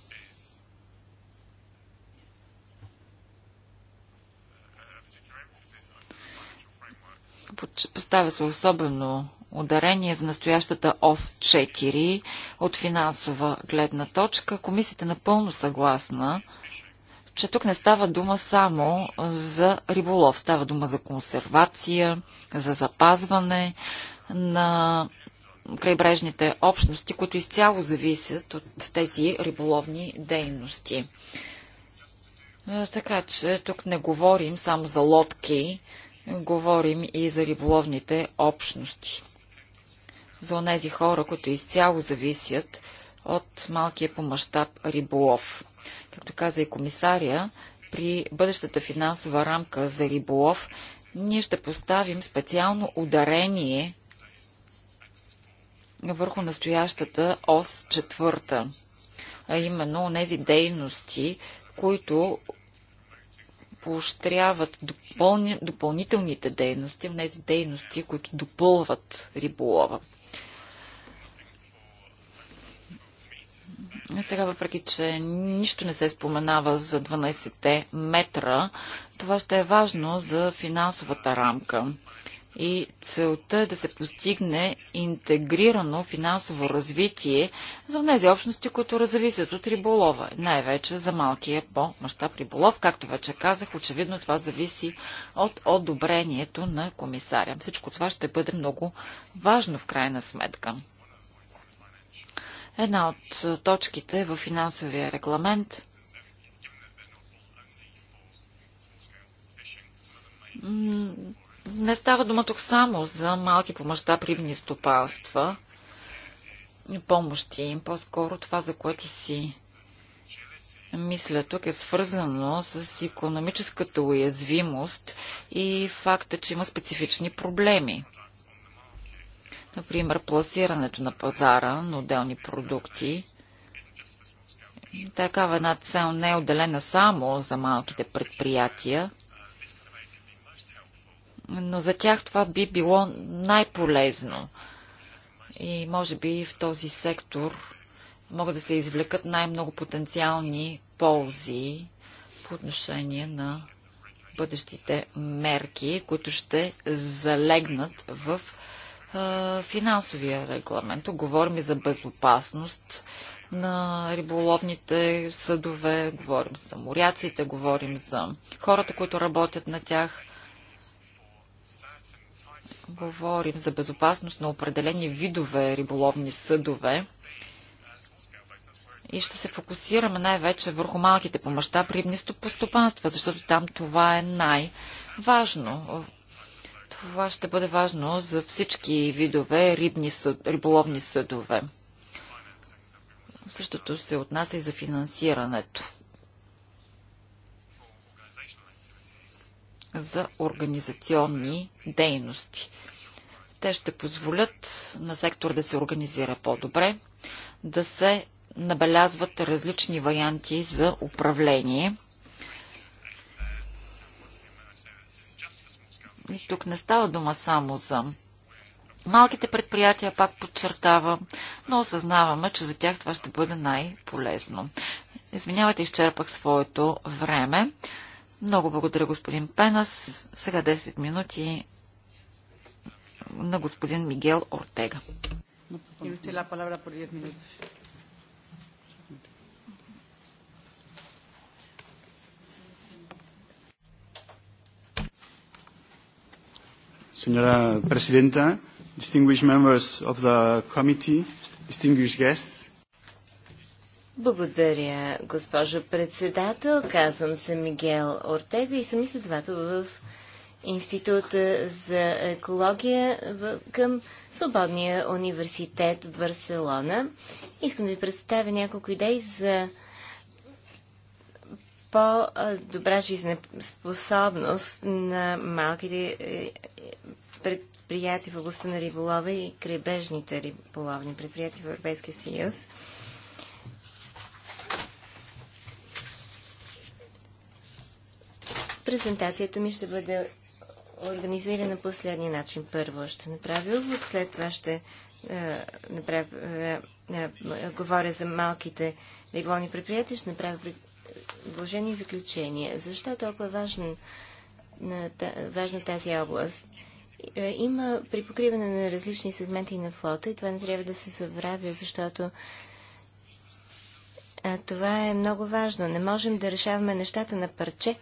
Поставя се особено ударение за настоящата ОС 4 от финансова гледна точка. Комисията е напълно съгласна, че тук не става дума само за риболов. Става дума за консервация, за запазване на крайбрежните общности, които изцяло зависят от тези риболовни дейности. Е, така че тук не говорим само за лодки, говорим и за риболовните общности за онези хора, които изцяло зависят от малкия по мащаб риболов. Както каза и комисария, при бъдещата финансова рамка за риболов ние ще поставим специално ударение върху настоящата ОС четвърта, а именно тези дейности, които поощряват допълни, допълнителните дейности, тези дейности, които допълват риболова. Сега, въпреки че нищо не се споменава за 12-те метра, това ще е важно за финансовата рамка. И целта е да се постигне интегрирано финансово развитие за тези общности, които развисят от риболова. Най-вече за малкия по мащаб риболов. Както вече казах, очевидно това зависи от одобрението на комисаря. Всичко това ще бъде много важно в крайна сметка. Една от е, точките е в финансовия регламент не става дума тук само за малки по мащаб рибни стопанства, помощи им. По-скоро това, за което си мисля тук е свързано с економическата уязвимост и факта, че има специфични проблеми. Например, пласирането на пазара на отделни продукти. Такава една цел не е отделена само за малките предприятия, но за тях това би било най-полезно. И може би в този сектор могат да се извлекат най-много потенциални ползи по отношение на бъдещите мерки, които ще залегнат в финансовия регламент. говорим и за безопасност на риболовните съдове, говорим за моряците, говорим за хората, които работят на тях. Говорим за безопасност на определени видове риболовни съдове и ще се фокусираме най-вече върху малките по мащаб рибни стопанства, защото там това е най-важно. Това ще бъде важно за всички видове рибни съд, риболовни съдове. Същото се отнася и за финансирането. За организационни дейности. Те ще позволят на сектор да се организира по-добре, да се набелязват различни варианти за управление – тук не става дума само за малките предприятия, пак подчертавам, но осъзнаваме, че за тях това ще бъде най-полезно. Извинявайте, изчерпах своето време. Много благодаря, господин Пенас. Сега 10 минути на господин Мигел Ортега. Señora Presidenta, distinguished members of the committee, distinguished guests. Благодаря, госпожо председател. Казвам се Мигел Ортега и съм изследовател в Института за екология в, към Свободния университет в Барселона. Искам да ви представя няколко идеи за по-добра жизнеспособност на малките е, предприятия в областта на риболова и крайбрежните риболовни предприятия в Европейския съюз. Презентацията ми ще бъде организирана по следния начин. Първо ще направя увод, след това ще е, направя, е, е, говоря за малките риболовни предприятия, ще направя вложени заключения. Защо е толкова важен, на, важна тази област? Е, има припокриване на различни сегменти на флота и това не трябва да се забравя, защото а, това е много важно. Не можем да решаваме нещата на парче,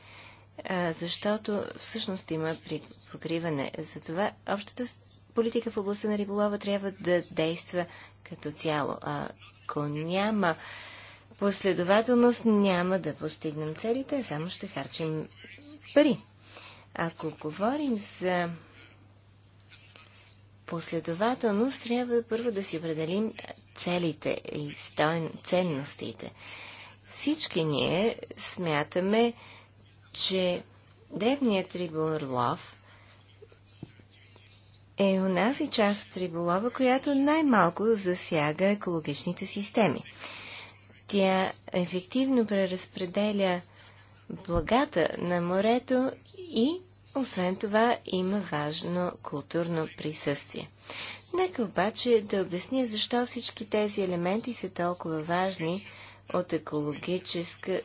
а, защото всъщност има припокриване. Затова общата политика в областта на риболова трябва да действа като цяло. А, ако няма последователност няма да постигнем целите, а само ще харчим пари. Ако говорим за последователност, трябва първо да си определим целите и ценностите. Всички ние смятаме, че древният риболов е унази част от риболова, която най-малко засяга екологичните системи. Тя ефективно преразпределя благата на морето и освен това има важно културно присъствие. Нека обаче да обясня защо всички тези елементи са толкова важни от, екологическа,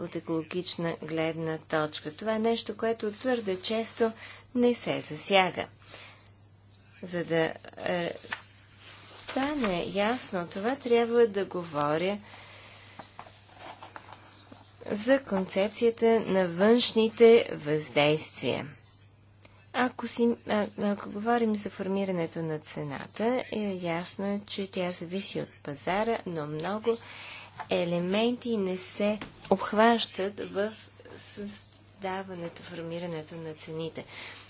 от екологична гледна точка. Това е нещо, което твърде често не се засяга. За да е, стане ясно това, трябва да говоря за концепцията на външните въздействия. Ако, си, а, ако говорим за формирането на цената, е ясно, че тя зависи от пазара, но много елементи не се обхващат в създаването, формирането на цените.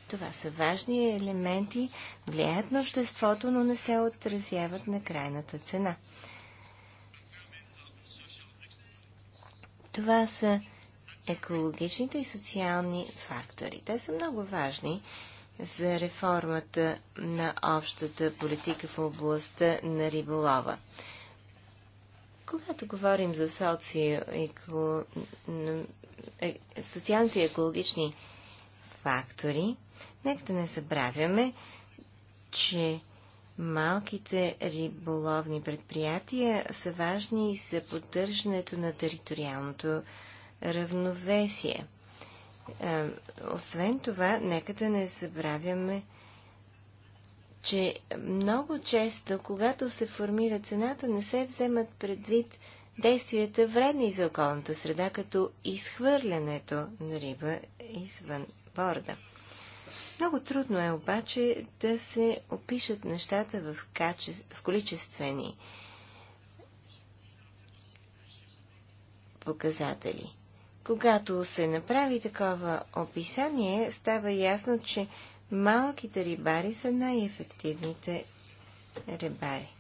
Това са важни елементи, влияят на обществото, но не се отразяват на крайната цена. Това са екологичните и социални фактори. Те са много важни за реформата на общата политика в областта на риболова. Когато говорим за е, социалните и екологични фактори, нека да не забравяме, че Малките риболовни предприятия са важни и за поддържането на териториалното равновесие. Е, освен това, нека да не забравяме, че много често, когато се формира цената, не се вземат предвид действията вредни за околната среда, като изхвърлянето на риба извън борда. Много трудно е обаче да се опишат нещата в, каче... в количествени показатели. Когато се направи такова описание, става ясно, че малките рибари са най-ефективните рибари.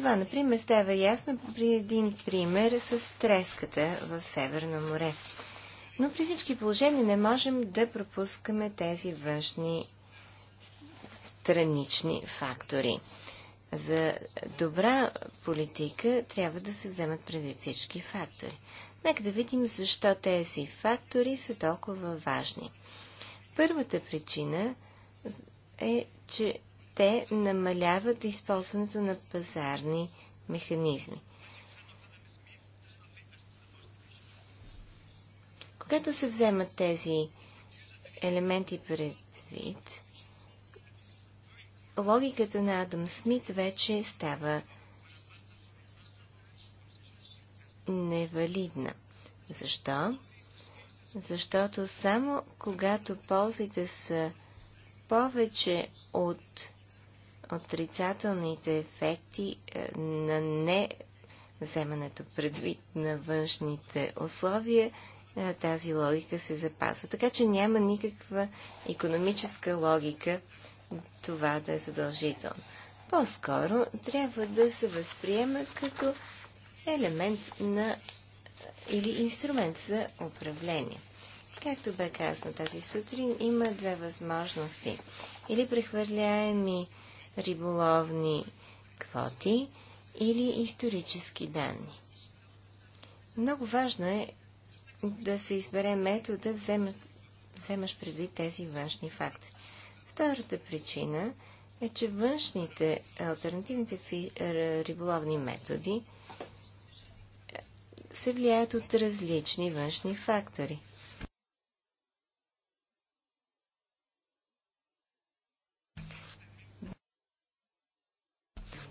Това, например, става ясно при един пример с треската в Северно море. Но при всички положения не можем да пропускаме тези външни странични фактори. За добра политика трябва да се вземат преди всички фактори. Нека да видим защо тези фактори са толкова важни. Първата причина е, че те намаляват използването на пазарни механизми. Когато се вземат тези елементи предвид, логиката на Адам Смит вече става невалидна. Защо? Защото само когато ползите са повече от отрицателните ефекти е, на не вземането предвид на външните условия, е, тази логика се запазва. Така че няма никаква економическа логика това да е задължително. По-скоро трябва да се възприема като елемент на или инструмент за управление. Както бе казано тази сутрин, има две възможности. Или прехвърляеми риболовни квоти или исторически данни. Много важно е да се избере метода, вземаш предвид тези външни фактори. Втората причина е, че външните альтернативните е, риболовни методи се влияят от различни външни фактори.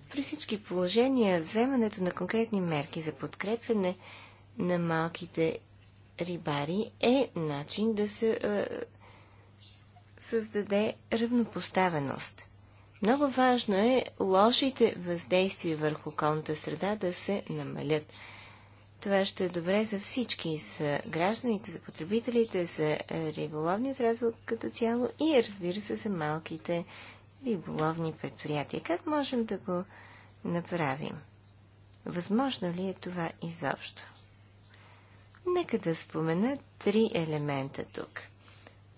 При всички положения, вземането на конкретни мерки за подкрепене на малките рибари е начин да се е, създаде равнопоставеност. Много важно е лошите въздействия върху околната среда да се намалят. Това ще е добре за всички, за гражданите, за потребителите, за е, риболовния отрасъл като цяло и разбира се за малките риболовни предприятия. Как можем да го направим? Възможно ли е това изобщо? Нека да спомена три елемента тук.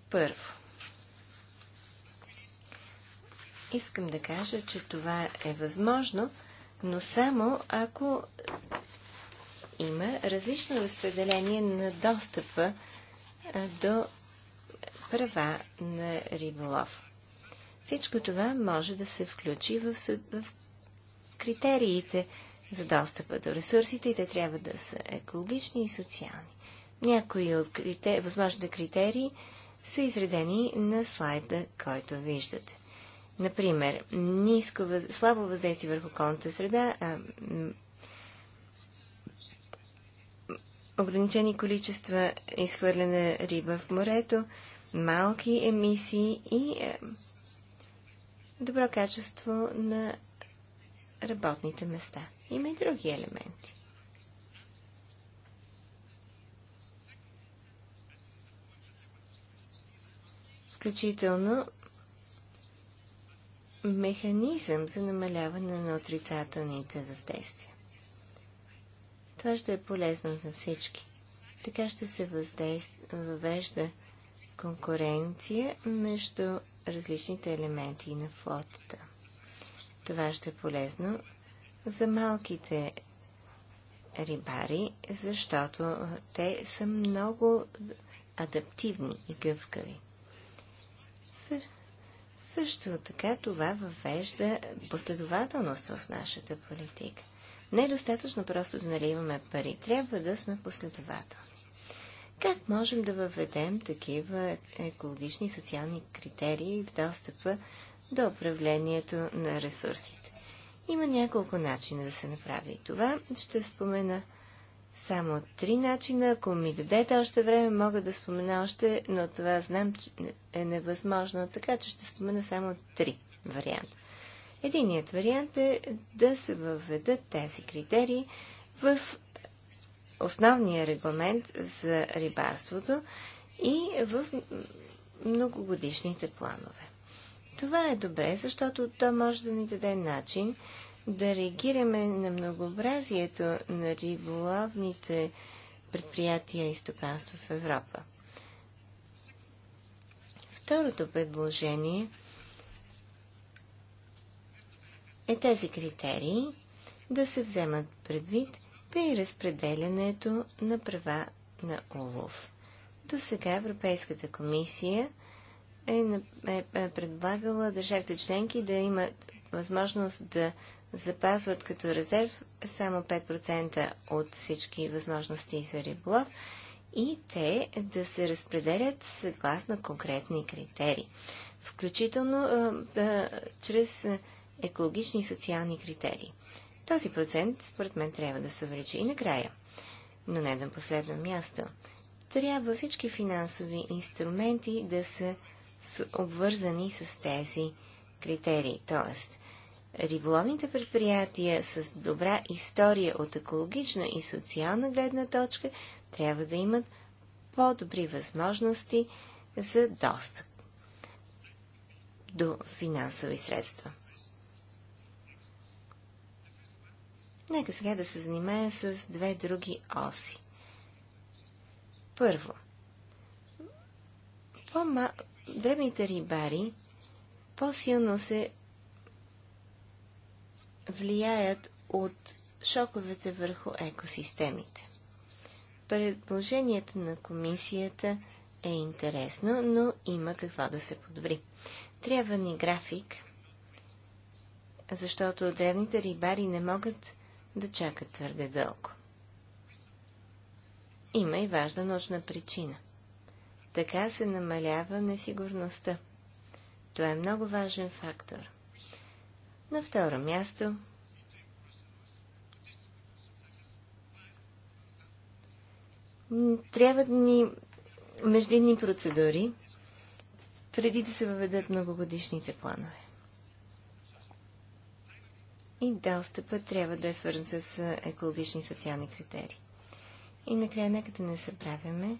Първо. Искам да кажа, че това е възможно, но само ако има различно разпределение на достъпа до права на риболов. Всичко това може да се включи в, в критериите за достъпа до ресурсите и те трябва да са екологични и социални. Някои от критери... възможните критерии са изредени на слайда, който виждате. Например, ниско, слабо въздействие върху околната среда, а, ограничени количества изхвърлена риба в морето, малки емисии и а, добро качество на работните места. Има и други елементи. Включително механизъм за намаляване на отрицателните въздействия. Това ще е полезно за всички. Така ще се въздейств... въвежда конкуренция между различните елементи на флотата. Това ще е полезно за малките рибари, защото те са много адаптивни и гъвкави. Също така това въвежда последователност в нашата политика. Не е достатъчно просто да наливаме пари. Трябва да сме последователни. Как можем да въведем такива екологични и социални критерии в достъпа до управлението на ресурсите? Има няколко начина да се направи това. Ще спомена само три начина. Ако ми дадете още време, мога да спомена още, но това знам, че е невъзможно, така че ще спомена само три варианта. Единият вариант е да се въведат тези критерии в основния регламент за рибарството и в многогодишните планове. Това е добре, защото то може да ни даде начин да реагираме на многообразието на риболовните предприятия и стопанства в Европа. Второто предложение е тези критерии да се вземат предвид – при разпределянето на права на улов. До сега Европейската комисия е, е, е предлагала държавите членки да имат възможност да запазват като резерв само 5% от всички възможности за риболов и те да се разпределят съгласно конкретни критерии, включително е, чрез екологични и социални критерии. Този процент, според мен, трябва да се увеличи. И накрая, но не на последно място, трябва всички финансови инструменти да са обвързани с тези критерии. Тоест, риболовните предприятия с добра история от екологична и социална гледна точка трябва да имат по-добри възможности за достъп до финансови средства. Нека сега да се занимая с две други оси. Първо, по-ма... дребните рибари по-силно се влияят от шоковете върху екосистемите. Предложението на комисията е интересно, но има какво да се подобри. Трябва ни график, защото древните рибари не могат да чакат твърде дълго. Има и важна нужна причина. Така се намалява несигурността. Това е много важен фактор. На второ място трябват да ни междинни процедури, преди да се въведат многогодишните планове и достъпът трябва да е свързан с екологични и социални критерии. И накрая нека да не забравяме,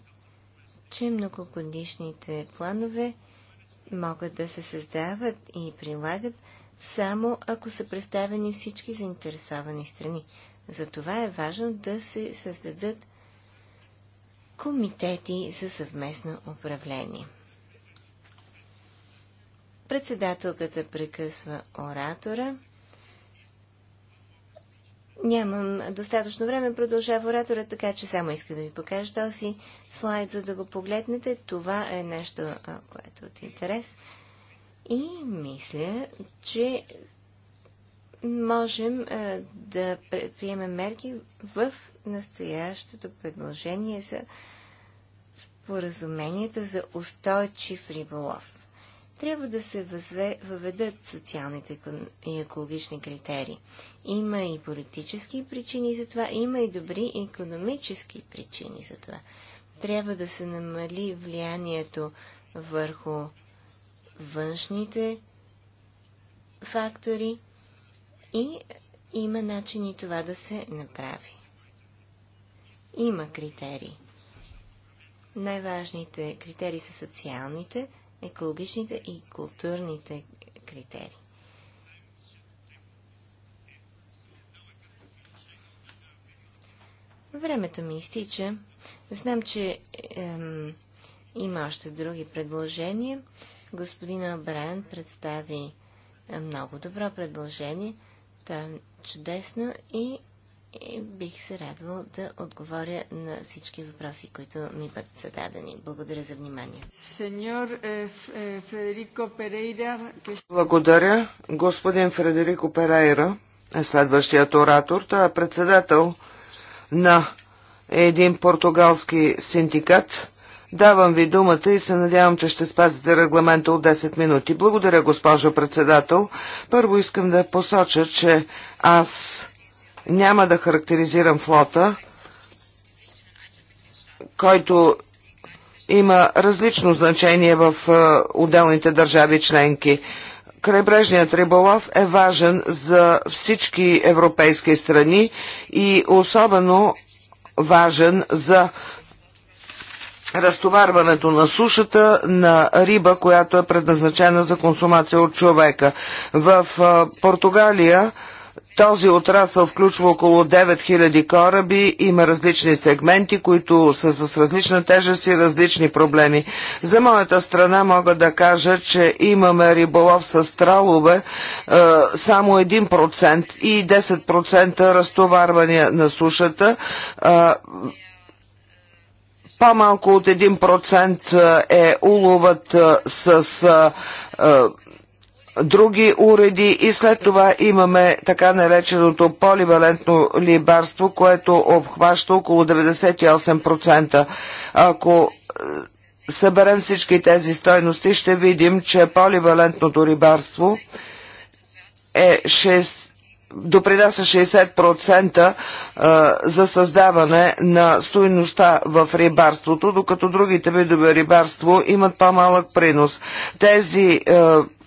че многогодишните планове могат да се създават и прилагат само ако са представени всички заинтересовани страни. Затова е важно да се създадат комитети за съвместно управление. Председателката прекъсва оратора. Нямам достатъчно време, продължава оратора, така че само иска да ви покажа този слайд, за да го погледнете. Това е нещо, което е от интерес. И мисля, че можем да предприемем мерки в настоящото предложение за споразуменията за устойчив риболов трябва да се възве, въведат социалните и екологични критерии. Има и политически причини за това, има и добри економически причини за това. Трябва да се намали влиянието върху външните фактори и има начини това да се направи. Има критерии. Най-важните критерии са социалните – екологичните и културните критерии. Времето ми изтича. Знам, че ем, има още други предложения. Господин Брайан представи е, много добро предложение. То е чудесно и и бих се радвал да отговоря на всички въпроси, които ми бъдат зададени. Благодаря за внимание. Сеньор е, е, Федерико Перейра. Благодаря. Господин Фредерико Перейра е следващият оратор. Той е председател на един португалски синдикат. Давам ви думата и се надявам, че ще спазите регламента от 10 минути. Благодаря, госпожо председател. Първо искам да посоча, че аз няма да характеризирам флота, който има различно значение в е, отделните държави членки. Крайбрежният риболов е важен за всички европейски страни и особено важен за разтоварването на сушата на риба, която е предназначена за консумация от човека. В е, Португалия този отрасъл включва около 9000 кораби, има различни сегменти, които са с различна тежест и различни проблеми. За моята страна мога да кажа, че имаме риболов с тралове е, само 1% и 10% разтоварвания на сушата. Е, по-малко от 1% е уловът е, с е, други уреди и след това имаме така нареченото поливалентно либарство, което обхваща около 98%. Ако е, съберем всички тези стойности, ще видим, че поливалентното рибарство е 6 допринася 60% е, за създаване на стоеността в рибарството, докато другите видове рибарство имат по-малък принос. Тези е,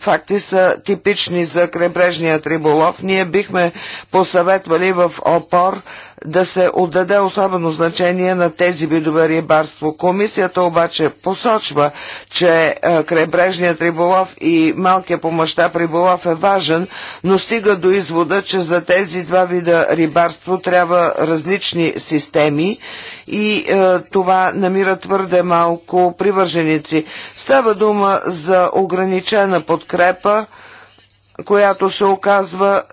факти са типични за крайбрежният риболов. Ние бихме посъветвали в опор да се отдаде особено значение на тези видове рибарство. Комисията обаче посочва, че е, крайбрежният риболов и малкият по мащаб риболов е важен, но стига до извода, че за тези два вида рибарство трябва различни системи и е, това намира твърде малко привърженици. Става дума за ограничена подкрепа подкрепа, която се оказва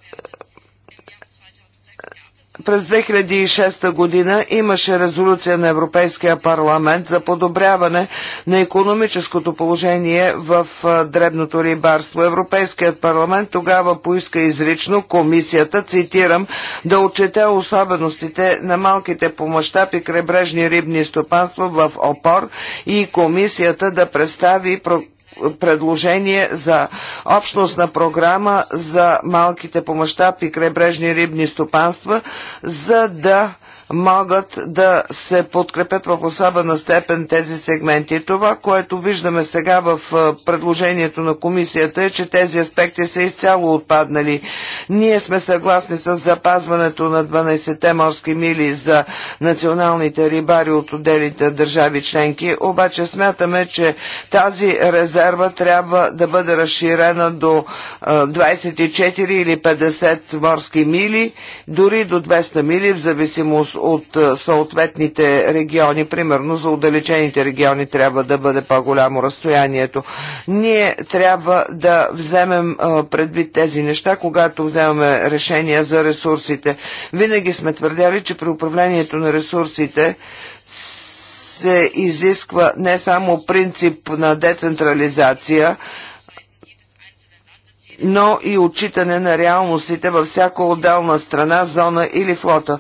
през 2006 година имаше резолюция на Европейския парламент за подобряване на економическото положение в дребното рибарство. Европейският парламент тогава поиска изрично комисията, цитирам, да отчете особеностите на малките по мащаб и крайбрежни рибни стопанства в ОПОР и комисията да представи предложение за общностна програма за малките по мащаб и крайбрежни рибни стопанства, за да могат да се подкрепят в особена степен тези сегменти. Това, което виждаме сега в предложението на комисията е, че тези аспекти са изцяло отпаднали. Ние сме съгласни с запазването на 12-те морски мили за националните рибари от отделите държави членки, обаче смятаме, че тази резерва трябва да бъде разширена до 24 или 50 морски мили, дори до 200 мили в зависимост от е, съответните региони. Примерно за отдалечените региони трябва да бъде по-голямо разстоянието. Ние трябва да вземем е, предвид тези неща, когато вземаме решения за ресурсите. Винаги сме твърдяли, че при управлението на ресурсите се изисква не само принцип на децентрализация, но и отчитане на реалностите във всяка отделна страна, зона или флота.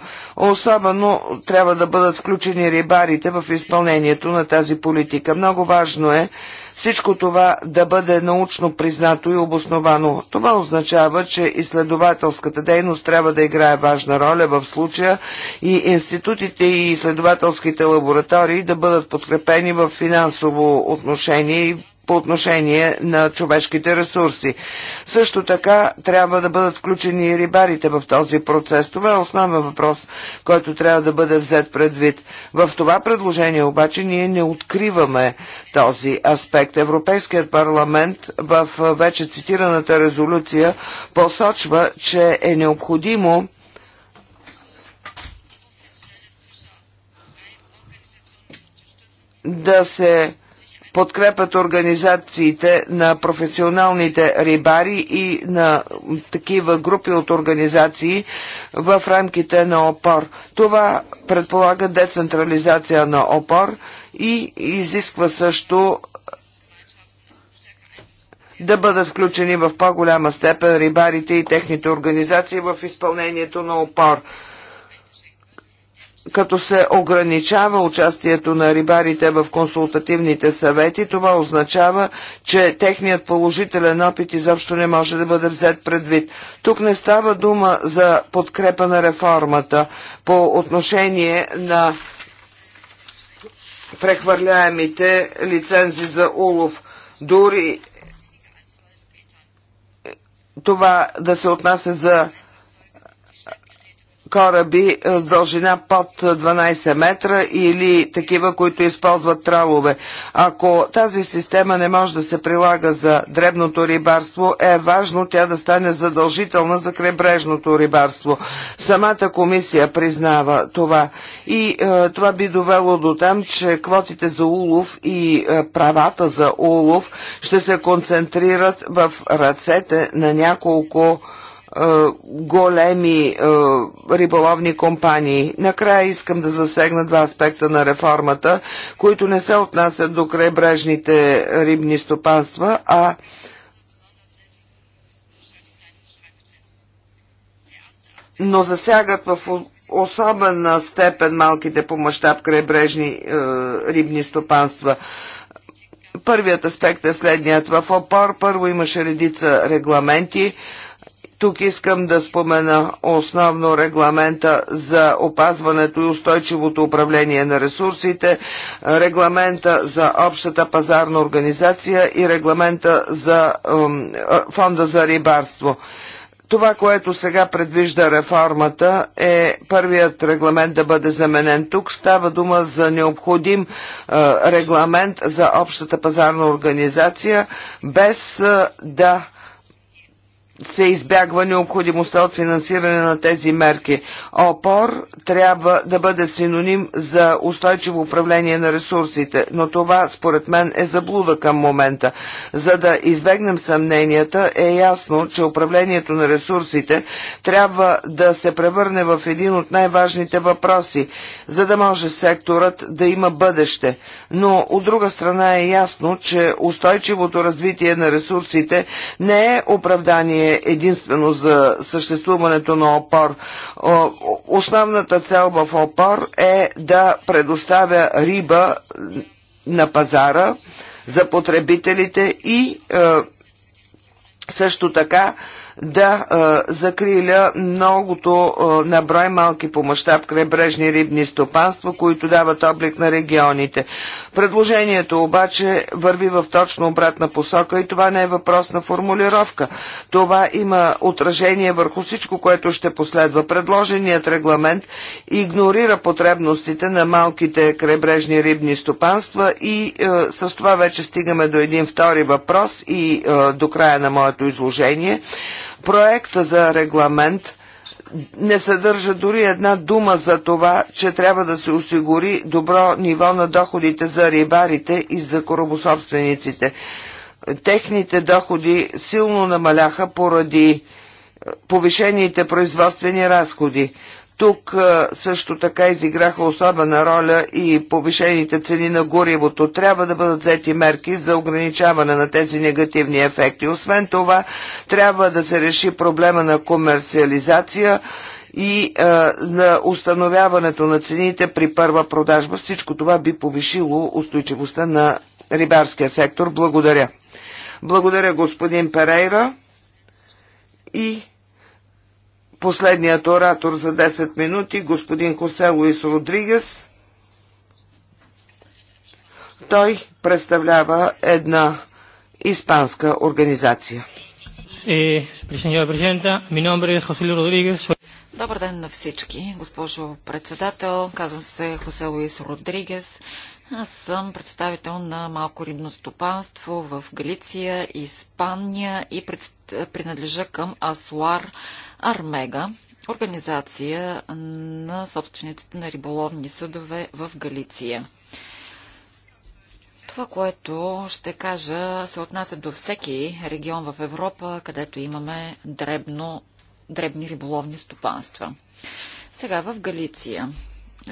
Особено трябва да бъдат включени рибарите в изпълнението на тази политика. Много важно е всичко това да бъде научно признато и обосновано. Това означава, че изследователската дейност трябва да играе важна роля в случая и институтите и изследователските лаборатории да бъдат подкрепени в финансово отношение и по отношение на човешките ресурси. Също така трябва да бъдат включени и рибарите в този процес. Това е основен въпрос, който трябва да бъде взет предвид. В това предложение обаче ние не откриваме този аспект. Европейският парламент в вече цитираната резолюция посочва, че е необходимо да се подкрепят организациите на професионалните рибари и на такива групи от организации в рамките на ОПОР. Това предполага децентрализация на ОПОР и изисква също да бъдат включени в по-голяма степен рибарите и техните организации в изпълнението на опор като се ограничава участието на рибарите в консултативните съвети, това означава, че техният положителен опит изобщо не може да бъде взет предвид. Тук не става дума за подкрепа на реформата по отношение на прехвърляемите лицензи за улов. Дори това да се отнася за кораби е, с дължина под 12 метра или такива, които използват тралове. Ако тази система не може да се прилага за дребното рибарство, е важно тя да стане задължителна за крайбрежното рибарство. Самата комисия признава това и е, това би довело до там, че квотите за улов и е, правата за улов ще се концентрират в ръцете на няколко големи риболовни компании. Накрая искам да засегна два аспекта на реформата, които не се отнасят до крайбрежните рибни стопанства, а но засягат в особена степен малките по мащаб крайбрежни рибни стопанства. Първият аспект е следният. В ОПОР първо имаше редица регламенти, тук искам да спомена основно регламента за опазването и устойчивото управление на ресурсите, регламента за общата пазарна организация и регламента за фонда за рибарство. Това, което сега предвижда реформата е първият регламент да бъде заменен тук. Става дума за необходим е, регламент за общата пазарна организация, без е, да се избягва необходимостта от финансиране на тези мерки. ОПОР трябва да бъде синоним за устойчиво управление на ресурсите, но това според мен е заблуда към момента. За да избегнем съмненията е ясно, че управлението на ресурсите трябва да се превърне в един от най-важните въпроси, за да може секторът да има бъдеще. Но от друга страна е ясно, че устойчивото развитие на ресурсите не е оправдание единствено за съществуването на ОПОР. Основната цел в ОПОР е да предоставя риба на пазара за потребителите и е, също така да е, закриля многото е, на наброй малки по мащаб крайбрежни рибни стопанства, които дават облик на регионите. Предложението обаче върви в точно обратна посока и това не е въпрос на формулировка. Това има отражение върху всичко, което ще последва. Предложеният регламент игнорира потребностите на малките крайбрежни рибни стопанства и е, с това вече стигаме до един втори въпрос и е, до края на моето изложение. Проекта за регламент не съдържа дори една дума за това, че трябва да се осигури добро ниво на доходите за рибарите и за корабособствениците. Техните доходи силно намаляха поради повишените производствени разходи. Тук също така изиграха особена роля и повишените цени на горивото. Трябва да бъдат взети мерки за ограничаване на тези негативни ефекти. Освен това, трябва да се реши проблема на комерциализация и е, на установяването на цените при първа продажба. Всичко това би повишило устойчивостта на рибарския сектор. Благодаря. Благодаря господин Перейра и Последният оратор за 10 минути, господин Хосе Луис Родригес. Той представлява една испанска организация. Е, е Добър ден на всички, госпожо председател. Казвам се Хосе Луис Родригес. Аз съм представител на малко рибно стопанство в Галиция, Испания и пред... принадлежа към Асуар Армега, организация на собствениците на риболовни съдове в Галиция. Това, което ще кажа, се отнася до всеки регион в Европа, където имаме дребно, дребни риболовни стопанства. Сега в Галиция.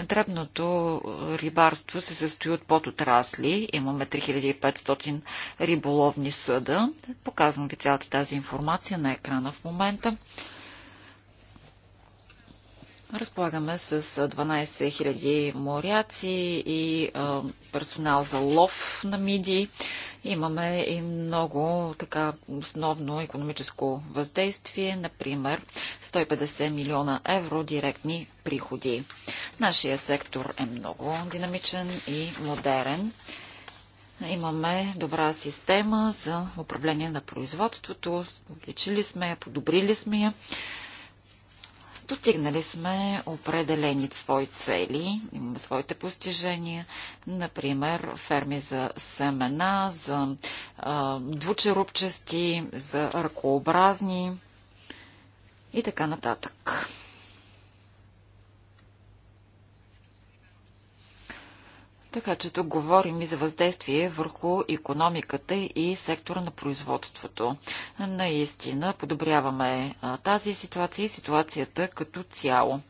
Дребното рибарство се състои от подотрасли. Имаме 3500 риболовни съда. Показвам ви цялата тази информация на екрана в момента. Разполагаме с 12 000 моряци и а, персонал за лов на миди. Имаме и много така основно економическо въздействие, например 150 милиона евро директни приходи. Нашия сектор е много динамичен и модерен. Имаме добра система за управление на производството. Увеличили сме я, подобрили сме я Постигнали сме определени свои цели, имаме своите постижения, например ферми за семена, за а, двучерупчести, за ръкообразни и така нататък. Така че тук говорим и за въздействие върху економиката и сектора на производството. Наистина подобряваме тази ситуация и ситуацията като цяло.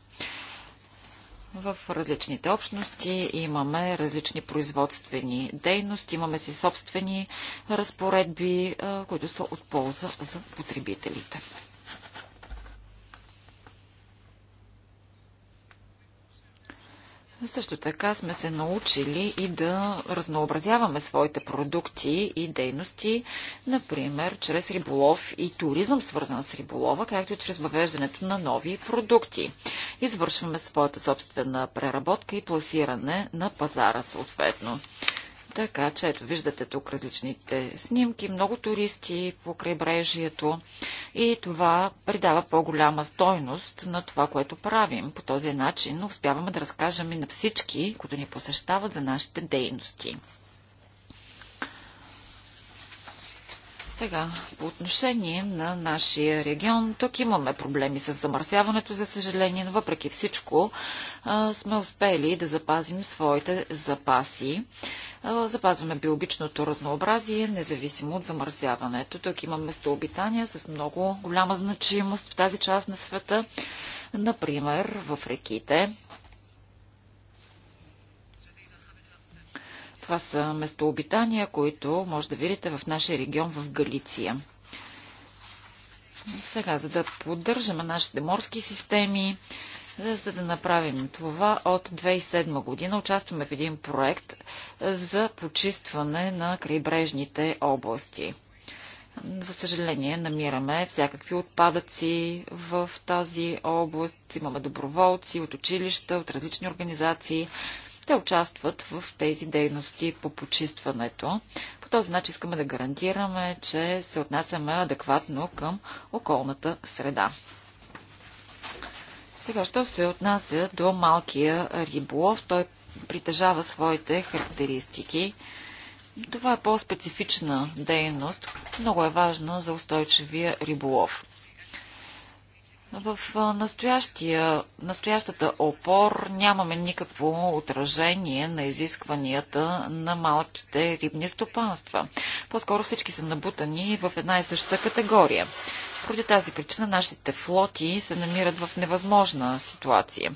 В различните общности имаме различни производствени дейности, имаме си собствени разпоредби, които са от полза за потребителите. Също така сме се научили и да разнообразяваме своите продукти и дейности, например, чрез риболов и туризъм, свързан с риболова, както и чрез въвеждането на нови продукти. Извършваме своята собствена преработка и пласиране на пазара съответно. Така че, ето, виждате тук различните снимки, много туристи по крайбрежието и това придава по-голяма стойност на това, което правим. По този начин успяваме да разкажем и на всички, които ни посещават за нашите дейности. Сега, по отношение на нашия регион, тук имаме проблеми с замърсяването, за съжаление, но въпреки всичко сме успели да запазим своите запаси. запазваме биологичното разнообразие, независимо от замърсяването. Тук имаме местообитания с много голяма значимост в тази част на света, например в реките, Това са местообитания, които може да видите в нашия регион в Галиция. Сега, за да поддържаме нашите морски системи, за да направим това, от 2007 година участваме в един проект за почистване на крайбрежните области. За съжаление, намираме всякакви отпадъци в тази област. Имаме доброволци от училища, от различни организации, те участват в тези дейности по почистването. По този начин искаме да гарантираме, че се отнасяме адекватно към околната среда. Сега, що се отнася до малкия риболов, той притежава своите характеристики. Това е по-специфична дейност, много е важна за устойчивия риболов. В настоящия, настоящата опор нямаме никакво отражение на изискванията на малките рибни стопанства. По-скоро всички са набутани в една и съща категория. Поради тази причина нашите флоти се намират в невъзможна ситуация.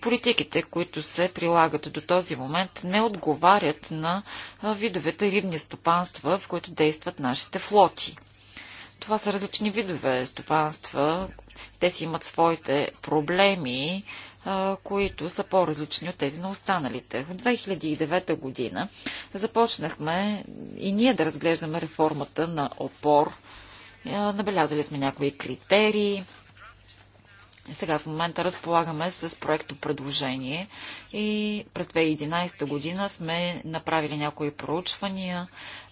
Политиките, които се прилагат до този момент, не отговарят на видовете рибни стопанства, в които действат нашите флоти. Това са различни видове стопанства, те си имат своите проблеми, които са по-различни от тези на останалите. От 2009 година започнахме и ние да разглеждаме реформата на опор. Набелязали сме някои критерии, сега в момента разполагаме с проекто предложение и през 2011 година сме направили някои проучвания,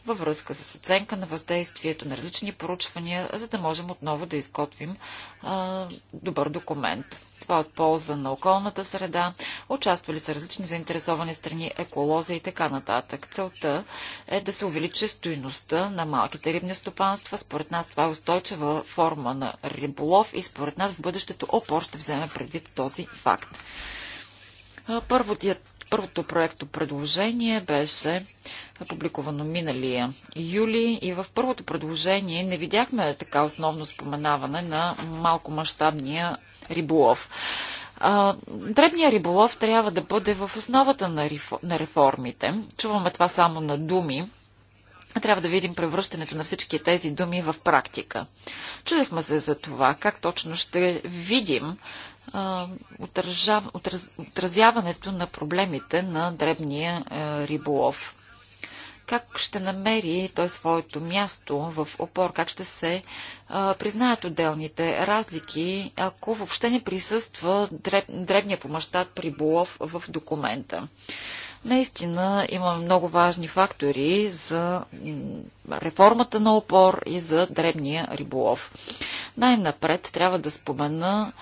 във връзка с оценка на въздействието на различни поручвания, за да можем отново да изготвим а, добър документ. Това е от полза на околната среда. Участвали са различни заинтересовани страни, еколоза и така нататък. Целта е да се увеличи стоиността на малките рибни стопанства. Според нас това е устойчива форма на риболов и според нас в бъдещето ОПОР ще вземе предвид този факт. Първо, Първото проекто предложение беше публикувано миналия юли и в първото предложение не видяхме така основно споменаване на малко мащабния риболов. Дребният риболов трябва да бъде в основата на реформите. Чуваме това само на думи, трябва да видим превръщането на всички тези думи в практика. Чудехме се за това, как точно ще видим отразяването на проблемите на дребния е, риболов. Как ще намери той своето място в опор? Как ще се е, признаят отделните разлики, ако въобще не присъства дребния помащат риболов в документа? Наистина имаме много важни фактори за реформата на опор и за дребния риболов. Най-напред трябва да спомена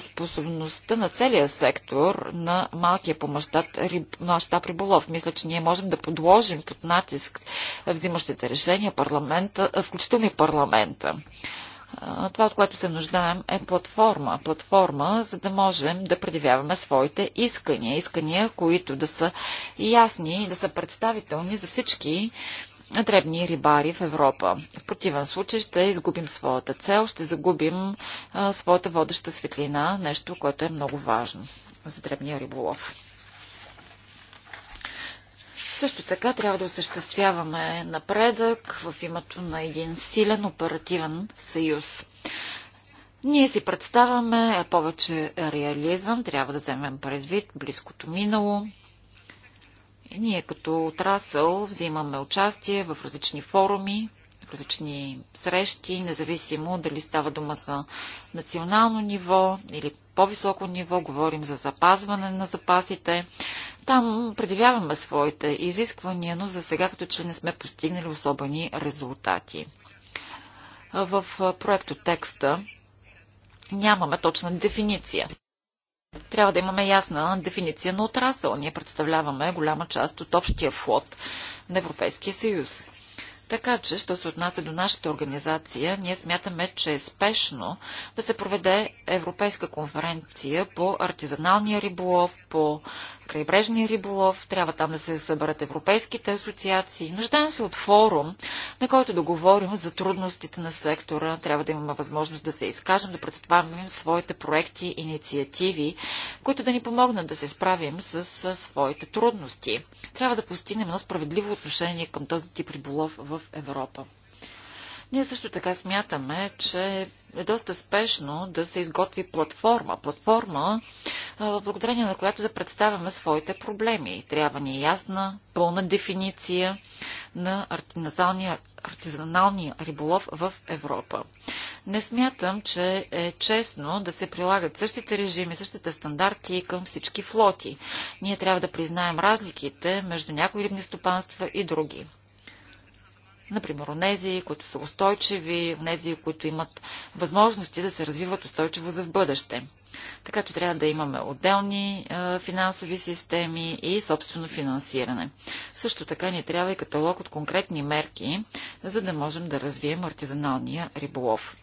способността на целия сектор на малкия по мащаб риб, риболов. Мисля, че ние можем да подложим под натиск взимащите решения парламента, включително и парламента това, от което се нуждаем, е платформа. Платформа, за да можем да предявяваме своите искания. Искания, които да са ясни и да са представителни за всички дребни рибари в Европа. В противен случай ще изгубим своята цел, ще загубим а, своята водеща светлина, нещо, което е много важно за дребния риболов. Също така трябва да осъществяваме напредък в името на един силен оперативен съюз. Ние си представяме повече реализъм, трябва да вземем предвид близкото минало. И ние като отрасъл взимаме участие в различни форуми, в различни срещи, независимо дали става дума за национално ниво или по-високо ниво, говорим за запазване на запасите. Там предявяваме своите изисквания, но за сега като че не сме постигнали особени резултати. В проекто текста нямаме точна дефиниция. Трябва да имаме ясна дефиниция на отрасъл. Ние представляваме голяма част от общия флот на Европейския съюз. Така че, що се отнася до нашата организация, ние смятаме, че е спешно да се проведе Европейска конференция по артизаналния риболов, по крайбрежния риболов, трябва там да се съберат европейските асоциации. Нуждаем се от форум, на който да говорим за трудностите на сектора, трябва да имаме възможност да се изкажем, да представим своите проекти, инициативи, които да ни помогнат да се справим с, с своите трудности. Трябва да постигнем едно справедливо отношение към този тип риболов в Европа. Ние също така смятаме, че е доста спешно да се изготви платформа. Платформа, благодарение на която да представяме своите проблеми. Трябва ни ясна, пълна дефиниция на артизаналния, артизаналния риболов в Европа. Не смятам, че е честно да се прилагат същите режими, същите стандарти към всички флоти. Ние трябва да признаем разликите между някои рибни стопанства и други. Например, онези, които са устойчиви, онези, които имат възможности да се развиват устойчиво за в бъдеще. Така че трябва да имаме отделни е, финансови системи и собствено финансиране. Също така ни трябва и каталог от конкретни мерки, за да можем да развием артизаналния риболов.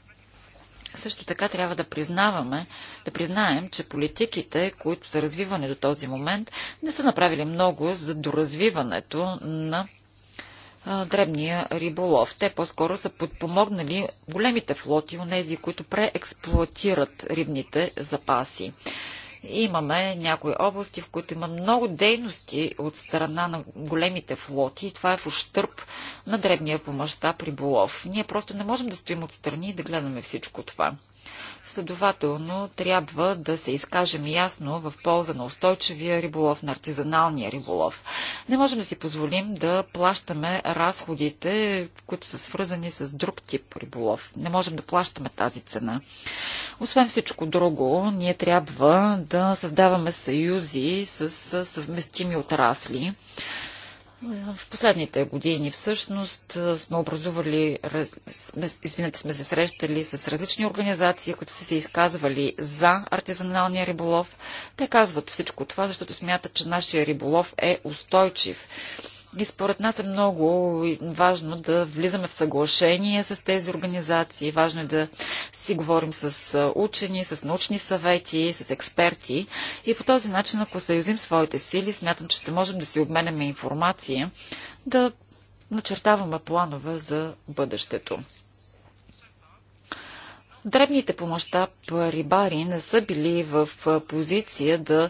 Също така трябва да признаваме, да признаем, че политиките, които са развивани до този момент, не са направили много за доразвиването на дребния риболов. Те по-скоро са подпомогнали големите флоти, онези, които преексплуатират рибните запаси. Имаме някои области, в които има много дейности от страна на големите флоти и това е в ущърп на дребния по мащаб риболов. Ние просто не можем да стоим отстрани и да гледаме всичко това. Следователно, трябва да се изкажем ясно в полза на устойчивия риболов, на артизаналния риболов. Не можем да си позволим да плащаме разходите, които са свързани с друг тип риболов. Не можем да плащаме тази цена. Освен всичко друго, ние трябва да създаваме съюзи с съвместими отрасли е, в последните години всъщност е, сме образували, извинете, сме се срещали с различни организации, които са се изказвали за артизаналния риболов. Те казват всичко това, защото смятат, че нашия риболов е устойчив. И според нас е много важно да влизаме в съглашение с тези организации. Важно е да си говорим с учени, с научни съвети, с експерти. И по този начин, ако съюзим своите сили, смятам, че ще можем да си обменяме информация, да начертаваме планове за бъдещето. Дребните по мащаб рибари не са били в позиция да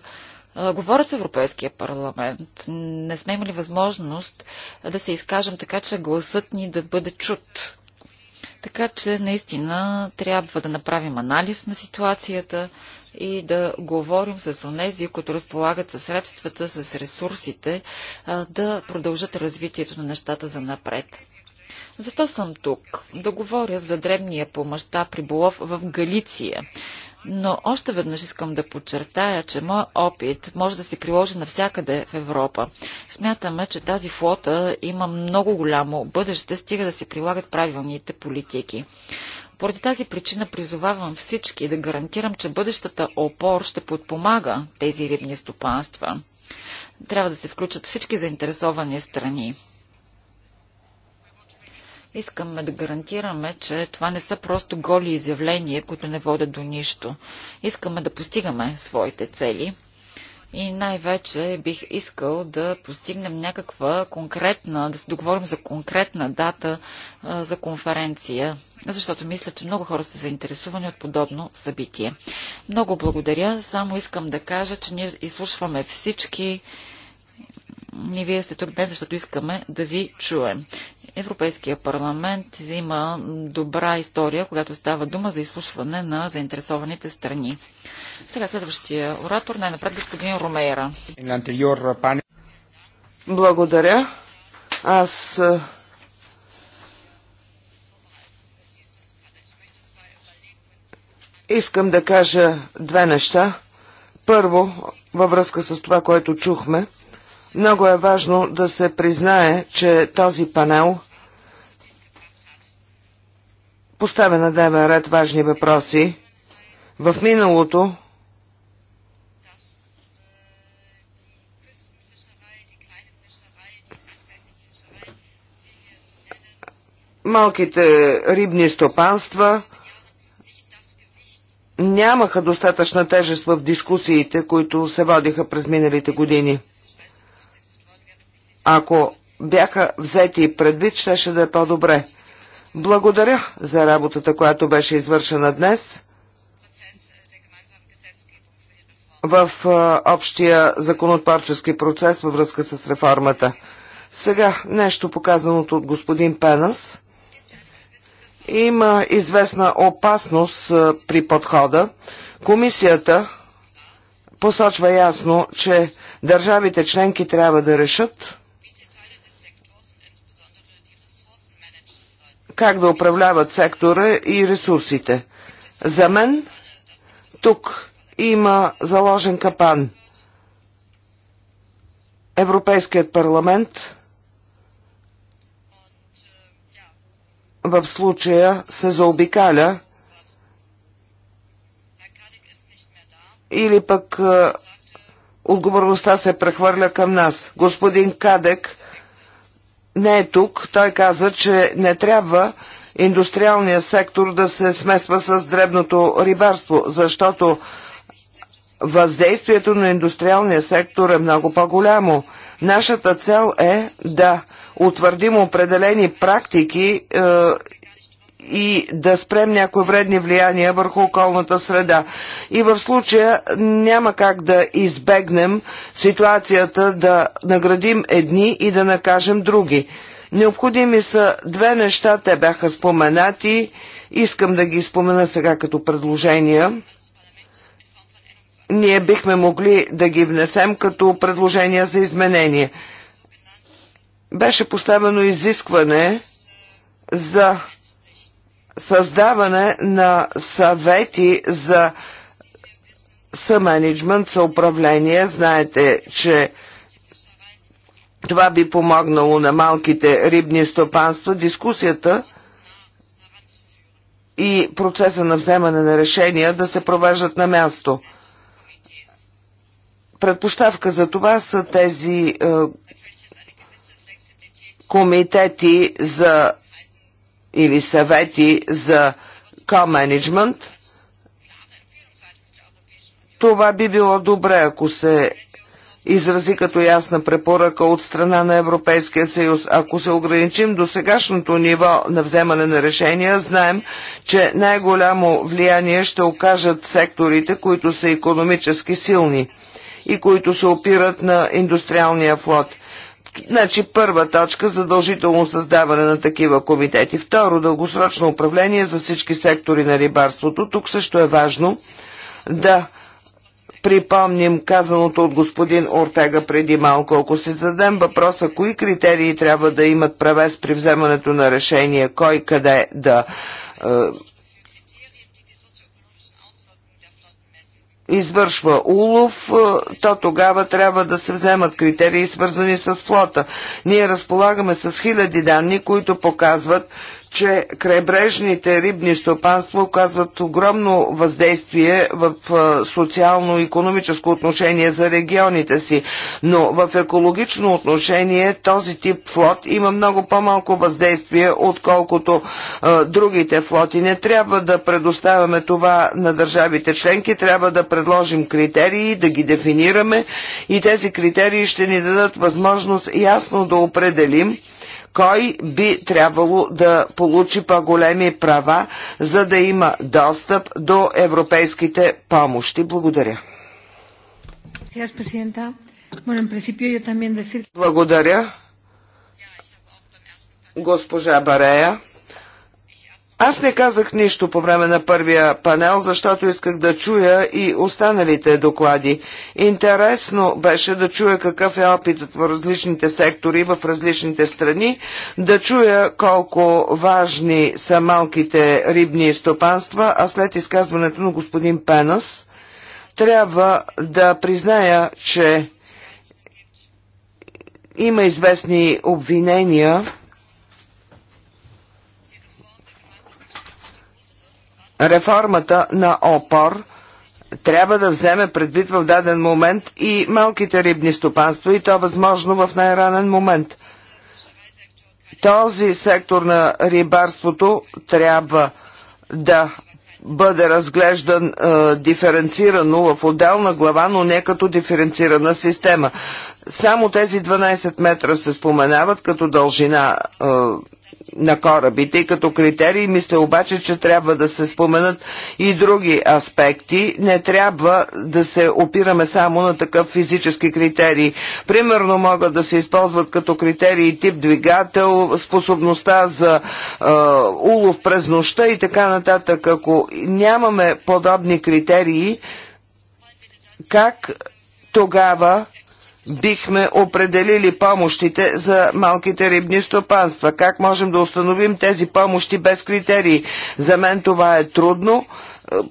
говорят в Европейския парламент. Не сме имали възможност да се изкажем така, че гласът ни да бъде чут. Така че наистина трябва да направим анализ на ситуацията и да говорим с онези, които разполагат със средствата, с ресурсите, да продължат развитието на нещата за напред. Защо съм тук? Да говоря за дребния по мащаб риболов в Галиция. Но още веднъж искам да подчертая, че мой опит може да се приложи навсякъде в Европа. Смятаме, че тази флота има много голямо бъдеще, стига да се прилагат правилните политики. Поради тази причина призовавам всички да гарантирам, че бъдещата опор ще подпомага тези рибни стопанства. Трябва да се включат всички заинтересовани страни. Искаме да гарантираме, че това не са просто голи изявления, които не водят до нищо. Искаме да постигаме своите цели. И най-вече бих искал да постигнем някаква конкретна, да се договорим за конкретна дата а, за конференция, защото мисля, че много хора са заинтересувани от подобно събитие. Много благодаря. Само искам да кажа, че ние изслушваме всички. И вие сте тук днес, защото искаме да ви чуем. Европейския парламент има добра история, когато става дума за изслушване на заинтересованите страни. Сега следващия оратор, най-напред господин Ромейра. Благодаря. Аз искам да кажа две неща. Първо, във връзка с това, което чухме – много е важно да се признае, че този панел поставя на дневен ред важни въпроси. В миналото малките рибни стопанства нямаха достатъчна тежест в дискусиите, които се водиха през миналите години. Ако бяха взети предвид, щеше да е по-добре. Благодаря за работата, която беше извършена днес в общия законотворчески процес във връзка с реформата. Сега нещо показаното от господин Пенас. Има известна опасност при подхода. Комисията посочва ясно, че държавите членки трябва да решат как да управляват сектора и ресурсите. За мен тук има заложен капан. Европейският парламент в случая се заобикаля или пък отговорността се прехвърля към нас. Господин Кадек не е тук. Той каза, че не трябва индустриалния сектор да се смесва с дребното рибарство, защото въздействието на индустриалния сектор е много по-голямо. Нашата цел е да утвърдим определени практики е, и да спрем някои вредни влияния върху околната среда. И в случая няма как да избегнем ситуацията да наградим едни и да накажем други. Необходими са две неща, те бяха споменати. Искам да ги спомена сега като предложения. Ние бихме могли да ги внесем като предложения за изменение. Беше поставено изискване за създаване на съвети за съменеджмент, за управление. Знаете, че това би помогнало на малките рибни стопанства. Дискусията и процеса на вземане на решения да се провеждат на място. Предпоставка за това са тези е, комитети за или съвети за ко-менеджмент. Това би било добре, ако се изрази като ясна препоръка от страна на Европейския съюз. Ако се ограничим до сегашното ниво на вземане на решения, знаем, че най-голямо влияние ще окажат секторите, които са економически силни и които се опират на индустриалния флот – Значи първа точка – задължително създаване на такива комитети. Второ – дългосрочно управление за всички сектори на рибарството. Тук също е важно да припомним казаното от господин Ортега преди малко. Ако си зададем въпроса, кои критерии трябва да имат правес при вземането на решение, кой къде да е, извършва улов, е, то тогава трябва да се вземат критерии свързани с флота. Ние разполагаме с хиляди данни, които показват, че крайбрежните рибни стопанства оказват огромно въздействие в социално-економическо отношение за регионите си, но в екологично отношение този тип флот има много по-малко въздействие, отколкото а, другите флоти. Не трябва да предоставяме това на държавите членки, трябва да предложим критерии, да ги дефинираме и тези критерии ще ни дадат възможност ясно да определим кой би трябвало да получи по-големи права, за да има достъп до европейските помощи. Благодаря. Благодаря, госпожа Барея. Аз не казах нищо по време на първия панел, защото исках да чуя и останалите доклади. Интересно беше да чуя какъв е опитът в различните сектори, в различните страни, да чуя колко важни са малките рибни стопанства, а след изказването на господин Пенас трябва да призная, че има известни обвинения реформата на ОПОР трябва да вземе предвид в даден момент и малките рибни стопанства и то възможно в най-ранен момент. Този сектор на рибарството трябва да бъде разглеждан е, диференцирано в отделна глава, но не като диференцирана система. Само тези 12 метра се споменават като дължина на корабите и като критерии. Мисля обаче, че трябва да се споменат и други аспекти. Не трябва да се опираме само на такъв физически критерии. Примерно могат да се използват като критерии тип двигател, способността за е, улов през нощта и така нататък. Ако нямаме подобни критерии, как тогава бихме определили помощите за малките рибни стопанства? Как можем да установим тези помощи без критерии? За мен това е трудно.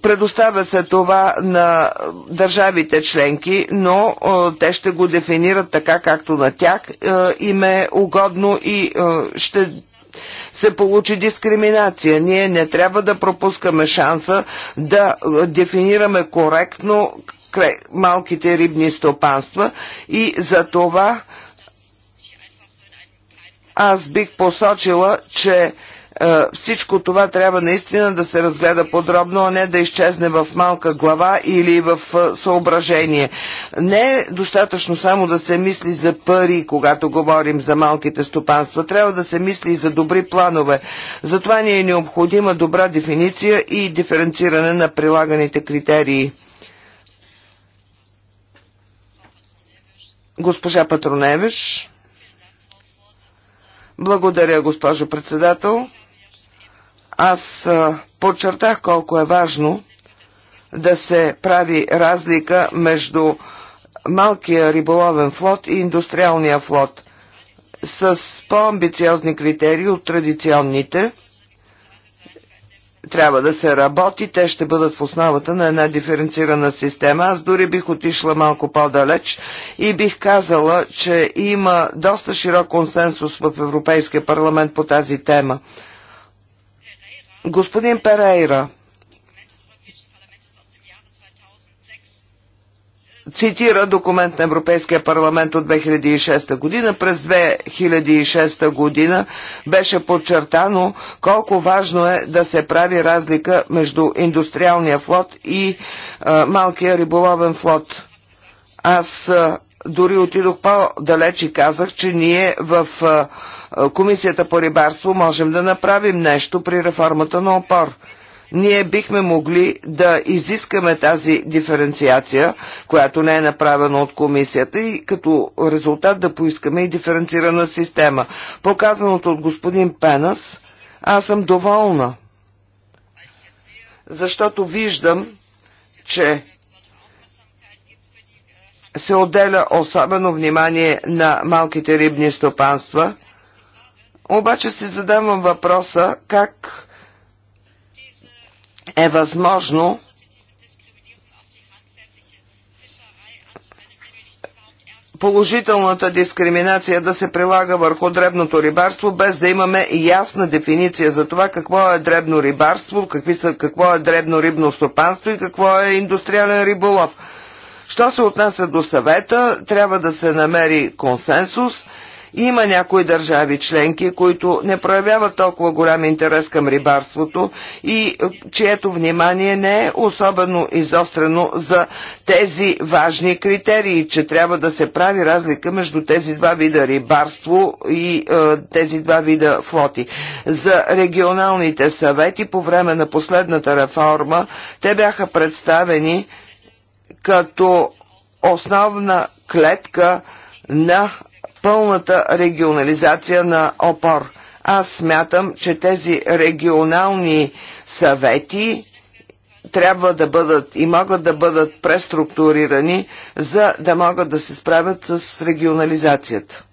Предоставя се това на държавите членки, но е, те ще го дефинират така, както на тях е, им е угодно и е, ще се получи дискриминация. Ние не трябва да пропускаме шанса да дефинираме коректно малките рибни стопанства и за това аз бих посочила, че е, всичко това трябва наистина да се разгледа подробно, а не да изчезне в малка глава или в е, съображение. Не е достатъчно само да се мисли за пари, когато говорим за малките стопанства. Трябва да се мисли и за добри планове. Затова ни е необходима добра дефиниция и диференциране на прилаганите критерии. Госпожа Патроневиш. Благодаря, госпожо председател. Аз подчертах колко е важно да се прави разлика между малкия риболовен флот и индустриалния флот с по-амбициозни критерии от традиционните – трябва да се работи, те ще бъдат в основата на една диференцирана система. Аз дори бих отишла малко по-далеч и бих казала, че има доста широк консенсус в Европейския парламент по тази тема. Господин Перейра, цитира документ на Европейския парламент от 2006 година. През 2006 година беше подчертано колко важно е да се прави разлика между индустриалния флот и а, е, малкия риболовен флот. Аз а, е, дори отидох по-далеч и казах, че ние в а, е, Комисията по рибарство можем да направим нещо при реформата на опор ние бихме могли да изискаме тази диференциация, която не е направена от комисията и като резултат да поискаме и диференцирана система. Показаното от господин Пенас, аз съм доволна, защото виждам, че се отделя особено внимание на малките рибни стопанства, обаче си задавам въпроса как е възможно положителната дискриминация да се прилага върху дребното рибарство, без да имаме ясна дефиниция за това какво е дребно рибарство, какви са, какво е дребно рибно стопанство и какво е индустриален риболов. Що се отнася до съвета, трябва да се намери консенсус – има някои държави членки, които не проявяват толкова голям интерес към рибарството и е, чието внимание не е особено изострено за тези важни критерии, че трябва да се прави разлика между тези два вида рибарство и е, тези два вида флоти. За регионалните съвети по време на последната реформа те бяха представени като основна клетка на пълната регионализация на ОПОР. Аз смятам, че тези регионални съвети трябва да бъдат и могат да бъдат преструктурирани, за да могат да се справят с регионализацията.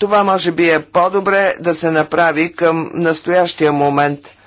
Това може би е по-добре да се направи към настоящия момент –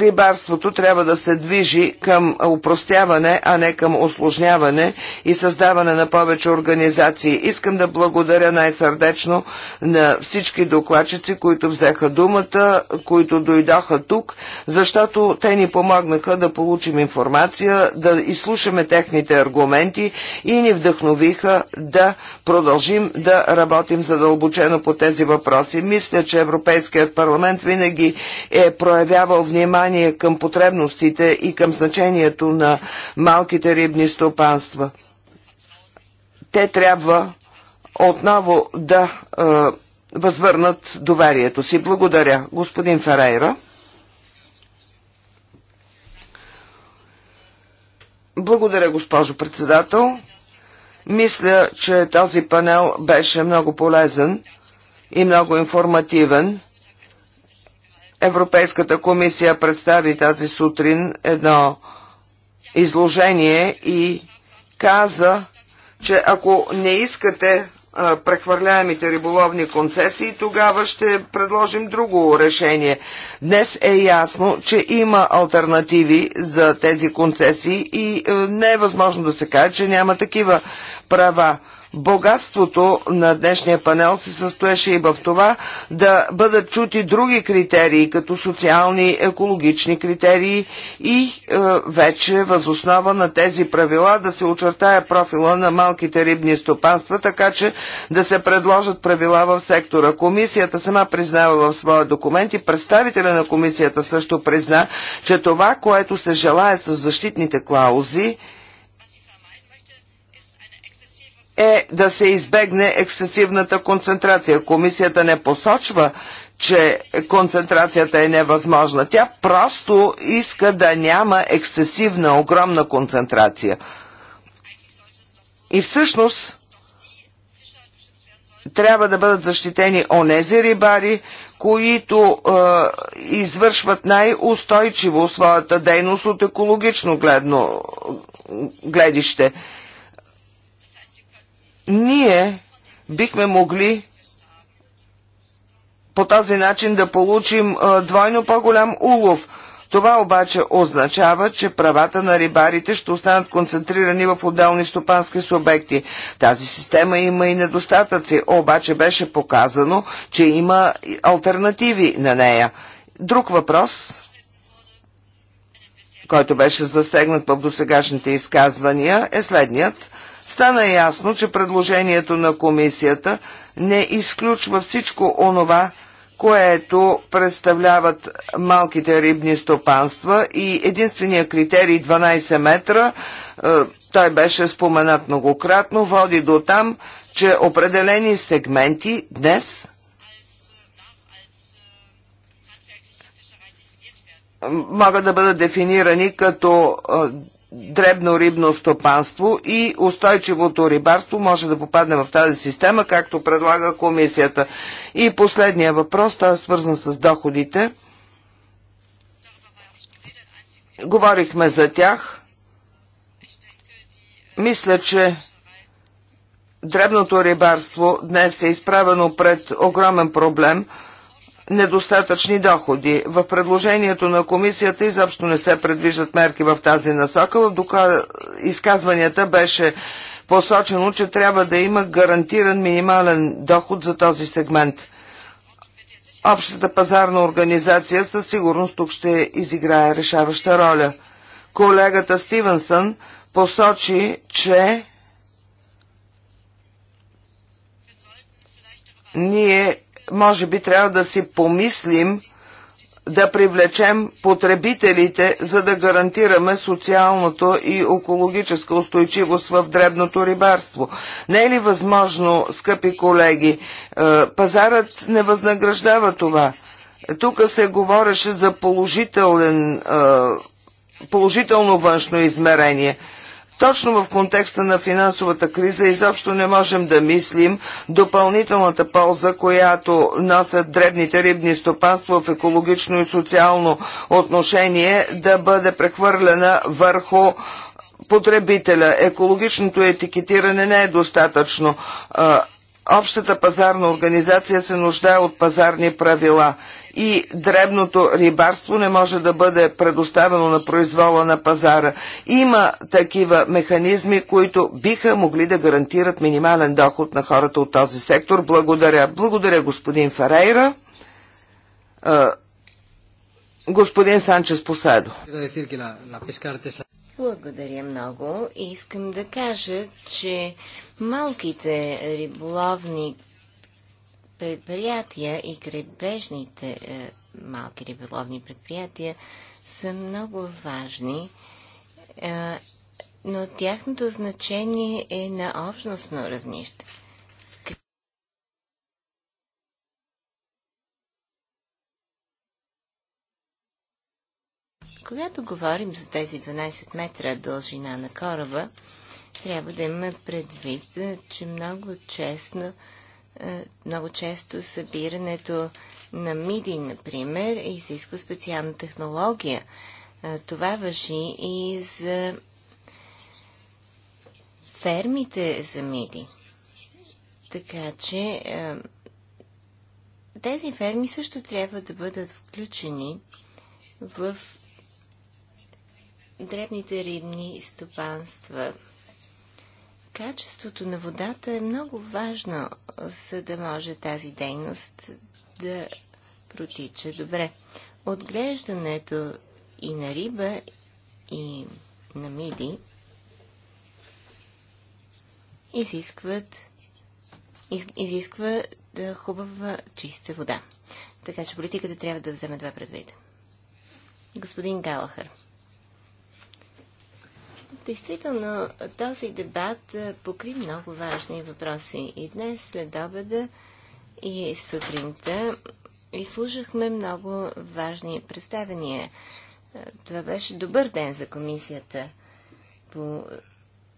рибарството трябва да се движи към упростяване, а не към осложняване и създаване на повече организации. Искам да благодаря най-сърдечно на всички докладчици, които взеха думата, които дойдоха тук, защото те ни помогнаха да получим информация, да изслушаме техните аргументи и ни вдъхновиха да продължим да работим задълбочено по тези въпроси. Мисля, че Европейският парламент винаги е проявявал внимание внимание към потребностите и към значението на малките рибни стопанства. Те трябва отново да е, възвърнат доверието си. Благодаря, господин Ферейра. Благодаря, госпожо председател. Мисля, че този панел беше много полезен и много информативен. Европейската комисия представи тази сутрин едно изложение и каза, че ако не искате прехвърляемите риболовни концесии, тогава ще предложим друго решение. Днес е ясно, че има альтернативи за тези концесии и не е възможно да се каже, че няма такива права. Богатството на днешния панел се състоеше и в това да бъдат чути други критерии, като социални, екологични критерии и е, вече възоснова на тези правила да се очертая профила на малките рибни стопанства, така че да се предложат правила в сектора. Комисията сама признава в своя документ и представителя на комисията също призна, че това, което се желая с защитните клаузи, е да се избегне ексцесивната концентрация. Комисията не посочва, че концентрацията е невъзможна. Тя просто иска да няма ексцесивна, огромна концентрация. И всъщност трябва да бъдат защитени онези рибари, които е, извършват най-устойчиво своята дейност от екологично гледно е, гледище ние бихме могли по този начин да получим двойно по-голям улов. Това обаче означава, че правата на рибарите ще останат концентрирани в отделни стопански субекти. Тази система има и недостатъци, обаче беше показано, че има альтернативи на нея. Друг въпрос, който беше засегнат в досегашните изказвания, е следният – стана ясно, че предложението на комисията не изключва всичко онова, което представляват малките рибни стопанства и единствения критерий 12 метра, е, той беше споменат многократно, води до там, че определени сегменти днес могат да бъдат дефинирани като е, дребно рибно стопанство и устойчивото рибарство може да попадне в тази система, както предлага комисията. И последния въпрос, той е свързан с доходите. Говорихме за тях. Мисля, че дребното рибарство днес е изправено пред огромен проблем – недостатъчни доходи. В предложението на комисията изобщо не се предвиждат мерки в тази насока. В изказванията беше посочено, че трябва да има гарантиран минимален доход за този сегмент. Общата пазарна организация със сигурност тук ще изиграе решаваща роля. Колегата Стивенсън посочи, че ние може би трябва да си помислим да привлечем потребителите, за да гарантираме социалното и екологическа устойчивост в дребното рибарство. Не е ли възможно, скъпи колеги, е, пазарът не възнаграждава това? Тук се говореше за положителен, е, положително външно измерение – точно в контекста на финансовата криза изобщо не можем да мислим допълнителната полза, която носят дребните рибни стопанства в екологично и социално отношение да бъде прехвърлена върху потребителя. Екологичното етикетиране не е достатъчно. Общата пазарна организация се нуждае от пазарни правила и дребното рибарство не може да бъде предоставено на произвола на пазара. Има такива механизми, които биха могли да гарантират минимален доход на хората от този сектор. Благодаря. Благодаря, господин Ферейра. Господин Санчес Поседо. Благодаря много. Искам да кажа, че малките риболовни предприятия и крайбрежните е, малки риболовни предприятия са много важни, е, но тяхното значение е на общностно равнище. Когато говорим за тези 12 метра дължина на кораба, трябва да има предвид, е, че много честно е, много често събирането на миди, например, изисква специална технология. Е, това въжи и за фермите за миди. Така че е, тези ферми също трябва да бъдат включени в дребните рибни стопанства качеството на водата е много важно, за да може тази дейност да протича добре. Отглеждането и на риба, и на миди изискват, из, изисква да хубава, чиста вода. Така че политиката трябва да вземе това предвид. Господин Галахър. Действително, този дебат покри много важни въпроси. И днес, след обеда и сутринта, изслужахме много важни представения. Това беше добър ден за комисията по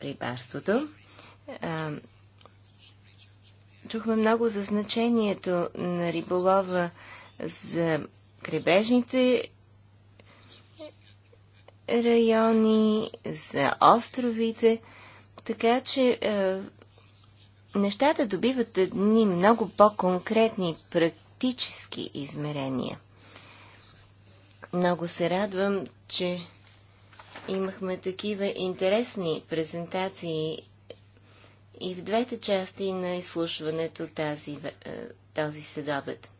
рибарството. Чухме много за значението на риболова за крайбрежните райони, за островите, така че е, нещата добиват едни много по-конкретни практически измерения. Много се радвам, че имахме такива интересни презентации и в двете части на изслушването тази, е, този седобед.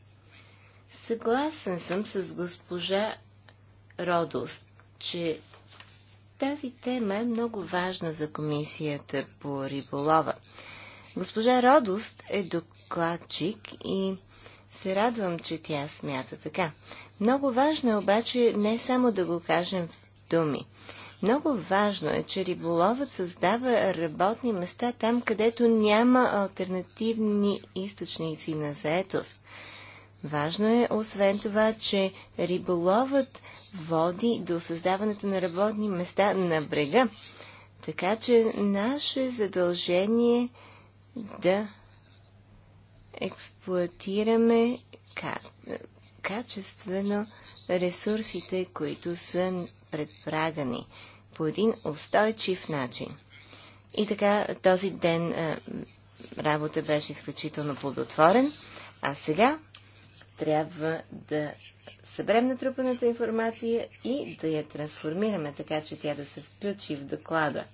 Съгласен съм с госпожа Родост че тази тема е много важна за комисията по риболова. Госпожа Родост е докладчик и се радвам, че тя смята така. Много важно е обаче не само да го кажем в думи. Много важно е, че риболовът създава работни места там, където няма альтернативни източници на заетост. Важно е, освен това, че риболовът води до създаването на работни места на брега. Така че наше задължение да експлуатираме качествено ресурсите, които са предпрагани по един устойчив начин. И така този ден работа беше изключително плодотворен, а сега трябва да съберем натрупаната информация и да я трансформираме така, че тя да се включи в доклада.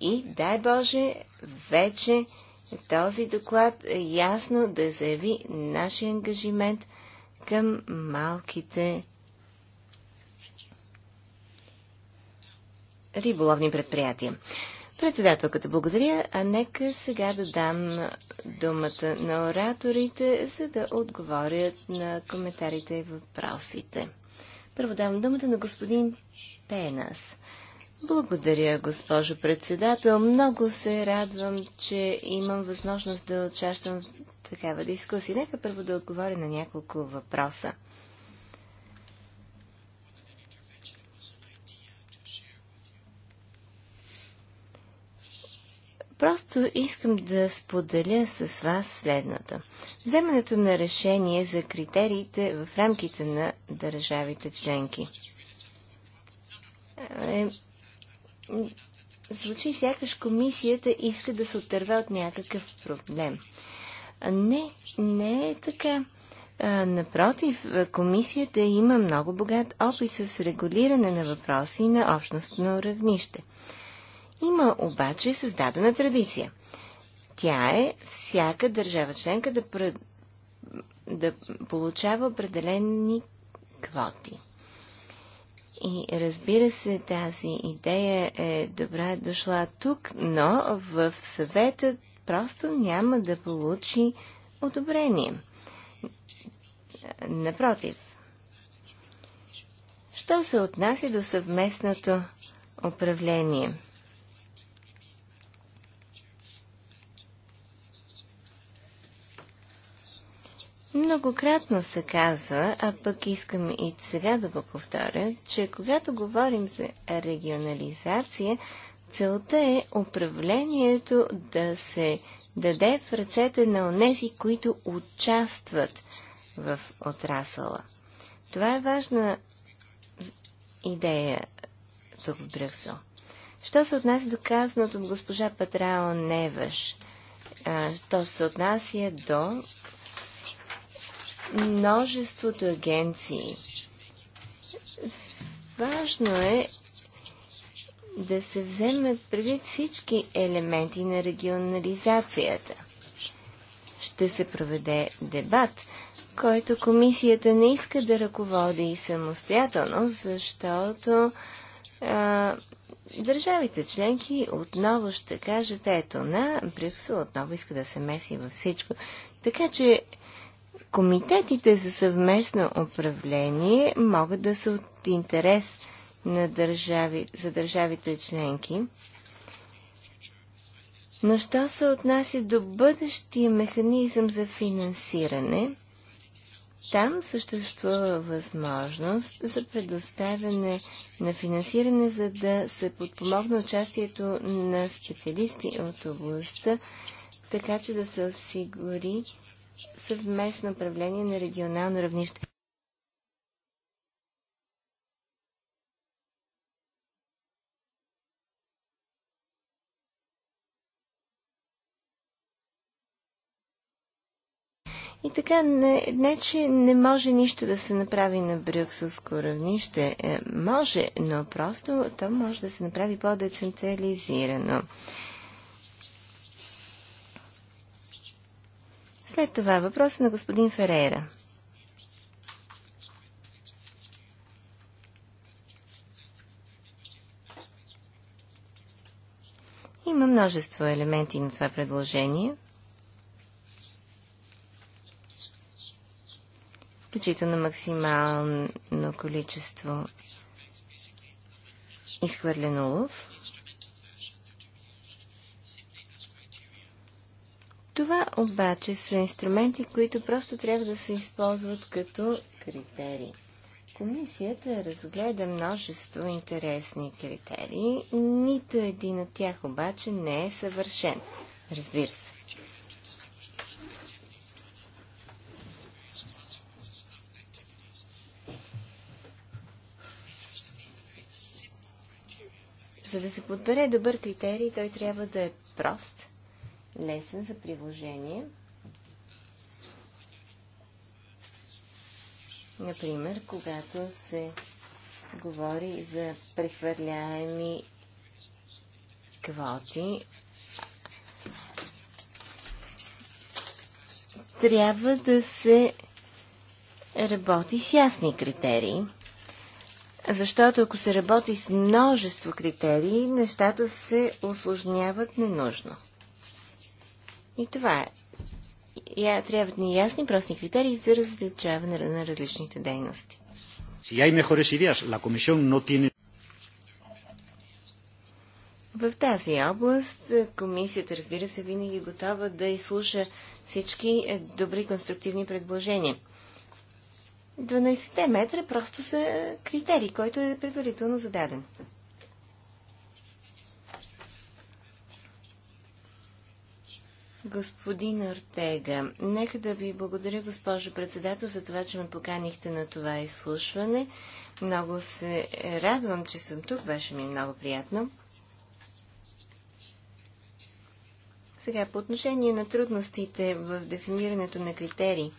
И, дай Боже, вече този доклад е ясно да заяви нашия ангажимент към малките риболовни предприятия. Председателката благодаря, а нека сега да дам думата на ораторите, за да отговорят на коментарите и въпросите. Първо давам думата на господин Пенас. Благодаря, госпожо председател. Много се радвам, че имам възможност да участвам в такава дискусия. Нека първо да отговоря на няколко въпроса. Просто искам да споделя с вас следното. Вземането на решение за критериите в рамките на държавите членки е... Звучи сякаш комисията иска да се отърве от някакъв проблем. Не, не е така. А, напротив, комисията има много богат опит с регулиране на въпроси на общностно равнище. Има обаче създадена традиция. Тя е всяка държава членка да, пред... да получава определени квоти. И разбира се, тази идея е добра дошла тук, но в съвета просто няма да получи одобрение. Напротив, що се отнася до съвместното управление? Многократно се казва, а пък искам и сега да го повторя, че когато говорим за регионализация, целта е управлението да се даде в ръцете на онези, които участват в отрасъла. Това е важна идея тук в Брюксел. Що се отнася до казаното от госпожа Патрао Неваш? Що се отнася до множеството агенции. Важно е да се вземат предвид всички елементи на регионализацията. Ще се проведе дебат, който комисията не иска да ръководи самостоятелно, защото а, държавите членки отново ще кажат, ето на, Брюксел отново иска да се меси във всичко. Така че Комитетите за съвместно управление могат да са от интерес на държави, за държавите членки, но що се отнася до бъдещия механизъм за финансиране, там съществува възможност за предоставяне на финансиране, за да се подпомогне участието на специалисти от областта, така че да се осигури съвместно управление на регионално равнище. И така, не, не че не може нищо да се направи на брюкселско равнище. Е, може, но просто то може да се направи по-децентрализирано. След това въпрос на господин Ферейра. Има множество елементи на това предложение. Включително максимално количество изхвърлен улов. Това обаче са инструменти, които просто трябва да се използват като критерии. Комисията разгледа множество интересни критерии, нито един от тях обаче не е съвършен. Разбира се. За да се подбере добър критерий, той трябва да е прост, лесен за приложение. Например, когато се говори за прехвърляеми квоти, трябва да се работи с ясни критерии, защото ако се работи с множество критерии, нещата се осложняват ненужно. И това е. Я, трябват ни ясни, прости критерии за различаване на различните дейности. В тази област е, комисията, разбира се, винаги е готова да изслуша всички е, добри конструктивни предложения. 12 метра просто са критерий, който е предварително зададен. господин Ортега. Нека да ви благодаря, госпожо председател, за това, че ме поканихте на това изслушване. Много се радвам, че съм тук. Беше ми много приятно. Сега, по отношение на трудностите в дефинирането на критерии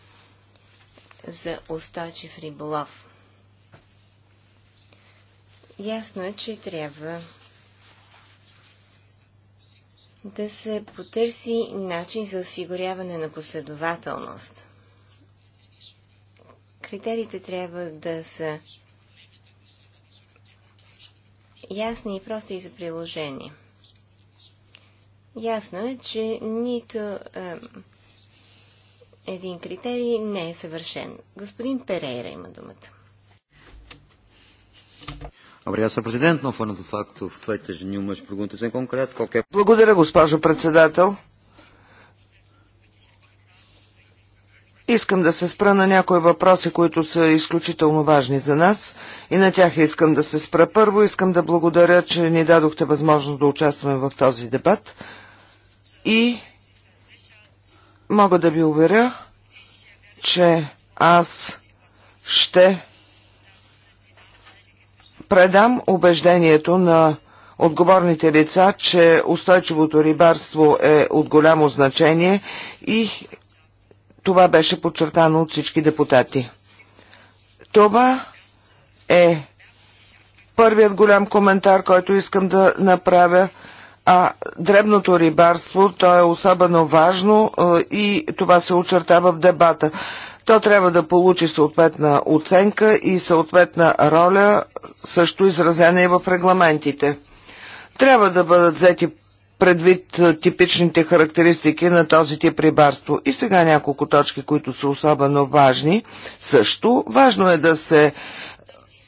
за устойчив риболов. Ясно е, че трябва да се потърси начин за осигуряване на последователност. Критериите трябва да са ясни и прости и за приложение. Ясно е, че нито е, един критерий не е съвършен. Господин Перейра има думата. Obrigado, Sr. Presidente. Não foram, de facto, feitas nenhumas perguntas em concreto. Qualquer... Благодаря, госпожо председател. Искам да се спра на някои въпроси, които са изключително важни за нас и на тях искам да се спра. Първо искам да благодаря, че ни дадохте възможност да участваме в този дебат и мога да ви уверя, че аз ще предам убеждението на отговорните лица, че устойчивото рибарство е от голямо значение и това беше подчертано от всички депутати. Това е първият голям коментар, който искам да направя. А дребното рибарство, то е особено важно е, и това се очертава в дебата. То трябва да получи съответна оценка и съответна роля, също изразена и в регламентите. Трябва да бъдат взети предвид е, типичните характеристики на този тип рибарство. И сега няколко точки, които са особено важни. Също важно е да се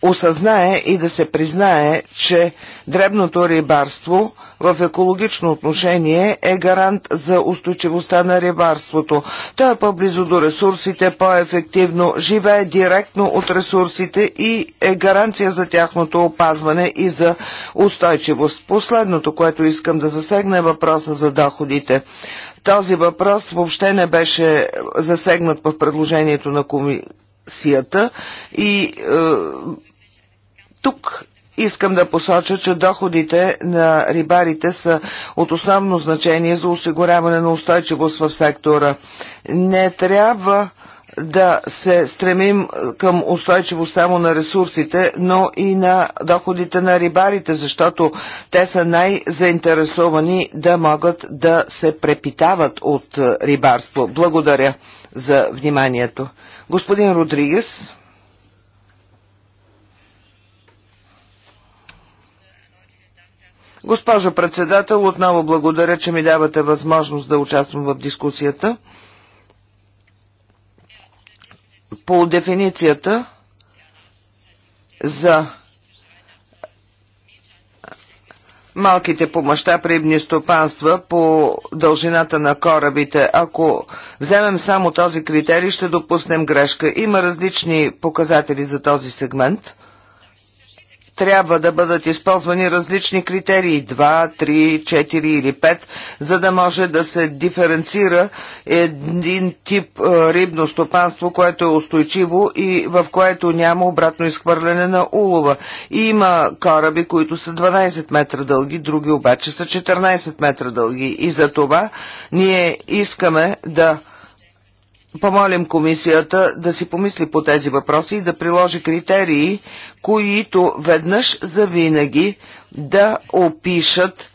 осъзнае и да се признае, че дребното рибарство в екологично отношение е гарант за устойчивостта на рибарството. То е по-близо до ресурсите, по-ефективно, живее директно от ресурсите и е гаранция за тяхното опазване и за устойчивост. Последното, което искам да засегна е въпроса за доходите. Този въпрос въобще не беше засегнат в предложението на комисията и е, тук Искам да посоча, че доходите на рибарите са от основно значение за осигуряване на устойчивост в сектора. Не трябва да се стремим към устойчиво само на ресурсите, но и на доходите на рибарите, защото те са най-заинтересовани да могат да се препитават от рибарство. Благодаря за вниманието. Господин Родригес. Госпожо председател, отново благодаря, че ми давате възможност да участвам в дискусията. По дефиницията за малките по мащаб рибни стопанства по дължината на корабите. Ако вземем само този критерий, ще допуснем грешка. Има различни показатели за този сегмент трябва да бъдат използвани различни критерии 2, 3, 4 или 5, за да може да се диференцира един тип рибно стопанство, което е устойчиво и в което няма обратно изхвърляне на улова. И има кораби, които са 12 метра дълги, други обаче са 14 метра дълги. И за това ние искаме да помолим комисията да си помисли по тези въпроси и да приложи критерии, които веднъж завинаги да опишат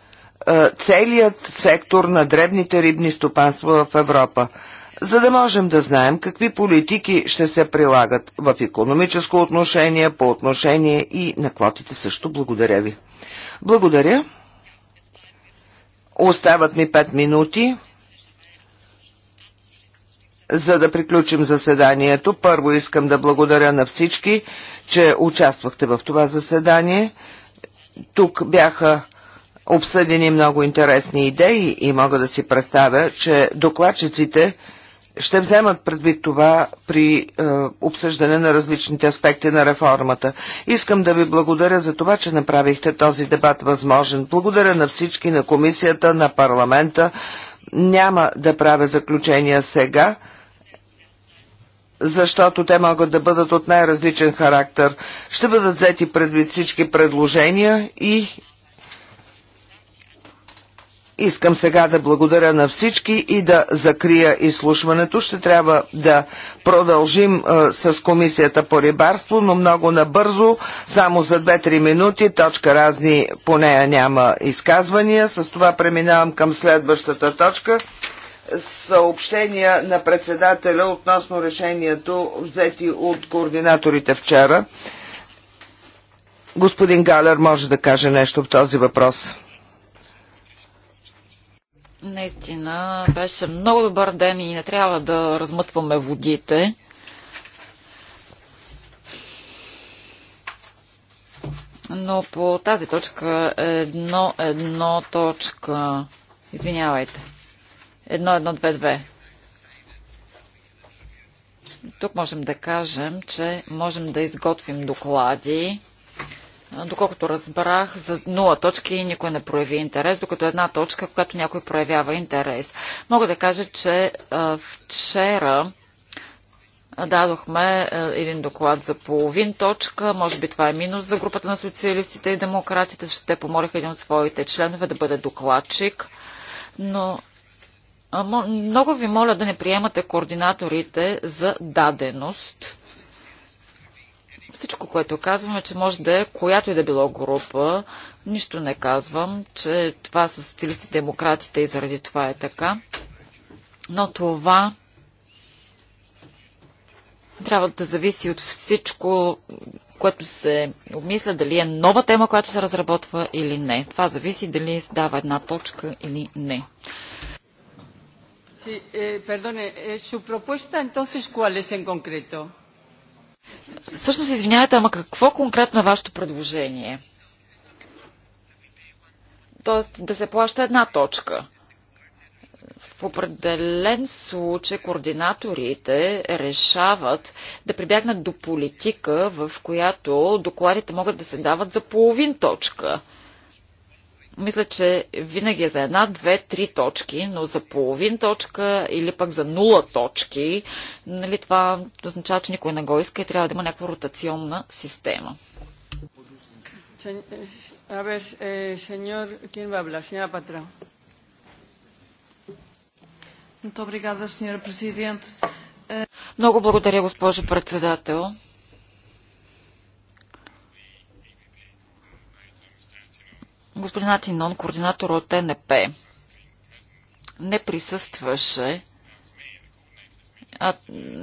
е, целият сектор на дребните рибни стопанства в Европа, за да можем да знаем какви политики ще се прилагат в економическо отношение, по отношение и на квотите също. Благодаря ви. Благодаря. Остават ми 5 минути за да приключим заседанието. Първо искам да благодаря на всички, че участвахте в това заседание. Тук бяха обсъдени много интересни идеи и мога да си представя, че докладчиците ще вземат предвид това при е, обсъждане на различните аспекти на реформата. Искам да ви благодаря за това, че направихте този дебат възможен. Благодаря на всички, на комисията, на парламента. Няма да правя заключения сега защото те могат да бъдат от най-различен характер. Ще бъдат взети предвид всички предложения и Искам сега да благодаря на всички и да закрия изслушването. Ще трябва да продължим а, с комисията по рибарство, но много набързо, само за 2-3 минути. Точка разни, по нея няма изказвания. С това преминавам към следващата точка съобщения на председателя относно решението взети от координаторите вчера. Господин Галер може да каже нещо в този въпрос. Наистина беше много добър ден и не трябва да размътваме водите. Но по тази точка едно, едно точка. Извинявайте. 1122. Тук можем да кажем, че можем да изготвим доклади. Доколкото разбрах, за нула точки никой не прояви интерес, докато една точка, когато някой проявява интерес. Мога да кажа, че вчера дадохме един доклад за половин точка. Може би това е минус за групата на социалистите и демократите, защото те помолиха един от своите членове да бъде докладчик. Но много ви моля да не приемате координаторите за даденост. Всичко, което казваме, че може да е която и да било група, нищо не казвам, че това са стилистите демократите и заради това е така. Но това трябва да зависи от всичко, което се обмисля, дали е нова тема, която се разработва или не. Това зависи дали се дава една точка или не. Sí, eh, perdone, eh, ¿su propuesta entonces cuál es en concreto? Всъщност, извинявайте, ама какво конкретно е вашето предложение? Тоест да се плаща една точка. В определен случай координаторите решават да прибягнат до политика, в която докладите могат да се дават за половин точка – мисля, че винаги е за една, две, три точки, но за половин точка или пък за нула точки, нали, това означава, че никой не го иска и трябва да има някаква ротационна система. A ver, eh, señor, ¿quién va a hablar? Señora Много благодаря, госпожо председател. Господин Атинон, координатор от НП, не присъстваше. А,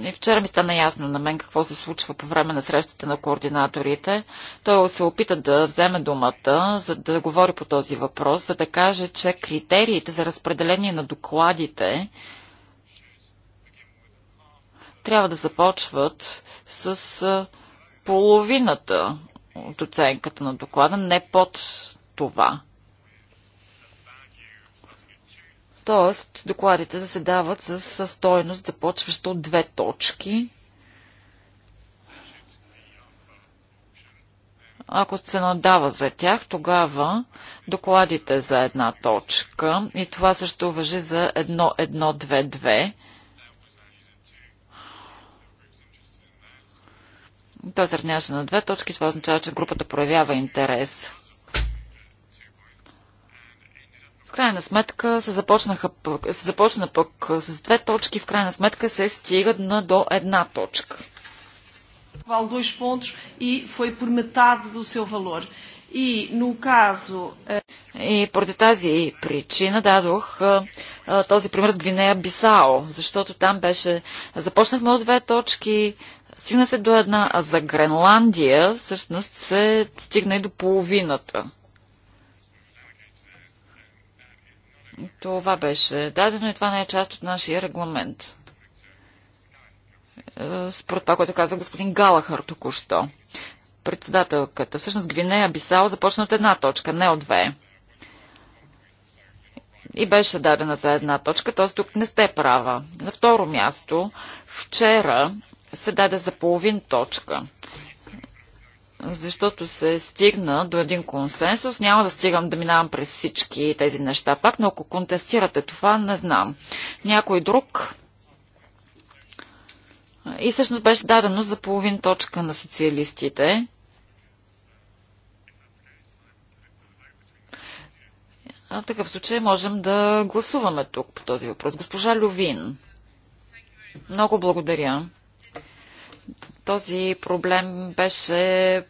и вчера ми стана ясно на мен какво се случва по време на срещата на координаторите. Той се опита да вземе думата, за да говори по този въпрос, за да каже, че критериите за разпределение на докладите трябва да започват с половината от оценката на доклада, не под това. Тоест, докладите да се дават с стойност, започваща от две точки. Ако се надава за тях, тогава докладите за една точка и това също въжи за две. Той равняваше на две точки, това означава, че групата проявява интерес. В крайна сметка се, започнаха, се започна пък с две точки, в крайна сметка се стига на до една точка. Вал dois pontos и e фой por metade do seu И, но казо... И поради тази причина дадох този пример с Гвинея Бисао, защото там беше... Започнахме от две точки, стигна се до една, а за Гренландия всъщност се стигна и до половината. Това беше дадено и това не е част от нашия регламент. Е, според това, което каза господин Галахар току-що. Председателката, всъщност Гвинея Бисал започна от една точка, не от две. И беше дадена за една точка, т.е. тук не сте права. На второ място, вчера се даде за половин точка защото се стигна до един консенсус. Няма да стигам да минавам през всички тези неща пак, но ако контестирате това, не знам. Някой друг. И всъщност беше дадено за половин точка на социалистите. А в такъв случай можем да гласуваме тук по този въпрос. Госпожа Лювин. Много благодаря. Този проблем беше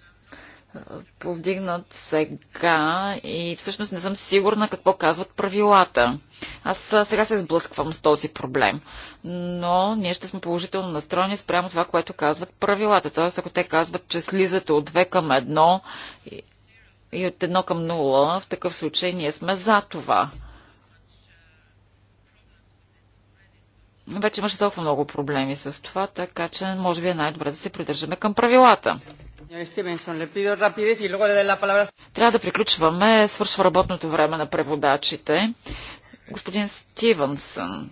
повдигнат сега и всъщност не съм сигурна какво казват правилата. Аз сега се сблъсквам с този проблем, но ние ще сме положително настроени спрямо това, което казват правилата. Т.е. ако те казват, че слизате от 2 към 1 и от 1 към 0, в такъв случай ние сме за това. Вече имаше толкова много проблеми с това, така че може би е най-добре да се придържаме към правилата. Трябва да приключваме. Свършва работното време на преводачите. Господин Стивенсън,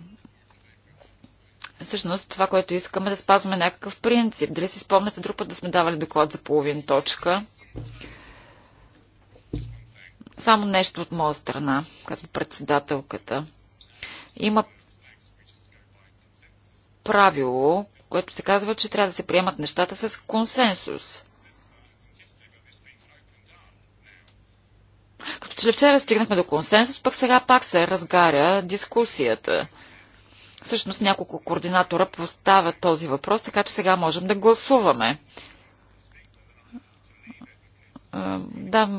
всъщност това, което искаме е да спазваме някакъв принцип. Дали си спомняте друг път да сме давали доклад за половин точка? Само нещо от моя страна, казва председателката. Има правило, което се казва, че трябва да се приемат нещата с консенсус. Като че вчера стигнахме до консенсус, пък сега пак се разгаря дискусията. Всъщност няколко координатора поставят този въпрос, така че сега можем да гласуваме. Да,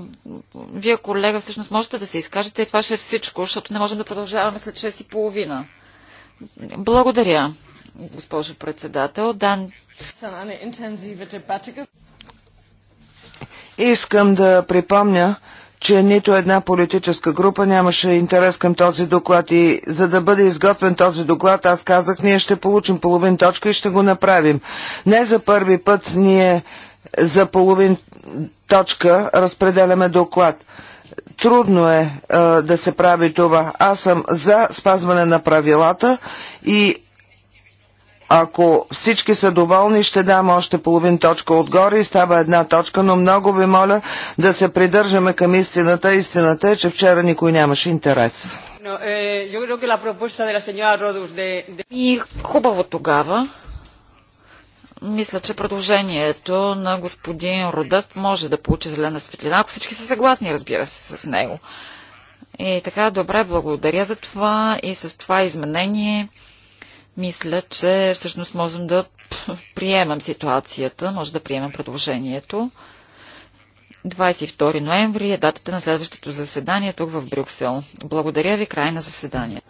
вие, колега, всъщност можете да се изкажете и това ще е всичко, защото не можем да продължаваме след 6 и половина. Благодаря, госпожо председател. Дан... Искам да припомня, че нито една политическа група нямаше интерес към този доклад и за да бъде изготвен този доклад, аз казах, ние ще получим половин точка и ще го направим. Не за първи път ние за половин точка разпределяме доклад. Трудно е, е да се прави това. Аз съм за спазване на правилата и ако всички са доволни, ще дам още половин точка отгоре и става една точка, но много ви моля да се придържаме към истината. Истината е, че вчера никой нямаше интерес. Eh, и хубаво тогава. Мисля, че предложението на господин Родъст може да получи зелена светлина, ако всички са съгласни, разбира се, с него. И така, добре, благодаря за това и с това изменение мисля, че всъщност можем да (laughs) приемам ситуацията, може да приемам предложението. 22 ноември е датата на следващото заседание тук в Брюксел. Благодаря ви, край на заседанието.